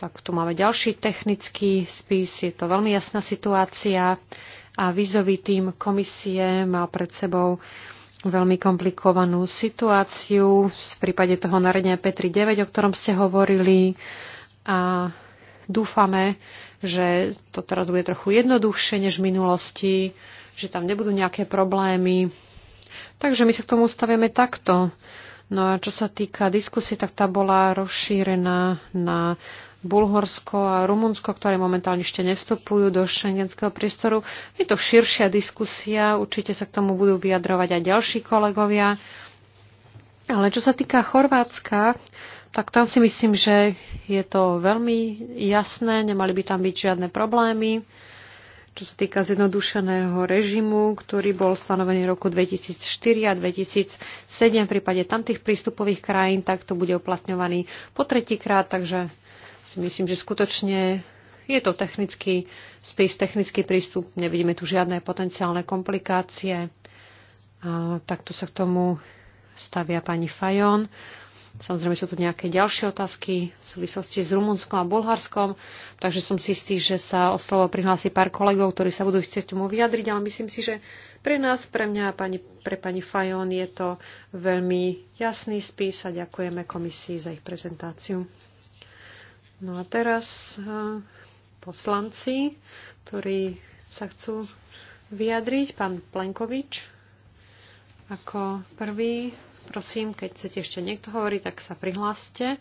tak tu máme ďalší technický spis, je to veľmi jasná situácia a vízový tím komisie mal pred sebou veľmi komplikovanú situáciu v prípade toho naredenia P39, o ktorom ste hovorili a dúfame, že to teraz bude trochu jednoduchšie než v minulosti, že tam nebudú nejaké problémy. Takže my sa k tomu stavíme takto. No a čo sa týka diskusie, tak tá bola rozšírená na Bulhorsko a Rumunsko, ktoré momentálne ešte nevstupujú do šengenského priestoru. Je to širšia diskusia, určite sa k tomu budú vyjadrovať aj ďalší kolegovia. Ale čo sa týka Chorvátska, tak tam si myslím, že je to veľmi jasné, nemali by tam byť žiadne problémy čo sa týka zjednodušeného režimu, ktorý bol stanovený v roku 2004 a 2007. V prípade tamtých prístupových krajín tak to bude uplatňovaný po tretíkrát, takže si myslím, že skutočne je to technický spis, technický prístup. Nevidíme tu žiadne potenciálne komplikácie. A takto sa k tomu stavia pani Fajon. Samozrejme sú tu nejaké ďalšie otázky v súvislosti s Rumunskom a Bulharskom, takže som si istý, že sa o slovo prihlási pár kolegov, ktorí sa budú chcieť tomu vyjadriť, ale myslím si, že pre nás, pre mňa a pani, pre pani Fajon je to veľmi jasný spis a ďakujeme komisii za ich prezentáciu. No a teraz eh, poslanci, ktorí sa chcú vyjadriť. Pán Plenkovič. Ako prvý, prosím, keď chcete ešte niekto hovoriť, tak sa prihláste.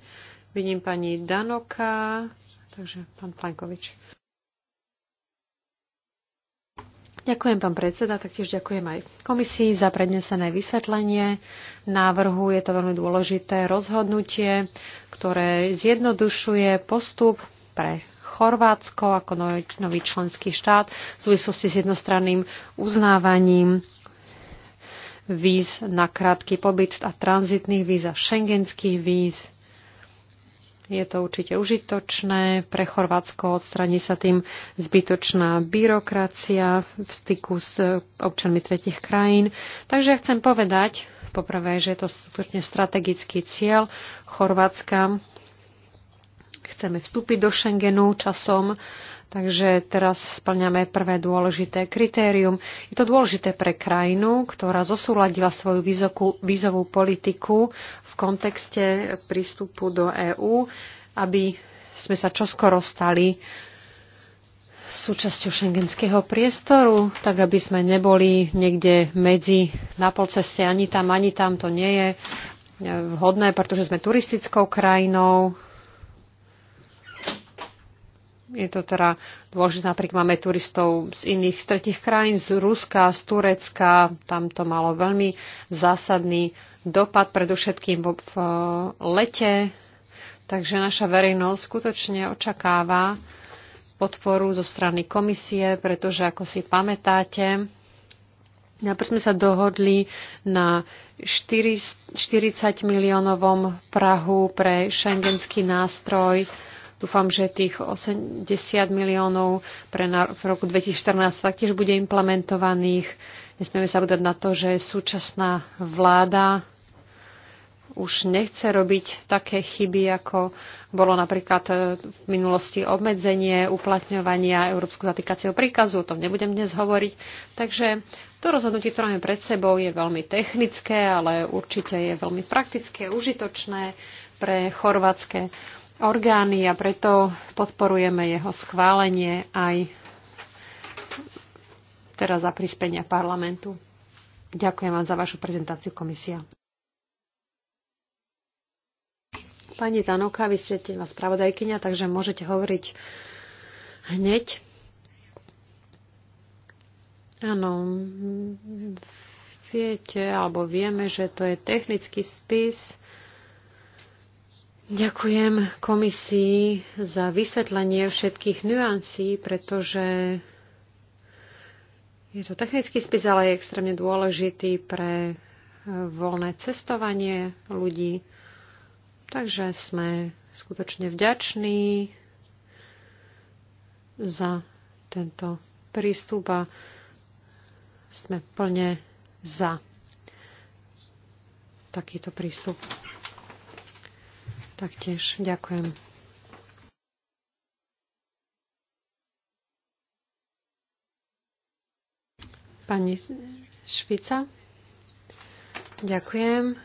Vidím pani Danoka, takže pán Plankovič. Ďakujem, pán predseda, taktiež ďakujem aj komisii za prednesené vysvetlenie návrhu. Je to veľmi dôležité rozhodnutie, ktoré zjednodušuje postup pre Chorvátsko ako nový členský štát v súvislosti s jednostranným uznávaním víz na krátky pobyt a tranzitných víz a šengenských víz. Je to určite užitočné. Pre Chorvátsko odstraní sa tým zbytočná byrokracia v styku s e, občanmi tretich krajín. Takže ja chcem povedať, poprvé, že je to skutočne strategický cieľ Chorvátska. Chceme vstúpiť do Schengenu časom Takže teraz splňame prvé dôležité kritérium. Je to dôležité pre krajinu, ktorá zosúladila svoju vízovú politiku v kontexte prístupu do EÚ, aby sme sa čoskoro stali súčasťou šengenského priestoru, tak aby sme neboli niekde medzi na polceste ani tam, ani tam to nie je eh, vhodné, pretože sme turistickou krajinou, je to teda dôležité, napríklad máme turistov z iných, z tretich krajín, z Ruska, z Turecka, tam to malo veľmi zásadný dopad, predovšetkým v, v eh, lete, takže naša verejnosť skutočne očakáva podporu zo strany komisie, pretože ako si pamätáte, Najprv sme sa dohodli na 40 miliónovom Prahu pre šengenský nástroj Dúfam, že tých 80 miliónov pre na, v roku 2014 taktiež bude implementovaných. Nesmieme sa budať na to, že súčasná vláda už nechce robiť také chyby, ako bolo napríklad e, v minulosti obmedzenie uplatňovania európskeho zatýkacieho príkazu. O tom nebudem dnes hovoriť. Takže to rozhodnutie, ktoré máme pred sebou, je veľmi technické, ale určite je veľmi praktické, užitočné pre chorvátske orgány a preto podporujeme jeho schválenie aj teraz za prispenia parlamentu. Ďakujem vám za vašu prezentáciu, komisia. Pani Tanoka, vy ste vás spravodajkynia, takže môžete hovoriť hneď. Áno, viete, alebo vieme, že to je technický spis, Ďakujem komisii za vysvetlenie všetkých nuancí, pretože je to technický spis, ale je extrémne dôležitý pre eh, voľné cestovanie ľudí. Takže sme skutočne vďační za tento prístup a sme plne za takýto prístup. Taktiež ďakujem. Pani Švica. Ďakujem.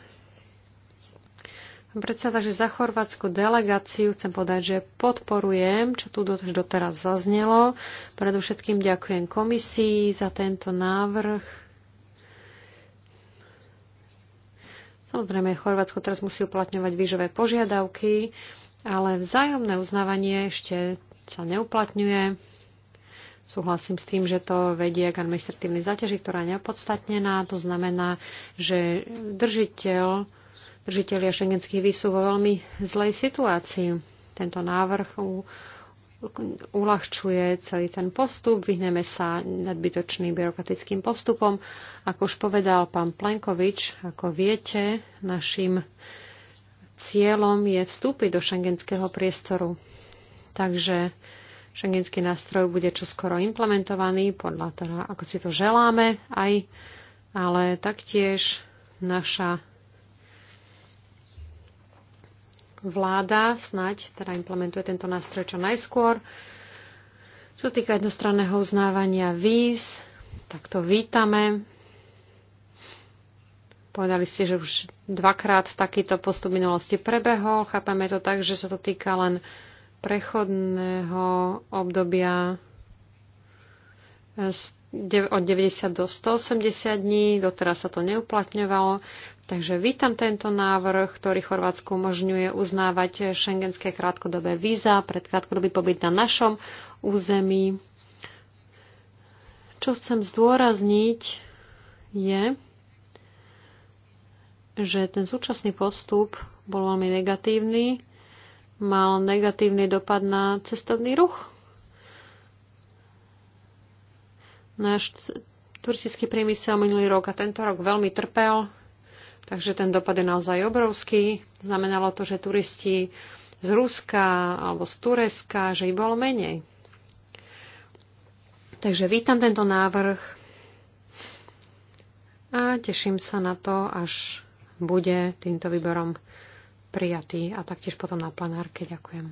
Predseda, že za chorvátsku delegáciu chcem povedať, že podporujem, čo tu doteraz zaznelo. Predovšetkým ďakujem komisii za tento návrh Samozrejme, Chorvátsko teraz musí uplatňovať výžové požiadavky, ale vzájomné uznávanie ešte sa neuplatňuje. Súhlasím s tým, že to vedie k administratívnej záťaži, ktorá je neopodstatnená. To znamená, že držiteľ, držiteľia šengenských víz sú vo veľmi zlej situácii. Tento návrh u uľahčuje celý ten postup, vyhneme sa nadbytočným byrokratickým postupom. Ako už povedal pán Plenkovič, ako viete, našim cieľom je vstúpiť do šengenského priestoru. Takže šengenský nástroj bude čoskoro implementovaný, podľa toho, ako si to želáme aj, ale taktiež naša vláda snať teda implementuje tento nástroj čo najskôr. Čo týka jednostranného uznávania víz, tak to vítame. Povedali ste, že už dvakrát takýto postup minulosti prebehol. Chápame to tak, že sa to týka len prechodného obdobia od 90 do 180 dní. Doteraz sa to neuplatňovalo. Takže vítam tento návrh, ktorý Chorvátsku umožňuje uznávať šengenské krátkodobé víza pred krátkodobý pobyt na našom území. Čo chcem zdôrazniť je, že ten súčasný postup bol veľmi negatívny, mal negatívny dopad na cestovný ruch. Náš turistický priemysel minulý rok a tento rok veľmi trpel Takže ten dopad je naozaj obrovský. Znamenalo to, že turisti z Ruska alebo z Turecka, že ich bolo menej. Takže vítam tento návrh a teším sa na to, až bude týmto výborom prijatý a taktiež potom na planárke. Ďakujem.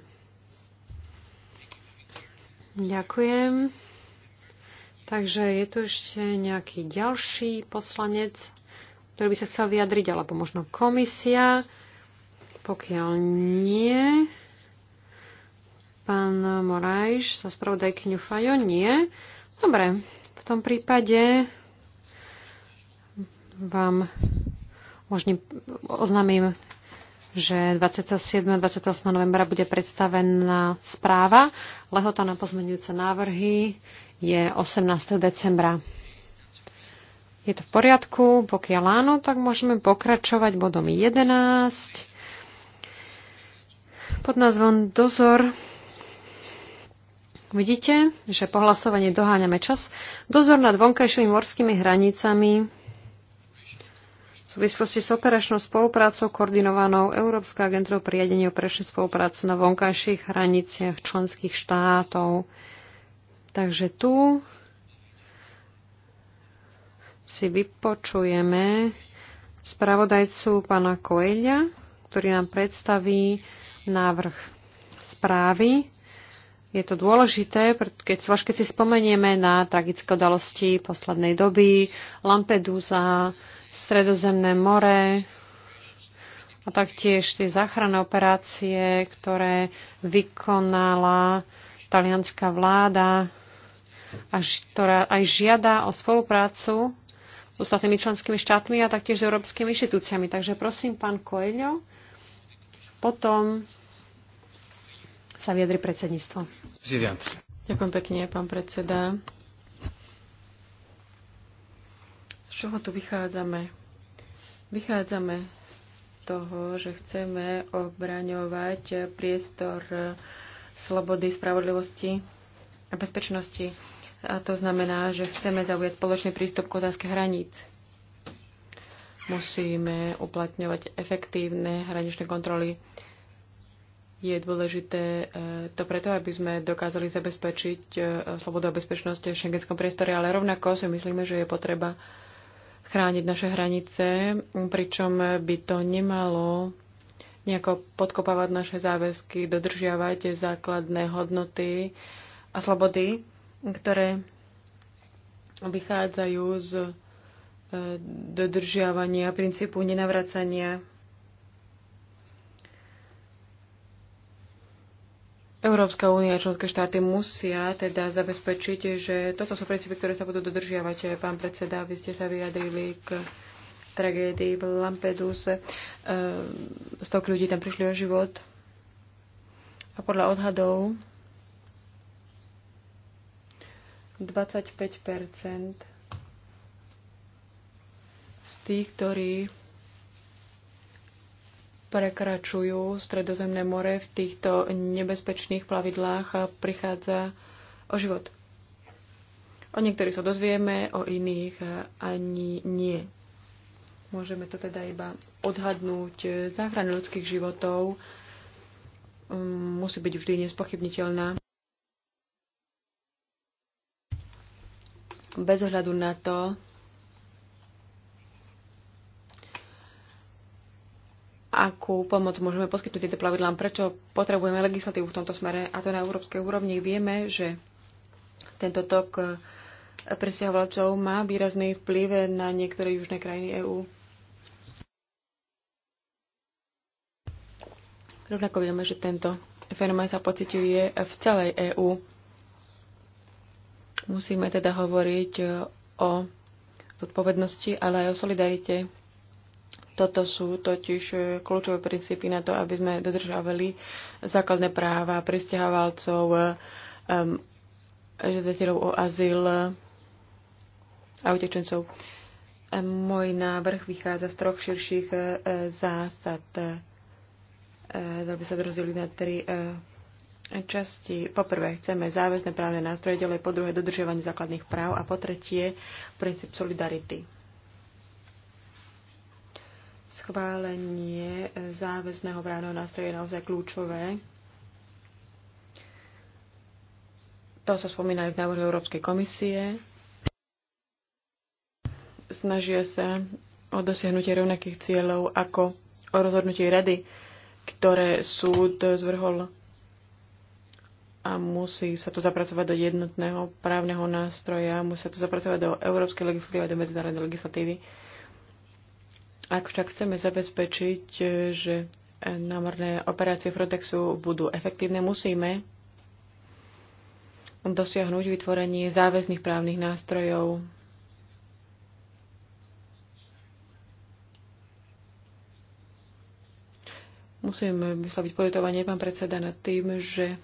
Ďakujem. Takže je tu ešte nejaký ďalší poslanec ktorý by sa chcel vyjadriť, alebo možno komisia. Pokiaľ nie, pán Morajš sa spravodajkyňu Fajo nie. Dobre, v tom prípade vám možno oznamím, že 27. a 28. novembra bude predstavená správa. Lehota na pozmenujúce návrhy je 18. decembra. Je to v poriadku? Pokiaľ áno, tak môžeme pokračovať bodom 11 pod názvom Dozor. Vidíte, že po hlasovaní doháňame čas. Dozor nad vonkajšími morskými hranicami v súvislosti s operačnou spoluprácou koordinovanou Európskou agentúrou pri riadení operačnej spolupráce na vonkajších hraniciach členských štátov. Takže tu si vypočujeme spravodajcu pána Koelia, ktorý nám predstaví návrh správy. Je to dôležité, keď, keď si spomenieme na tragické udalosti poslednej doby, Lampedusa, Stredozemné more a taktiež tie záchranné operácie, ktoré vykonala talianská vláda a ktorá aj žiada o spoluprácu s ostatnými členskými štátmi a taktiež s európskymi inštitúciami. Takže prosím, pán Koeľo, potom sa vyjadri predsedníctvo. Prezident. Ďakujem pekne, pán predseda. Z čoho tu vychádzame? Vychádzame z toho, že chceme obraňovať priestor slobody, spravodlivosti a bezpečnosti. A to znamená, že chceme zaujať spoločný prístup k otázke hraníc. Musíme uplatňovať efektívne hraničné kontroly. Je dôležité e, to preto, aby sme dokázali zabezpečiť e, slobodu a bezpečnosť v šengenskom priestore, ale rovnako si myslíme, že je potreba chrániť naše hranice, pričom by to nemalo nejako podkopávať naše záväzky, dodržiavať základné hodnoty a slobody ktoré vychádzajú z e, dodržiavania princípu nenavracania. Európska únia a členské štáty musia teda zabezpečiť, že toto sú princípy, ktoré sa budú dodržiavať. Pán predseda, vy ste sa vyjadrili k tragédii v Lampeduse. E, Stok ľudí tam prišli o život. A podľa odhadov 25 z tých, ktorí prekračujú Stredozemné more v týchto nebezpečných plavidlách a prichádza o život. O niektorých sa dozvieme, o iných ani nie. Môžeme to teda iba odhadnúť. Záchrana ľudských životov mm, musí byť vždy nespochybniteľná. bez ohľadu na to, akú pomoc môžeme poskytnúť týmto plavidlám, prečo potrebujeme legislatívu v tomto smere, a to na európskej úrovni. Vieme, že tento tok eh, presťahovalcov má výrazný vplyv na niektoré južné krajiny EÚ. Rovnako vieme, že tento fenomén sa pociťuje v celej EÚ. Musíme teda hovoriť e, o zodpovednosti, ale aj o solidarite. Toto sú totiž e, kľúčové princípy na to, aby sme dodržávali základné práva pristahovalcov, e, žiadateľov o azyl a utečencov. Môj návrh vychádza z troch širších zásad. Dal by sa rozdeliť na tri časti. Poprvé, chceme záväzne právne nástroje, ďalej po druhé dodržiavanie základných práv a po tretie princíp solidarity. Schválenie záväzného právneho nástroja je naozaj kľúčové. To sa spomína aj v návrhu Európskej komisie. Snažia sa o dosiahnutie rovnakých cieľov ako o rozhodnutie rady, ktoré súd zvrhol a musí sa to zapracovať do jednotného právneho nástroja, musí sa to zapracovať do európskej legislatívy a do medzinárodnej legislatívy. Ak však chceme zabezpečiť, že námorné operácie Frontexu budú efektívne, musíme dosiahnuť vytvorenie záväzných právnych nástrojov. Musím vysloviť politovanie, pán predseda, nad tým, že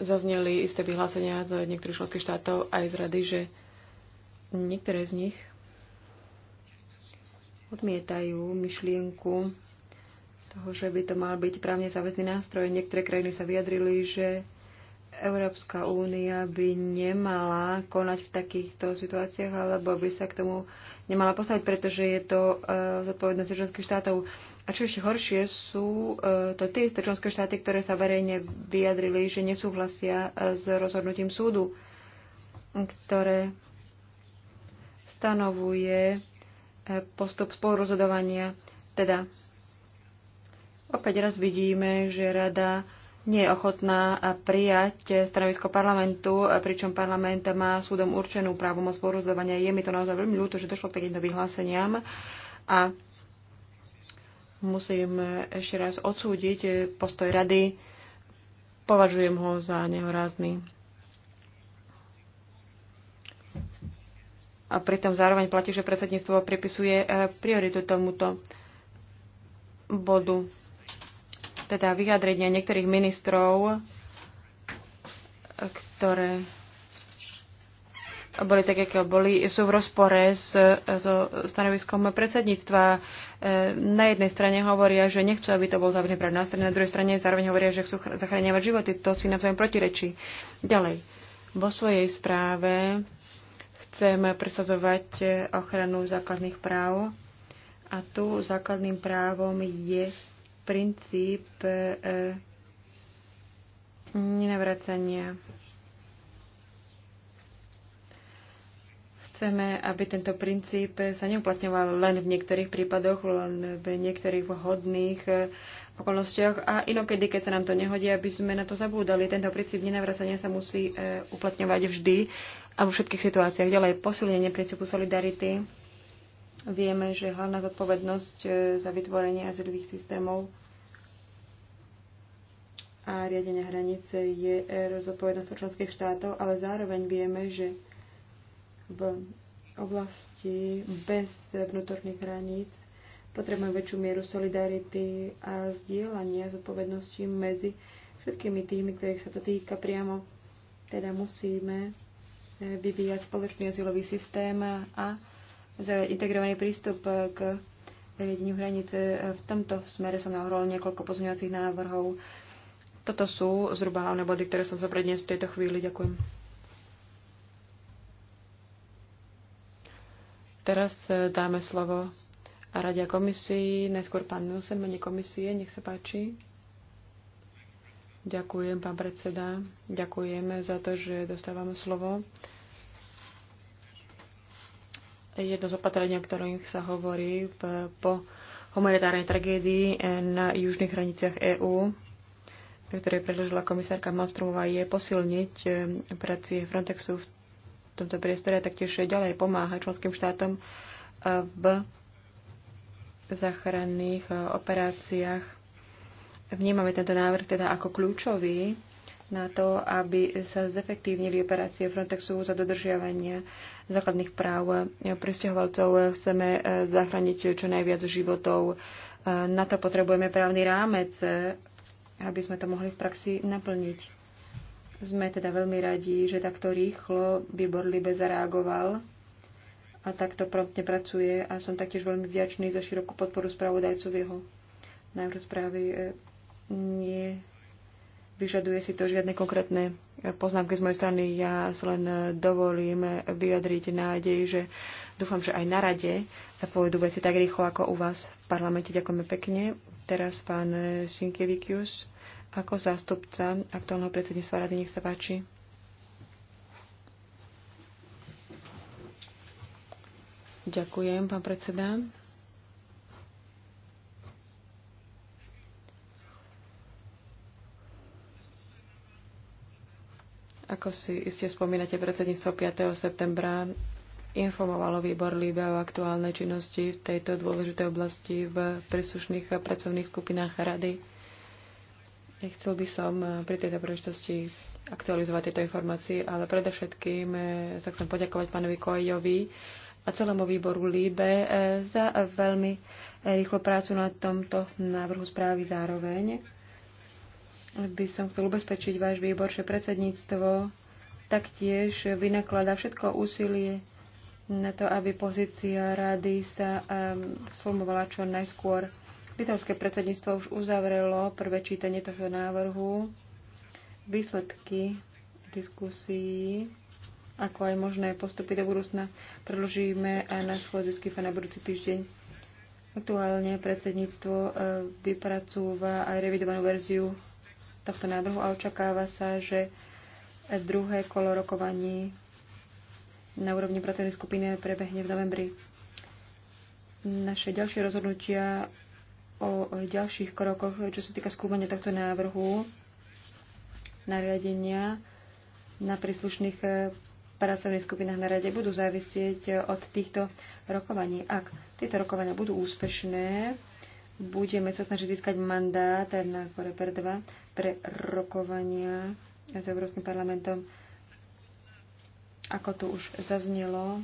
zazneli isté vyhlásenia z niektorých členských štátov aj z rady, že niektoré z nich odmietajú myšlienku toho, že by to mal byť právne záväzný nástroj. Niektoré krajiny sa vyjadrili, že Európska únia by nemala konať v takýchto situáciách, alebo by sa k tomu nemala postaviť, pretože je to uh, zodpovednosť členských štátov. A čo ešte horšie, sú e, to tie isté členské štáty, ktoré sa verejne vyjadrili, že nesúhlasia e, s rozhodnutím súdu, ktoré stanovuje e, postup spolurozhodovania. Teda opäť raz vidíme, že rada nie je ochotná prijať stanovisko parlamentu, pričom parlament má súdom určenú právomoc spolurozhodovania. Je mi to naozaj veľmi ľúto, že došlo k takýmto vyhláseniam. A Musím ešte raz odsúdiť postoj rady. Považujem ho za nehorázny. A pritom zároveň platí, že predsedníctvo pripisuje e, prioritu tomuto bodu. Teda vyjadrenia niektorých ministrov, e, ktoré boli tak, aké boli, sú v rozpore s, so stanoviskom predsedníctva. E, na jednej strane hovoria, že nechcú, aby to bol zavrný práv na strane, na druhej strane zároveň hovoria, že chcú zachráňovať životy. To si navzájom protirečí. Ďalej. Vo svojej správe chcem presadzovať ochranu základných práv a tu základným právom je princíp e, nenavracania Chceme, aby tento princíp sa neuplatňoval len v niektorých prípadoch, len v niektorých vhodných eh, okolnostiach a inokedy, keď sa nám to nehodí, aby sme na to zabúdali. Tento princíp nenavracania sa musí eh, uplatňovať vždy a vo všetkých situáciách. Ďalej, posilnenie princípu solidarity. Vieme, že hlavná zodpovednosť eh, za vytvorenie azylových systémov a riadenia hranice je zodpovednosť členských štátov, ale zároveň vieme, že v oblasti bez vnútorných hraníc potrebujeme väčšiu mieru solidarity a zdieľania zodpovedností medzi všetkými tými, ktorých sa to týka priamo. Teda musíme eh, vyvíjať spoločný azylový systém a integrovaný prístup k riadeniu eh, hranice. V tomto smere sa nahrolo niekoľko pozmeňovacích návrhov. Toto sú zhruba hlavné body, ktoré som sa prednes v tejto chvíli. Ďakujem. Teraz e, dáme slovo a radia komisii, neskôr pán Nilsen, menej komisie, nech sa páči. Ďakujem, pán predseda. Ďakujeme za to, že dostávame slovo. Jedno z opatrenia, o ktorých sa hovorí po humanitárnej tragédii e, na južných hraniciach EÚ, ktoré predložila komisárka Malmstromová, je posilniť e, práci Frontexu v v tomto priestore taktiež ďalej pomáha členským štátom eh, v záchranných eh, operáciách. Vnímame tento návrh teda ako kľúčový na to, aby sa zefektívnili operácie Frontexu za dodržiavanie základných práv pristahovalcov. Chceme eh, zachrániť čo najviac životov. Na to potrebujeme právny rámec, aby sme to mohli v praxi naplniť. Sme teda veľmi radi, že takto rýchlo výbor Libe zareagoval a takto promptne pracuje a som taktiež veľmi vďačný za širokú podporu spravodajcov jeho návrhu správy. E, nie vyžaduje si to žiadne konkrétne e, poznámky z mojej strany. Ja sa len e, dovolím vyjadriť nádej, že dúfam, že aj na rade pôjdu veci tak rýchlo ako u vás v parlamente. Ďakujeme pekne. Teraz pán Sinkevikius ako zástupca aktuálneho predsedníctva rady. Nech sa páči. Ďakujem, pán predseda. Ako si iste spomínate, predsedníctvo 5. septembra informovalo výbor Líbe o aktuálnej činnosti v tejto dôležitej oblasti v príslušných pracovných skupinách rady. Nechcel by som eh, pri tejto príležitosti aktualizovať tieto informácie, ale predovšetkým eh, sa chcem poďakovať pánovi Kojovi a celému výboru Líbe eh, za veľmi rýchlu prácu na tomto návrhu správy zároveň. By som chcel ubezpečiť váš výbor, že predsedníctvo taktiež vynakladá všetko úsilie na to, aby pozícia rady sa sformovala čo najskôr. Litovské predsedníctvo už uzavrelo prvé čítanie tohto návrhu. Výsledky diskusí, ako aj možné postupy do budúcna, predložíme na schôdzi na budúci týždeň. Aktuálne predsedníctvo e, vypracúva aj revidovanú verziu tohto návrhu a očakáva sa, že druhé kolo rokovaní na úrovni pracovnej skupiny prebehne v novembri. Naše ďalšie rozhodnutia o ďalších krokoch, čo sa týka skúmania tohto návrhu nariadenia na príslušných eh, pracovných skupinách na rade budú závisieť eh, od týchto rokovaní. Ak tieto rokovania budú úspešné, budeme sa snažiť získať mandát na Koreper 2 pre rokovania s Európskym parlamentom. Ako tu už zaznelo,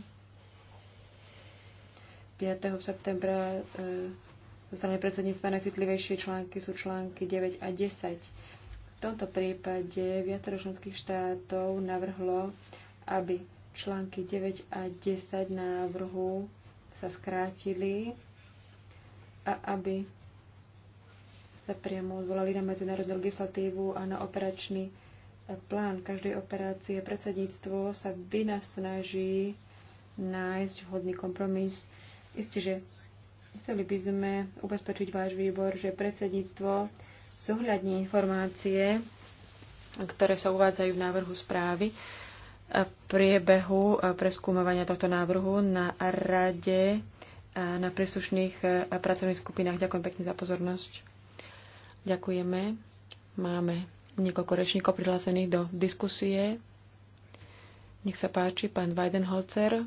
5. septembra eh, zo strany predsedníctva najcitlivejšie články sú články 9 a 10. V tomto prípade viacero členských štátov navrhlo, aby články 9 a 10 návrhu sa skrátili a aby sa priamo odvolali na medzinárodnú legislatívu a na operačný plán každej operácie. Predsedníctvo sa vynasnaží nájsť vhodný kompromis. Isté, že Chceli by sme ubezpečiť váš výbor, že predsedníctvo zohľadní informácie, ktoré sa uvádzajú v návrhu správy v priebehu preskúmovania tohto návrhu na rade na príslušných pracovných skupinách. Ďakujem pekne za pozornosť. Ďakujeme. Máme niekoľko rečníkov prihlásených do diskusie. Nech sa páči, pán Weidenholzer.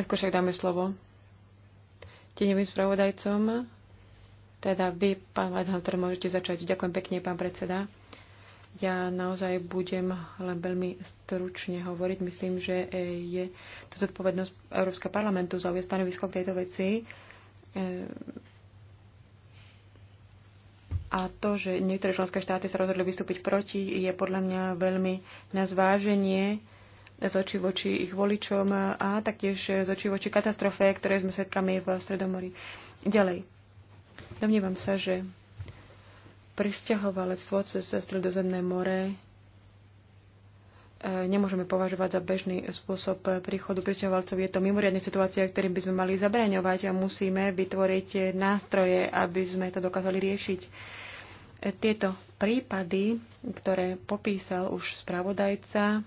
Najskôr však dáme slovo tenevým spravodajcom. Teda vy, pán Weidhalter, môžete začať. Ďakujem pekne, pán predseda. Ja naozaj budem len veľmi stručne hovoriť. Myslím, že je to zodpovednosť Európskeho parlamentu zaujať stanovisko k tejto veci. A to, že niektoré členské štáty sa rozhodli vystúpiť proti, je podľa mňa veľmi na zváženie z očí voči ich voličom a taktiež z očí voči katastrofe, ktoré sme svetkami v Stredomori. Ďalej. Domnievam sa, že pristahovalectvo cez Stredozemné more e, nemôžeme považovať za bežný spôsob príchodu pristahovalcov. Je to mimoriadne situácia, ktorým by sme mali zabraňovať a musíme vytvoriť nástroje, aby sme to dokázali riešiť. Tieto prípady, ktoré popísal už spravodajca,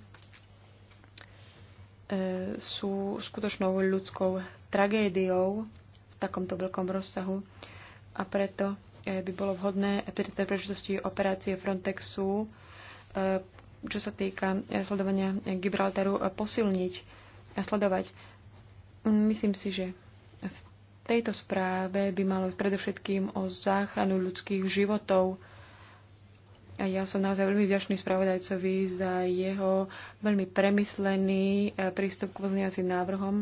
E, sú skutočnou ľudskou tragédiou v takomto veľkom rozsahu a preto e, by bolo vhodné pri tej príležitosti operácie Frontexu, e, čo sa týka sledovania Gibraltaru, posilniť a sledovať. Myslím si, že v tejto správe by malo predovšetkým o záchranu ľudských životov a ja som naozaj veľmi vďačný spravodajcovi za jeho veľmi premyslený e, prístup k pozmeňovacím návrhom,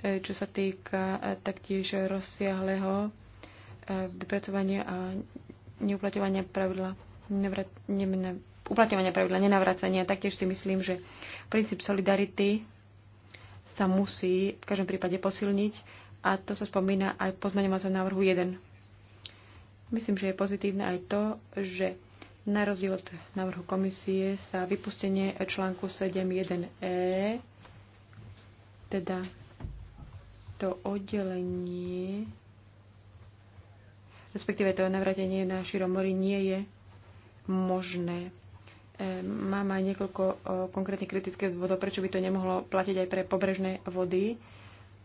e, čo sa týka e, taktiež rozsiahleho vypracovania a neuplatňovania pravidla nevrat, ne, ne, uplatňovania pravidla nenavracania. Taktiež si myslím, že princíp solidarity sa musí v každom prípade posilniť a to sa spomína aj v pozmeňovacom návrhu 1. Myslím, že je pozitívne aj to, že na rozdiel od návrhu komisie sa vypustenie článku 7.1e, teda to oddelenie, respektíve to navratenie na Širomori nie je možné. E, mám aj niekoľko konkrétnych kritických dôvodov, prečo by to nemohlo platiť aj pre pobrežné vody,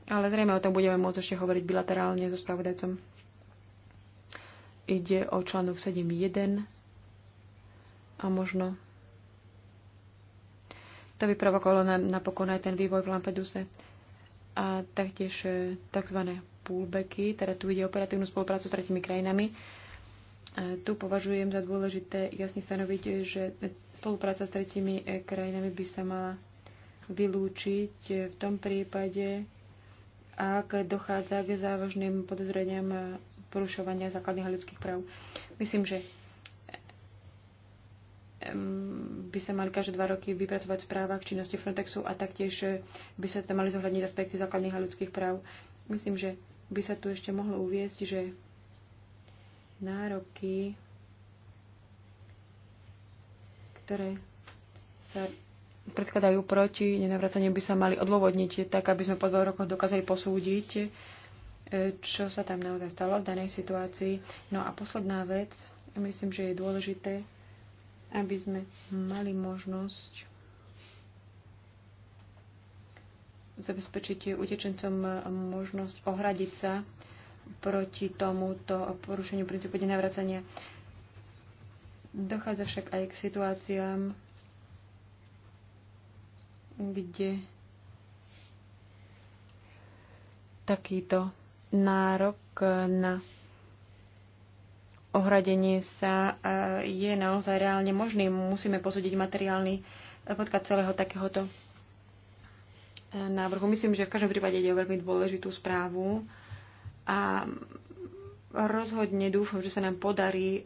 ale zrejme o tom budeme môcť ešte hovoriť bilaterálne so spravodajcom. Ide o článok 7.1 a možno to by provokovalo na, napokon aj ten vývoj v Lampeduse a taktiež e, tzv. pullbacky, teda tu ide operatívnu spoluprácu s tretimi krajinami. E, tu považujem za dôležité jasne stanoviť, že spolupráca s tretimi e, krajinami by sa mala vylúčiť v tom prípade, ak dochádza k závažným podozreniam porušovania základných ľudských práv. Myslím, že by sa mali každé dva roky vypracovať v správach činnosti Frontexu a taktiež eh, by sa tam mali zohľadniť aspekty základných a ľudských práv. Myslím, že by sa tu ešte mohlo uviezť, že nároky, ktoré sa predkladajú proti nenavracaniu, by sa mali odôvodniť tak, aby sme po dvoch rokoch dokázali posúdiť, eh, čo sa tam naozaj stalo v danej situácii. No a posledná vec, myslím, že je dôležité aby sme mali možnosť zabezpečiť utečencom možnosť ohradiť sa proti tomuto porušeniu princípu nenavracania. Dochádza však aj k situáciám, kde takýto nárok na ohradenie sa e, je naozaj reálne možný. Musíme posúdiť materiálny e, podklad celého takéhoto e, návrhu. Myslím, že v každom prípade ide o veľmi dôležitú správu a rozhodne dúfam, že sa nám podarí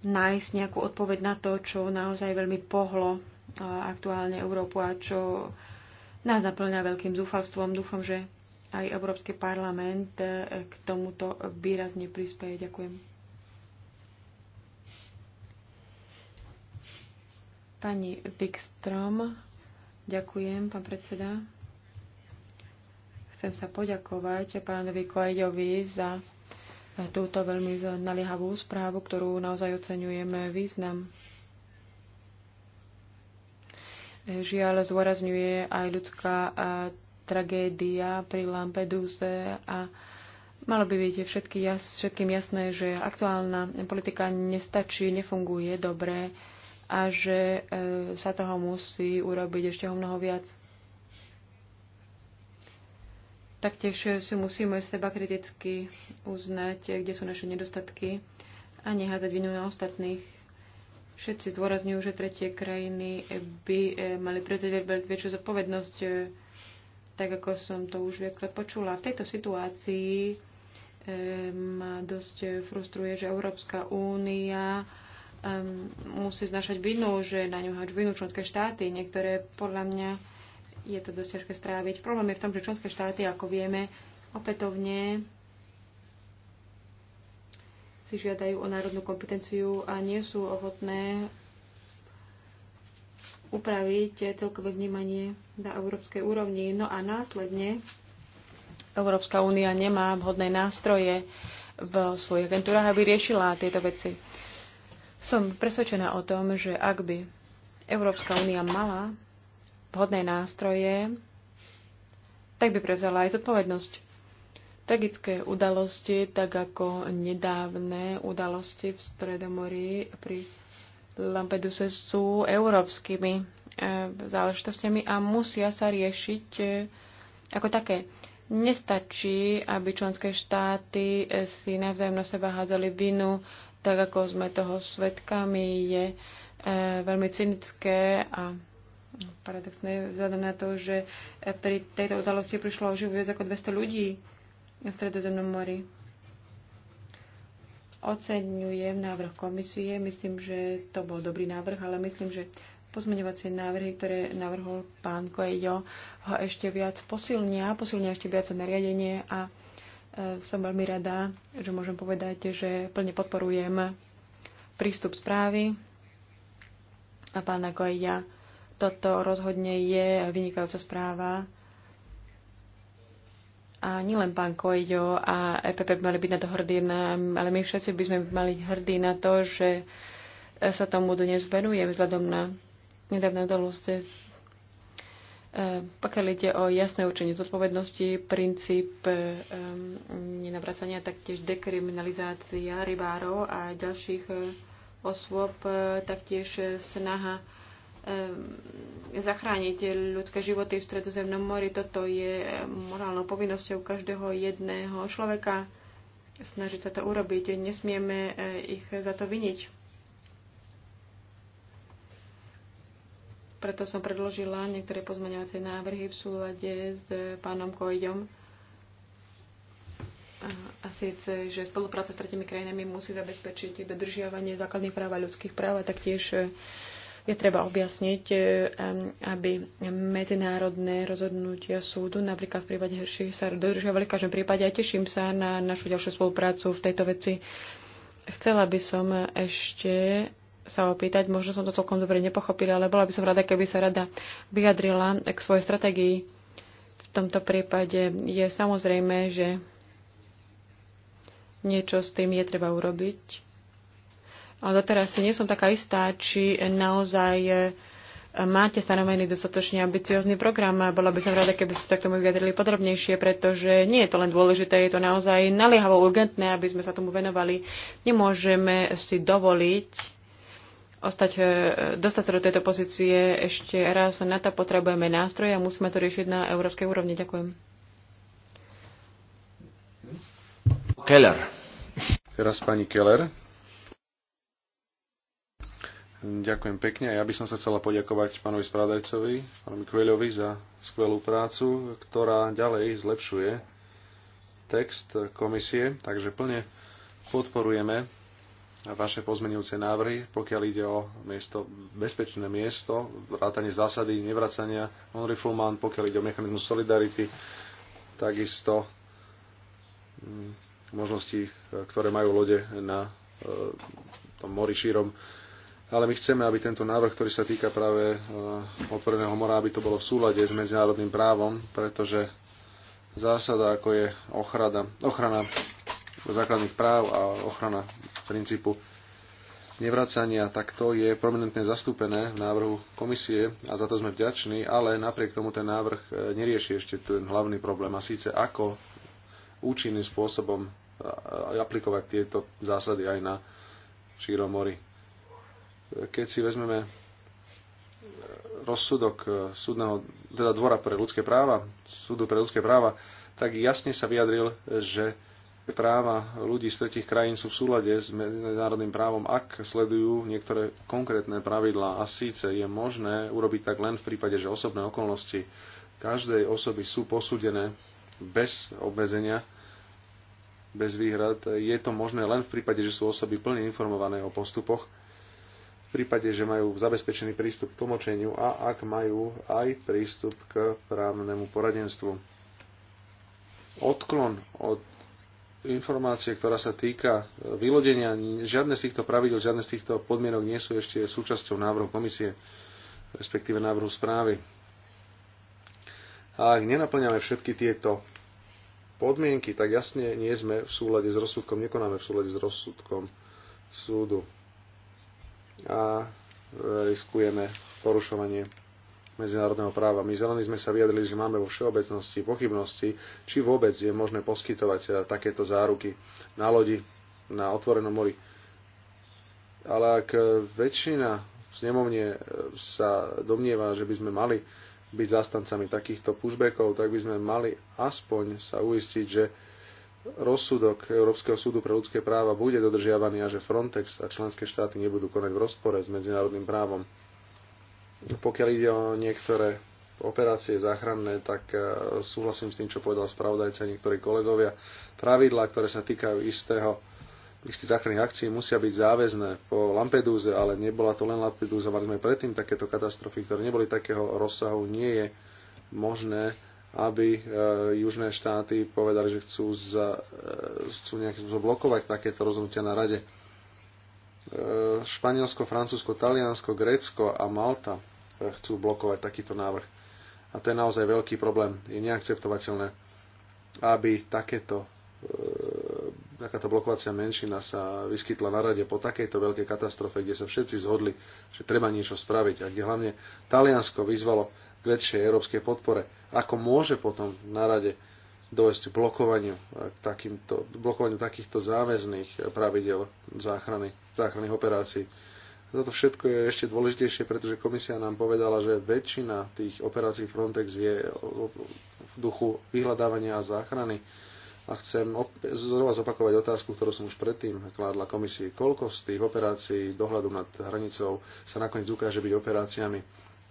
nájsť nejakú odpoveď na to, čo naozaj veľmi pohlo aktuálne Európu a čo nás naplňa veľkým zúfalstvom. Dúfam, že aj Európsky parlament k tomuto výrazne prispieje. Ďakujem. Pani Wikstrom, ďakujem, pán predseda. Chcem sa poďakovať pánovi Koajďovi za túto veľmi naliehavú správu, ktorú naozaj oceňujeme význam. Žiaľ, zvorazňuje aj ľudská tragédia pri Lampeduse a malo by byť všetky jas, všetkým jasné, že aktuálna politika nestačí, nefunguje dobre a že e, sa toho musí urobiť ešte o mnoho viac. Taktiež si musíme seba kriticky uznať, kde sú naše nedostatky a neházať vinu na ostatných. Všetci zdôrazňujú, že tretie krajiny by e, mali prevziať väčšiu zodpovednosť, e, tak ako som to už viackrát počula. V tejto situácii ma dosť frustruje, že Európska únia um, musí znašať vinu, že na ňu hač vinu členské štáty. Niektoré, podľa mňa, je to dosť ťažké stráviť. Problém je v tom, že členské štáty, ako vieme, opätovne si žiadajú o národnú kompetenciu a nie sú ochotné upraviť celkové vnímanie na európskej úrovni. No a následne Európska únia nemá vhodné nástroje v svojich agentúrach, aby riešila tieto veci. Som presvedčená o tom, že ak by Európska únia mala vhodné nástroje, tak by prevzala aj zodpovednosť. Tragické udalosti, tak ako nedávne udalosti v Stredomorí pri Lampeduse sú európskymi eh, záležitostiami a musia sa riešiť eh, ako také. Nestačí, aby členské štáty eh, si navzájom na seba házali vinu, tak ako sme toho svetkami, je e, veľmi cynické a paradoxné vzhľadom na to, že pri e, tejto udalosti prišlo o život viac ako 200 ľudí na Stredozemnom mori. Oceňujem návrh komisie, myslím, že to bol dobrý návrh, ale myslím, že pozmeňovacie návrhy, ktoré navrhol pán Koejo, ho ešte viac posilnia, posilnia ešte viac nariadenie a E, som veľmi rada, že môžem povedať, že plne podporujem prístup správy a pán ako aj ja. Toto rozhodne je vynikajúca správa. A nielen pán Kojo a EPP by mali byť na to hrdí, ale my všetci by sme mali hrdí na to, že sa tomu dnes venujem vzhľadom na nedávne udalosti E, pokiaľ ide o jasné určenie zodpovednosti, princíp e, nenavracania, taktiež dekriminalizácia rybárov a ďalších e, osôb, taktiež snaha zachrániť ľudské životy v Stredozemnom mori. Toto je morálnou povinnosťou každého jedného človeka snažiť sa to urobiť. Nesmieme ich za to viniť. Preto som predložila niektoré pozmeňovacie návrhy v súlade s pánom Kojďom. A síce, že spolupráca s tretimi krajinami musí zabezpečiť dodržiavanie základných práv a ľudských práv a taktiež eh, je treba objasniť, eh, aby medzinárodné rozhodnutia súdu, napríklad v prípade Hrších, sa dodržiavali v každom prípade a teším sa na našu ďalšiu spoluprácu v tejto veci. Chcela by som ešte sa opýtať, možno som to celkom dobre nepochopila, ale bola by som rada, keby sa rada vyjadrila k svojej strategii. V tomto prípade je samozrejme, že niečo s tým je treba urobiť. Ale doteraz nie som taká istá, či naozaj e, máte stanovený dostatočne ambiciózny program a bola by som rada, keby ste sa k tomu vyjadrili podrobnejšie, pretože nie je to len dôležité, je to naozaj naliehavo urgentné, aby sme sa tomu venovali. Nemôžeme si dovoliť ostať, e, dostať sa do tejto pozície ešte raz. Na to potrebujeme nástroje a musíme to riešiť na európskej úrovni. Ďakujem. Keller. Teraz pani Keller. Ďakujem pekne. Ja by som sa chcela poďakovať pánovi spravodajcovi, pánovi Kveľovi za skvelú prácu, ktorá ďalej zlepšuje text komisie, takže plne podporujeme vaše pozmenujúce návrhy, pokiaľ ide o miesto, bezpečné miesto, vrátanie zásady nevracania non-refoulement, pokiaľ ide o mechanizmus solidarity, takisto mm, možnosti, ktoré majú lode na e, tom mori šírom. Ale my chceme, aby tento návrh, ktorý sa týka práve e, otvoreného mora, aby to bolo v súlade s medzinárodným právom, pretože zásada, ako je ochrana, ochrana základných práv a ochrana princípu nevracania, tak to je prominentne zastúpené v návrhu komisie a za to sme vďační, ale napriek tomu ten návrh e, nerieši ešte ten hlavný problém a síce ako účinným spôsobom e, e, aplikovať tieto zásady aj na šírom mori. Keď si vezmeme rozsudok súdneho, teda Dvora pre ľudské práva, súdu pre ľudské práva, tak jasne sa vyjadril, že práva ľudí z tretich krajín sú v súlade s medzinárodným právom, ak sledujú niektoré konkrétne pravidlá. A síce je možné urobiť tak len v prípade, že osobné okolnosti každej osoby sú posúdené bez obmedzenia, bez výhrad. Je to možné len v prípade, že sú osoby plne informované o postupoch, v prípade, že majú zabezpečený prístup k tlmočeniu a ak majú aj prístup k právnemu poradenstvu odklon od informácie, ktorá sa týka e, vylodenia, žiadne z týchto pravidel, žiadne z týchto podmienok nie sú ešte súčasťou návrhu komisie, respektíve návrhu správy. A ak nenaplňame všetky tieto podmienky, tak jasne nie sme v súlade s rozsudkom, nekonáme v súlade s rozsudkom súdu. A e, riskujeme porušovanie medzinárodného práva. My zelení sme sa vyjadrili, že máme vo všeobecnosti pochybnosti, či vôbec je možné poskytovať e, takéto záruky na lodi, na otvorenom mori. Ale ak e, väčšina v snemovne e, sa domnieva, že by sme mali byť zastancami takýchto pushbackov, tak by sme mali aspoň sa uistiť, že rozsudok Európskeho súdu pre ľudské práva bude dodržiavaný a že Frontex a členské štáty nebudú konať v rozpore s medzinárodným právom. Pokiaľ ide o niektoré operácie záchranné, tak e, súhlasím s tým, čo povedal spravodajca a niektorí kolegovia. Pravidlá, ktoré sa týkajú istého, istých záchranných akcií, musia byť záväzné po Lampedúze, ale nebola to len Lampedúza, mali sme predtým takéto katastrofy, ktoré neboli takého rozsahu. Nie je možné, aby e, južné štáty povedali, že chcú, za, e, chcú nejakým zablokovať takéto rozhodnutia na rade E, Španielsko, Francúzsko, Taliansko, Grécko a Malta e, chcú blokovať takýto návrh. A to je naozaj veľký problém. Je neakceptovateľné, aby takéto, e, takáto blokovacia menšina sa vyskytla na rade po takejto veľkej katastrofe, kde sa všetci zhodli, že treba niečo spraviť a kde hlavne Taliansko vyzvalo k väčšej európskej podpore. Ako môže potom na rade dojsť k blokovaniu, k takýmto, blokovaniu takýchto záväzných pravidel záchrany, záchranných operácií. Toto všetko je ešte dôležitejšie, pretože komisia nám povedala, že väčšina tých operácií Frontex je v duchu vyhľadávania a záchrany. A chcem znova zopakovať otázku, ktorú som už predtým kládla komisii. Koľko z tých operácií dohľadu nad hranicou sa nakoniec ukáže byť operáciami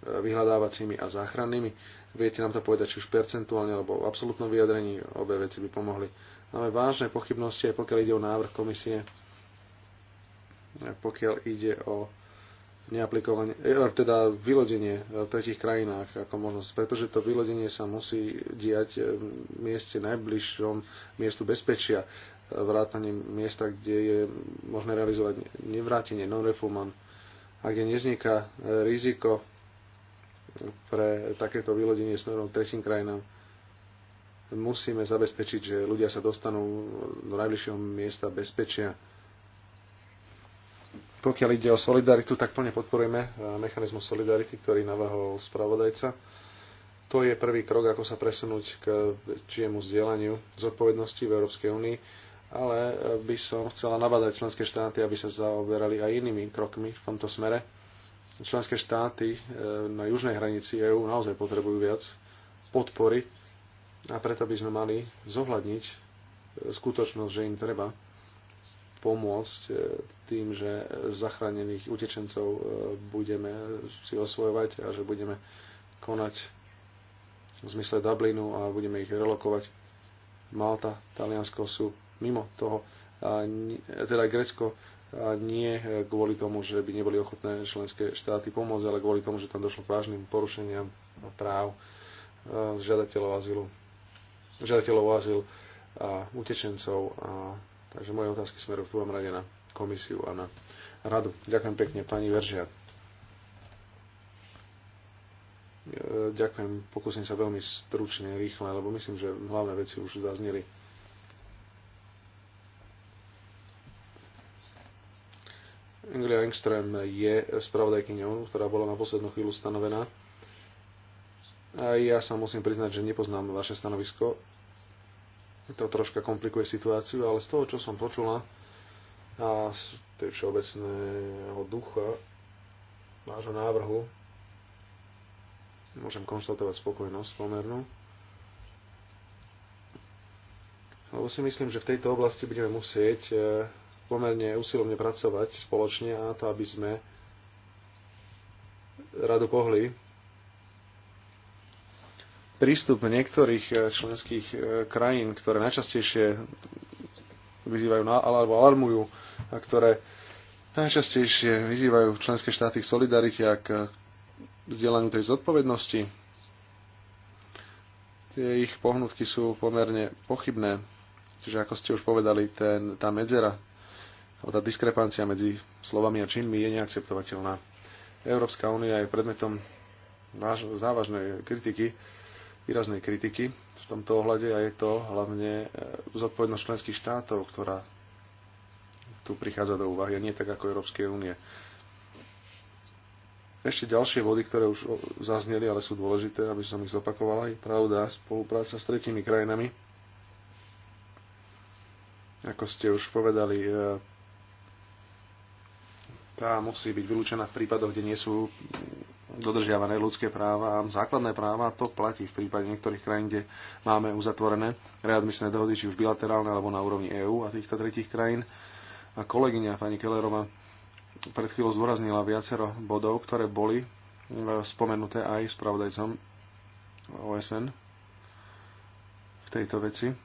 vyhľadávacími a záchrannými. Viete nám to povedať či už percentuálne alebo v absolútnom vyjadrení, obe veci by pomohli. Máme vážne pochybnosti aj pokiaľ ide o návrh komisie, pokiaľ ide o neaplikovanie, e, e, teda vylodenie v tretich krajinách ako možnosť, pretože to vylodenie sa musí diať e, v mieste najbližšom miestu bezpečia, vrátanie miesta, kde je možné realizovať nevrátenie, non refuman a kde nevzniká riziko pre takéto vylodenie smerom tretím krajinám. Musíme zabezpečiť, že ľudia sa dostanú do najbližšieho miesta bezpečia. Pokiaľ ide o solidaritu, tak plne podporujeme eh, mechanizmus solidarity, ktorý navrhol spravodajca. To je prvý krok, ako sa presunúť k väčšiemu zdieľaniu zodpovednosti v Európskej únii ale eh, by som chcela nabadať členské štáty, aby sa zaoberali aj inými krokmi v tomto smere členské štáty e, na južnej hranici EÚ naozaj potrebujú viac podpory a preto by sme mali zohľadniť e, skutočnosť, že im treba pomôcť e, tým, že zachránených utečencov budeme si osvojovať a že budeme konať v zmysle Dublinu a budeme ich relokovať. Malta, Taliansko sú mimo toho, a teda Grecko nie kvôli tomu, že by neboli ochotné členské štáty pomôcť, ale kvôli tomu, že tam došlo k vážnym porušeniam práv e, žiadateľov azylu, žiadateľov azyl a utečencov. A, takže moje otázky smerujú v prvom rade na komisiu a na radu. Ďakujem pekne, pani Veržia. E, ďakujem, pokúsim sa veľmi stručne, rýchle, lebo myslím, že hlavné veci už zazneli Anglia Engström je spravodajkyňou, ktorá bola na poslednú chvíľu stanovená. A ja sa musím priznať, že nepoznám vaše stanovisko. To troška komplikuje situáciu, ale z toho, čo som počula a z tej všeobecného ducha vášho návrhu, môžem konštatovať spokojnosť pomernú. Lebo si myslím, že v tejto oblasti budeme musieť eh, pomerne usilovne pracovať spoločne a to, aby sme radu pohli. Prístup niektorých e, členských e, krajín, ktoré najčastejšie vyzývajú na, alebo alarmujú a ktoré najčastejšie vyzývajú členské štáty k solidarite a k e, vzdielaniu tej zodpovednosti, tie ich pohnutky sú pomerne pochybné. Čiže ako ste už povedali, ten, tá medzera tá diskrepancia medzi slovami a činmi je neakceptovateľná. Európska únia je predmetom závažnej kritiky, výraznej kritiky v tomto ohľade a je to hlavne e, zodpovednosť členských štátov, ktorá tu prichádza do úvahy a nie tak ako Európskej únie. Ešte ďalšie body, ktoré už zazneli, ale sú dôležité, aby som ich zopakoval, Je pravda, spolupráca s tretími krajinami. Ako ste už povedali, e, tá musí byť vylúčená v prípadoch, kde nie sú dodržiavané ľudské práva a základné práva. To platí v prípade niektorých krajín, kde máme uzatvorené readmisné dohody, či už bilaterálne alebo na úrovni EÚ a týchto tretích krajín. A kolegyňa pani Kellerová pred chvíľou zdôraznila viacero bodov, ktoré boli e, spomenuté aj spravodajcom OSN v tejto veci. E,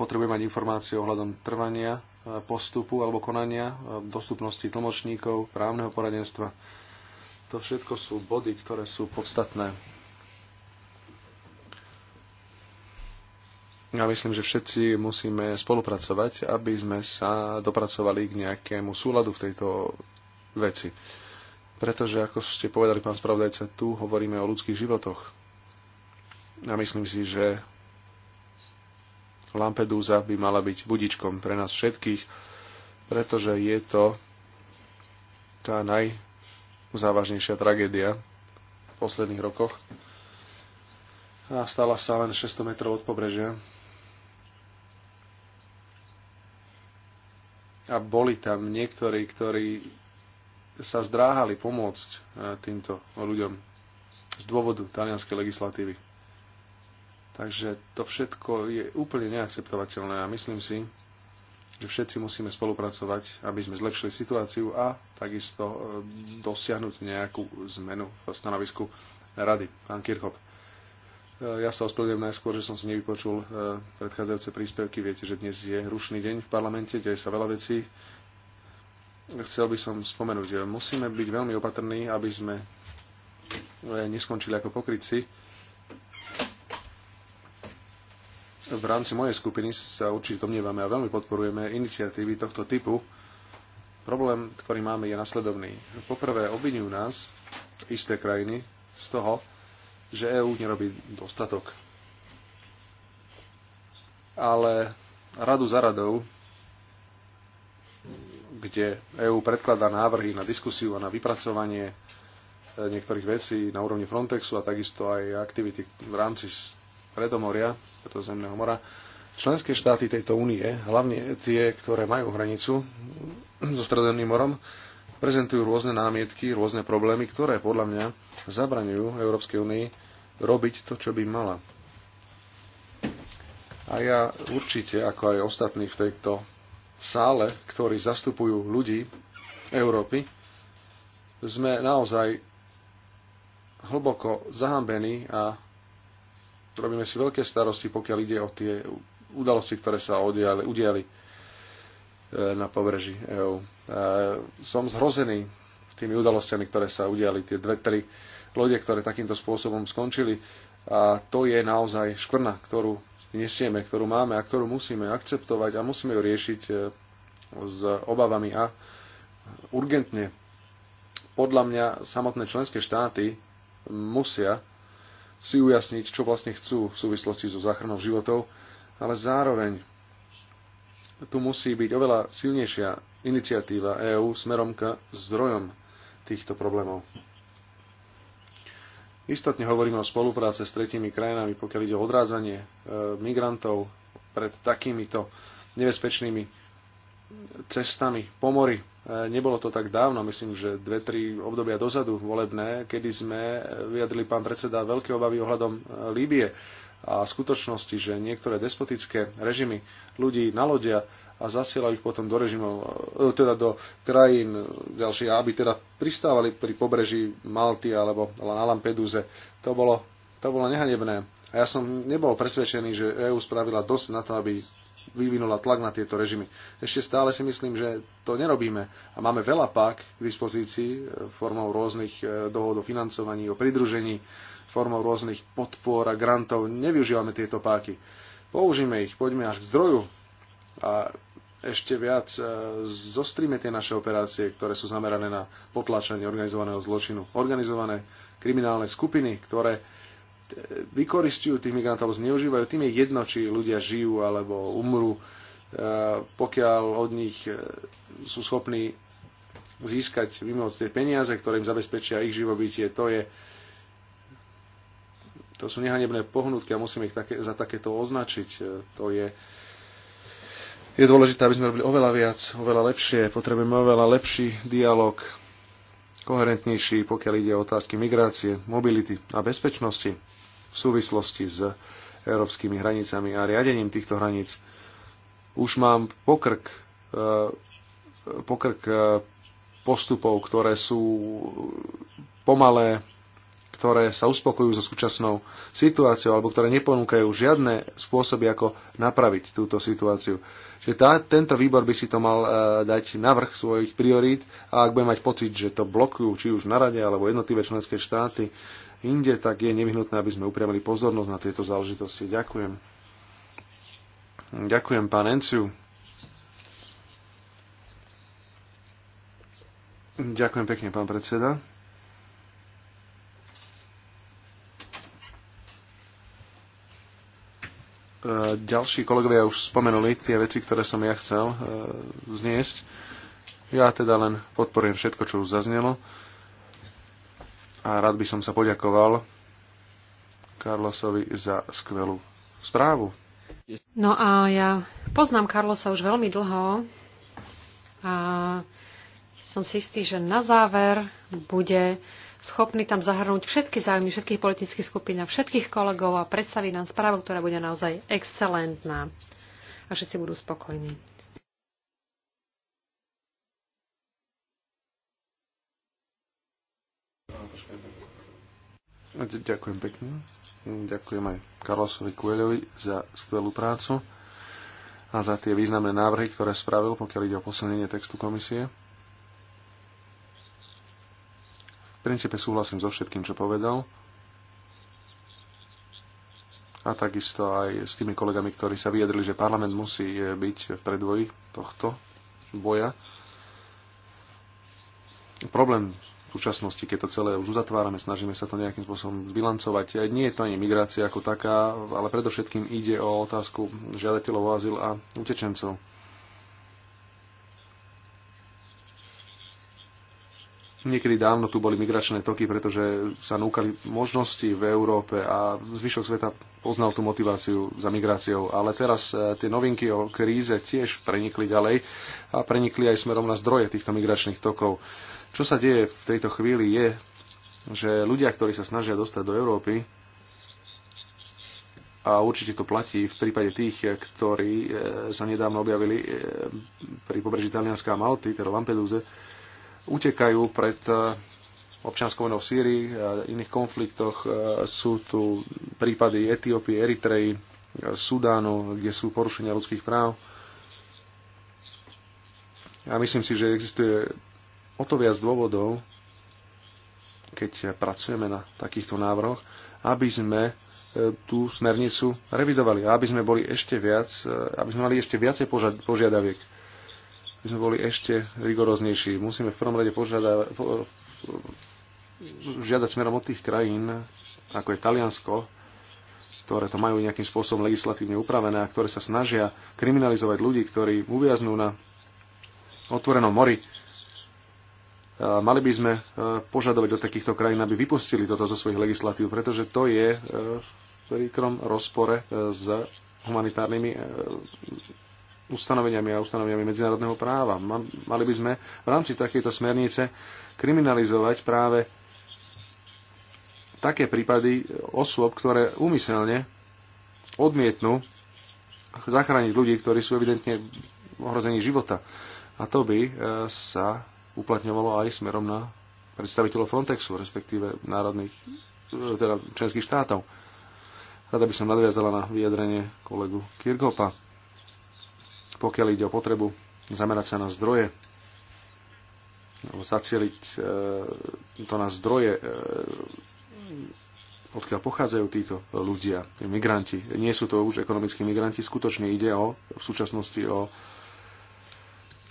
potrebujem mať informácie ohľadom trvania postupu alebo konania, e, dostupnosti tlmočníkov, právneho poradenstva. To všetko sú body, ktoré sú podstatné. Ja myslím, že všetci musíme spolupracovať, aby sme sa dopracovali k nejakému súladu v tejto veci. Pretože, ako ste povedali, pán spravodajca, tu hovoríme o ľudských životoch. A myslím si, že Lampedusa by mala byť budičkom pre nás všetkých, pretože je to tá najzávažnejšia tragédia v posledných rokoch a stala sa len 600 metrov od pobrežia. A boli tam niektorí, ktorí sa zdráhali pomôcť eh, týmto ľuďom z dôvodu talianskej legislatívy. Takže to všetko je úplne neakceptovateľné a myslím si, že všetci musíme spolupracovať, aby sme zlepšili situáciu a takisto e, dosiahnuť nejakú zmenu v stanovisku rady. Pán Kirchhoff, e, ja sa ospravedlňujem najskôr, že som si nevypočul e, predchádzajúce príspevky. Viete, že dnes je rušný deň v parlamente, deje sa veľa vecí. Chcel by som spomenúť, že musíme byť veľmi opatrní, aby sme neskončili ako pokryci v rámci mojej skupiny sa určite domnievame a veľmi podporujeme iniciatívy tohto typu. Problém, ktorý máme, je nasledovný. Poprvé, obvinujú nás isté krajiny z toho, že EÚ nerobí dostatok. Ale radu za radou, kde EÚ predkladá návrhy na diskusiu a na vypracovanie e, niektorých vecí na úrovni Frontexu a takisto aj aktivity v rámci preto Stredozemného mora, členské štáty tejto únie, hlavne tie, ktoré majú hranicu so Stredozemným morom, prezentujú rôzne námietky, rôzne problémy, ktoré podľa mňa zabraňujú Európskej únii robiť to, čo by mala. A ja určite, ako aj ostatní v tejto sále, ktorí zastupujú ľudí Európy, sme naozaj hlboko zahambení a robíme si veľké starosti, pokiaľ ide o tie udalosti, ktoré sa udiali, udiali e, na pobreží EÚ. E, som zhrozený tými udalostiami, ktoré sa udiali, tie dve, tri lode, ktoré takýmto spôsobom skončili. A to je naozaj škvrna, ktorú nesieme, ktorú máme a ktorú musíme akceptovať a musíme ju riešiť e, s obavami a urgentne. Podľa mňa samotné členské štáty musia si ujasniť, čo vlastne chcú v súvislosti so záchranou životov, ale zároveň tu musí byť oveľa silnejšia iniciatíva EÚ smerom k zdrojom týchto problémov. Istotne hovoríme o spolupráce s tretími krajinami, pokiaľ ide o odrádzanie e, migrantov pred takýmito nebezpečnými cestami po mori. Nebolo to tak dávno, myslím, že dve, tri obdobia dozadu volebné, kedy sme vyjadrili pán predseda veľké obavy ohľadom e, Líbie a skutočnosti, že niektoré despotické režimy ľudí nalodia a zasielajú ich potom do režimov, e, teda do krajín ďalších, aby teda pristávali pri pobreží Malty alebo na Lampeduze, To bolo, to bolo nehanebné. A ja som nebol presvedčený, že EÚ spravila dosť na to, aby vyvinula tlak na tieto režimy. Ešte stále si myslím, že to nerobíme a máme veľa pák k dispozícii e, formou rôznych e, dohod o financovaní, o pridružení, formou rôznych podpor a grantov. Nevyužívame tieto páky. Použíme ich, poďme až k zdroju a ešte viac e, zostrime tie naše operácie, ktoré sú zamerané na potláčanie organizovaného zločinu. Organizované kriminálne skupiny, ktoré vykoristujú tých migrantov, zneužívajú, tým je jedno, či ľudia žijú alebo umrú, e, pokiaľ od nich e, sú schopní získať, vymoc tie peniaze, ktoré im zabezpečia ich živobytie, to je to sú nehanebné pohnutky a musíme ich také, za takéto označiť. E, to je, je dôležité, aby sme robili oveľa viac, oveľa lepšie. Potrebujeme oveľa lepší dialog, koherentnejší, pokiaľ ide o otázky migrácie, mobility a bezpečnosti v súvislosti s európskymi hranicami a riadením týchto hraníc. Už mám pokrk, eh, pokrk eh, postupov, ktoré sú pomalé, ktoré sa uspokojujú so súčasnou situáciou alebo ktoré neponúkajú žiadne spôsoby, ako napraviť túto situáciu. Čiže tá, tento výbor by si to mal e, dať na vrch svojich priorít a ak bude mať pocit, že to blokujú či už na rade alebo jednotlivé členské štáty, inde, tak je nevyhnutné, aby sme upriamili pozornosť na tieto záležitosti. Ďakujem. Ďakujem, pán Enciu. Ďakujem pekne, pán predseda. E, ďalší kolegovia už spomenuli tie veci, ktoré som ja chcel e, zniesť. Ja teda len podporujem všetko, čo už zaznelo a rád by som sa poďakoval Carlosovi za skvelú správu. No a ja poznám Carlosa už veľmi dlho a som si istý, že na záver bude schopný tam zahrnúť všetky záujmy všetkých politických skupín a všetkých kolegov a predstaviť nám správu, ktorá bude naozaj excelentná a všetci budú spokojní. Ďakujem pekne. Ďakujem aj Karlosovi Kueľovi za skvelú prácu a za tie významné návrhy, ktoré spravil, pokiaľ ide o posilnenie textu komisie. V princípe súhlasím so všetkým, čo povedal. A takisto aj s tými kolegami, ktorí sa vyjadrili, že parlament musí eh, byť v predvoji tohto boja. Problém v súčasnosti, keď to celé už uzatvárame, snažíme sa to nejakým spôsobom zbilancovať. Nie je to ani migrácia ako taká, ale predovšetkým ide o otázku žiadateľov o azyl a utečencov. Niekedy dávno tu boli migračné toky, pretože sa núkali možnosti v Európe a zvyšok sveta poznal tú motiváciu za migráciou. Ale teraz eh, tie novinky o kríze tiež prenikli ďalej a prenikli aj smerom na zdroje týchto migračných tokov. Čo sa deje v tejto chvíli je, že ľudia, ktorí sa snažia dostať do Európy, a určite to platí v prípade tých, eh, ktorí eh, sa nedávno objavili pri pobreží Talianska a Malty, teda Lampeduze, utekajú pred e, občianskou vojnou v Sýrii a e, iných konfliktoch. E, sú tu prípady Etiópie, Eritreji, Sudánu, kde sú porušenia ľudských práv. A myslím si, že existuje o to viac dôvodov, keď pracujeme na takýchto návrhoch, aby sme tú smernicu revidovali a aby sme boli ešte viac, aby sme mali ešte viacej požiadaviek by sme boli ešte rigoróznejší. Musíme v prvom rade požiadať. po, žiadať smerom od tých krajín, ako je Taliansko, ktoré to majú nejakým spôsobom legislatívne upravené a ktoré sa snažia kriminalizovať ľudí, ktorí uviaznú na otvorenom mori. Mali by sme e, požadovať od takýchto krajín, aby vypustili toto zo svojich legislatív, pretože to je e, v príkrom rozpore e, s humanitárnymi ustanoveniami a ustanoveniami medzinárodného práva. Mali by sme v rámci takejto smernice kriminalizovať práve také prípady osôb, ktoré úmyselne odmietnú zachrániť ľudí, ktorí sú evidentne v ohrození života. A to by e, sa uplatňovalo aj smerom na predstaviteľov Frontexu, respektíve národných, e, teda členských štátov. Rada by som nadviazala na vyjadrenie kolegu Kirgopa pokiaľ ide o potrebu zamerať sa na zdroje, alebo zacieliť e, to na zdroje, e, odkiaľ pochádzajú títo ľudia, tí migranti. Nie sú to už ekonomickí migranti, skutočne ide o, v súčasnosti o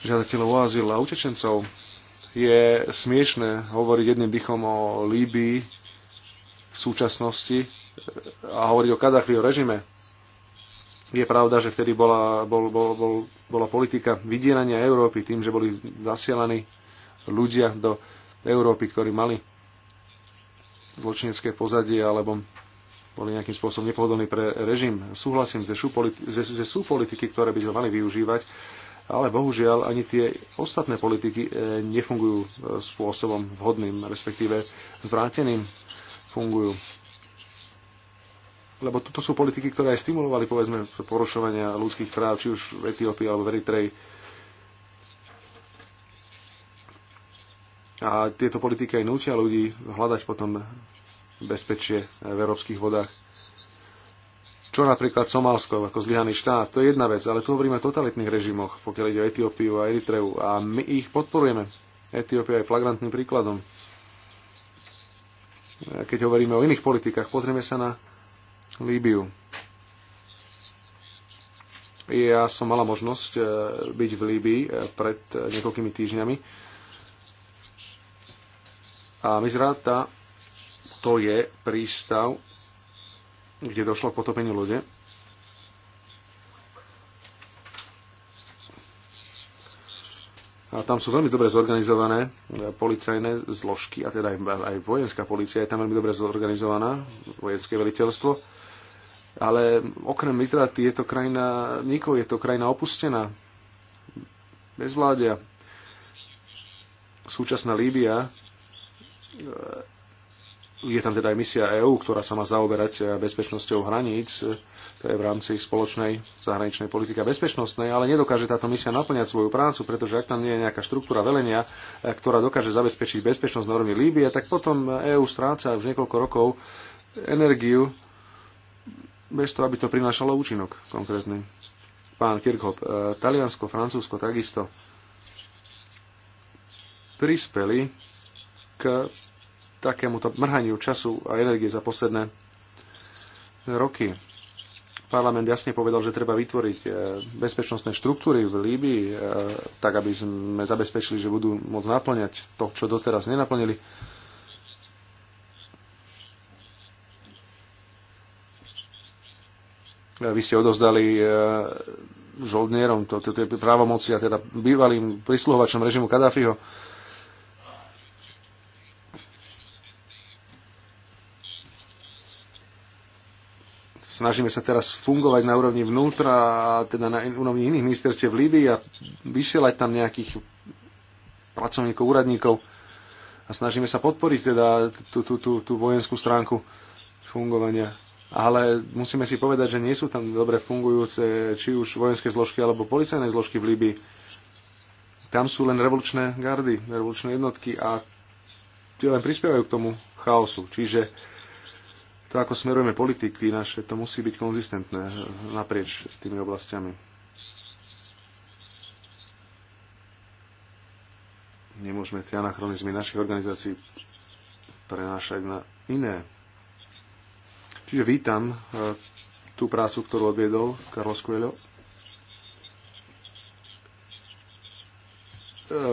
žiadateľov o azyl a utečencov. Je smiešné hovoriť jedným dychom o Líbii v súčasnosti a hovoriť o Kadáfiho režime je pravda, že vtedy bola, bol, bol, bol, bola politika vydierania Európy tým, že boli zasielaní ľudia do Európy, ktorí mali zločinecké pozadie alebo boli nejakým spôsobom nepohodlní pre režim. Súhlasím, že sú, politi- že, že sú politiky, ktoré by sme mali využívať, ale bohužiaľ ani tie ostatné politiky e, nefungujú e, spôsobom vhodným, respektíve zvráteným fungujú lebo toto sú politiky, ktoré aj stimulovali, povedzme, porušovania ľudských práv, či už v Etiópii alebo v Eritreji. A tieto politiky aj nútia ľudí hľadať potom bezpečie v európskych vodách. Čo napríklad Somálsko ako zlyhaný štát, to je jedna vec, ale tu hovoríme o totalitných režimoch, pokiaľ ide o Etiópiu a Eritreu a my ich podporujeme. Etiópia je flagrantným príkladom. Keď hovoríme o iných politikách, pozrieme sa na Líbiu. Ja som mala možnosť e, byť v Líbii e, pred e, niekoľkými týždňami. A Mizrata to je prístav, kde došlo k potopeniu lode. A tam sú veľmi dobre zorganizované policajné zložky, a teda aj vojenská policia je tam veľmi dobre zorganizovaná, vojenské veliteľstvo. Ale okrem Izraty je to krajina, nikoho je to krajina opustená, bezvládia. Súčasná Líbia je tam teda aj misia EÚ, ktorá sa má zaoberať eh, bezpečnosťou hraníc, eh, to je v rámci spoločnej zahraničnej politiky bezpečnostnej, ale nedokáže táto misia naplňať svoju prácu, pretože ak tam nie je nejaká štruktúra velenia, eh, ktorá dokáže zabezpečiť bezpečnosť normy Líbie, tak potom EÚ e stráca už niekoľko rokov energiu bez toho, aby to prinášalo účinok konkrétny. Pán Kirchhoff, Taliansko, Francúzsko takisto prispeli k takémuto mrhaniu času a energie za posledné roky. Parlament jasne povedal, že treba vytvoriť e, bezpečnostné štruktúry v Líbii, e, tak aby sme zabezpečili, že budú môcť naplňať to, čo doteraz nenaplnili. E, vy ste odozdali žoldnierom, to, je právomoci a teda bývalým prísluhovačom režimu Kadáfiho snažíme sa teraz fungovať na úrovni vnútra, teda na úrovni iných ministerstiev v Líbii a vysielať tam nejakých pracovníkov, úradníkov a snažíme sa podporiť teda tú, tú, tú, tú vojenskú stránku fungovania. Ale musíme si povedať, že nie sú tam dobre fungujúce či už vojenské zložky alebo policajné zložky v Líbii. Tam sú len revolučné gardy, revolučné jednotky a tie len prispievajú k tomu chaosu. Čiže to, ako smerujeme politiky naše, to musí byť konzistentné naprieč tými oblastiami. Nemôžeme tie anachronizmy našich organizácií prenášať na iné. Čiže vítam e, tú prácu, ktorú odviedol Carlos Coelho. E,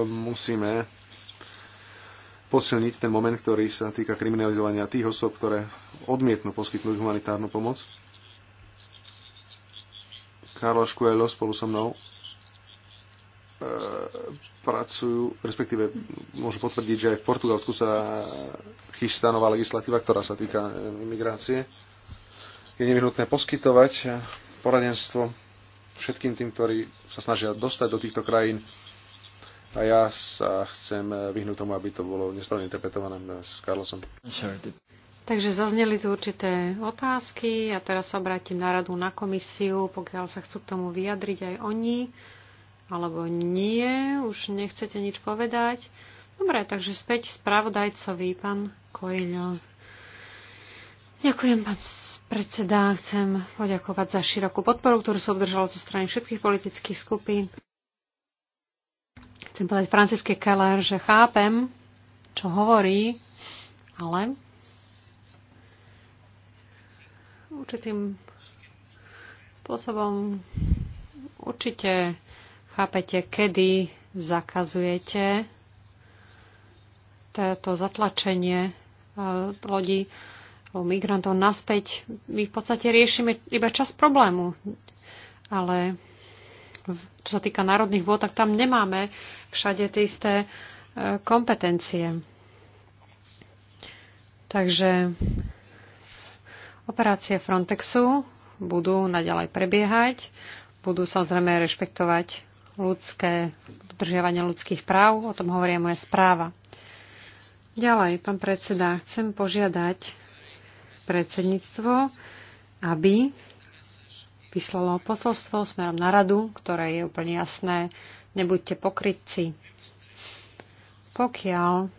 musíme posilniť ten moment, ktorý sa týka kriminalizovania tých osob, ktoré odmietnú poskytnúť humanitárnu pomoc. Karla Škuelo spolu so mnou e, pracujú, respektíve môžu potvrdiť, že aj v Portugalsku sa chystá nová legislatíva, ktorá sa týka e, imigrácie. Je nevyhnutné poskytovať poradenstvo všetkým tým, ktorí sa snažia dostať do týchto krajín a ja sa chcem vyhnúť tomu, aby to bolo nesprávne interpretované s Carlosom. Takže zazneli tu určité otázky a teraz sa obrátim na radu na komisiu, pokiaľ sa chcú k tomu vyjadriť aj oni, alebo nie, už nechcete nič povedať. Dobre, takže späť spravodajcovi, pán Koilio. Ďakujem, pán predseda. Chcem poďakovať za širokú podporu, ktorú som obdržala zo strany všetkých politických skupín. Chcem povedať Franciske Keller, že chápem, čo hovorí, ale určitým spôsobom určite chápete, kedy zakazujete to zatlačenie e, lodí alebo migrantov naspäť. My v podstate riešime iba čas problému, ale čo sa týka národných vôd, tak tam nemáme všade tie isté e, kompetencie. Takže operácie Frontexu budú naďalej prebiehať, budú samozrejme rešpektovať ľudské, dodržiavanie ľudských práv, o tom hovorí moja správa. Ďalej, pán predseda, chcem požiadať predsedníctvo, aby vyslalo posolstvo smerom na radu, ktoré je úplne jasné. Nebuďte pokrytci. Pokiaľ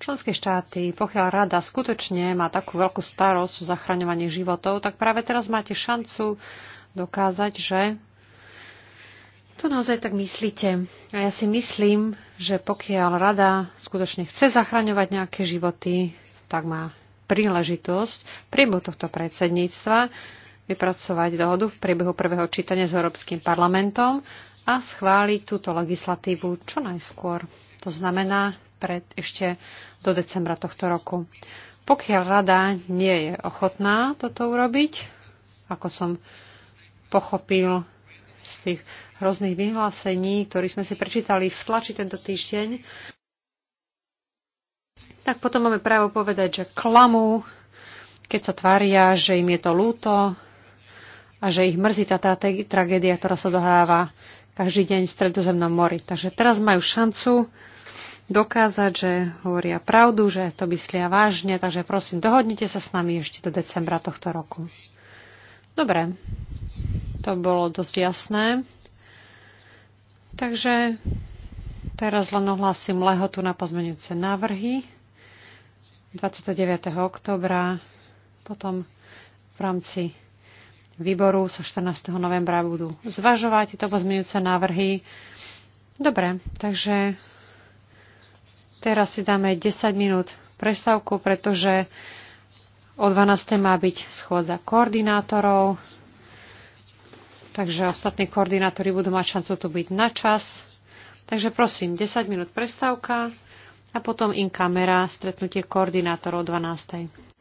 členské štáty, pokiaľ rada skutočne má takú veľkú starosť o zachraňovanie životov, tak práve teraz máte šancu dokázať, že to naozaj tak myslíte. A ja si myslím, že pokiaľ rada skutočne chce zachraňovať nejaké životy, tak má príležitosť priebu tohto predsedníctva vypracovať dohodu v priebehu prvého čítania s Európskym parlamentom a schváliť túto legislatívu čo najskôr. To znamená pred, ešte do decembra tohto roku. Pokiaľ rada nie je ochotná toto urobiť, ako som pochopil z tých hrozných vyhlásení, ktorí sme si prečítali v tlači tento týždeň, tak potom máme právo povedať, že klamú, keď sa tvária, že im je to lúto, a že ich mrzí tá, tá tragédia, ktorá sa dohráva každý deň v Stredozemnom mori. Takže teraz majú šancu dokázať, že hovoria pravdu, že to myslia vážne, takže prosím, dohodnite sa s nami ešte do decembra tohto roku. Dobre, to bolo dosť jasné. Takže teraz len ohlásim lehotu na pozmenujúce návrhy 29. oktobra, potom v rámci výboru sa 14. novembra budú zvažovať tieto pozmeňujúce návrhy. Dobre, takže teraz si dáme 10 minút prestávku, pretože o 12. má byť schôdza koordinátorov. Takže ostatní koordinátori budú mať šancu tu byť na čas. Takže prosím, 10 minút prestávka a potom in kamera stretnutie koordinátorov 12.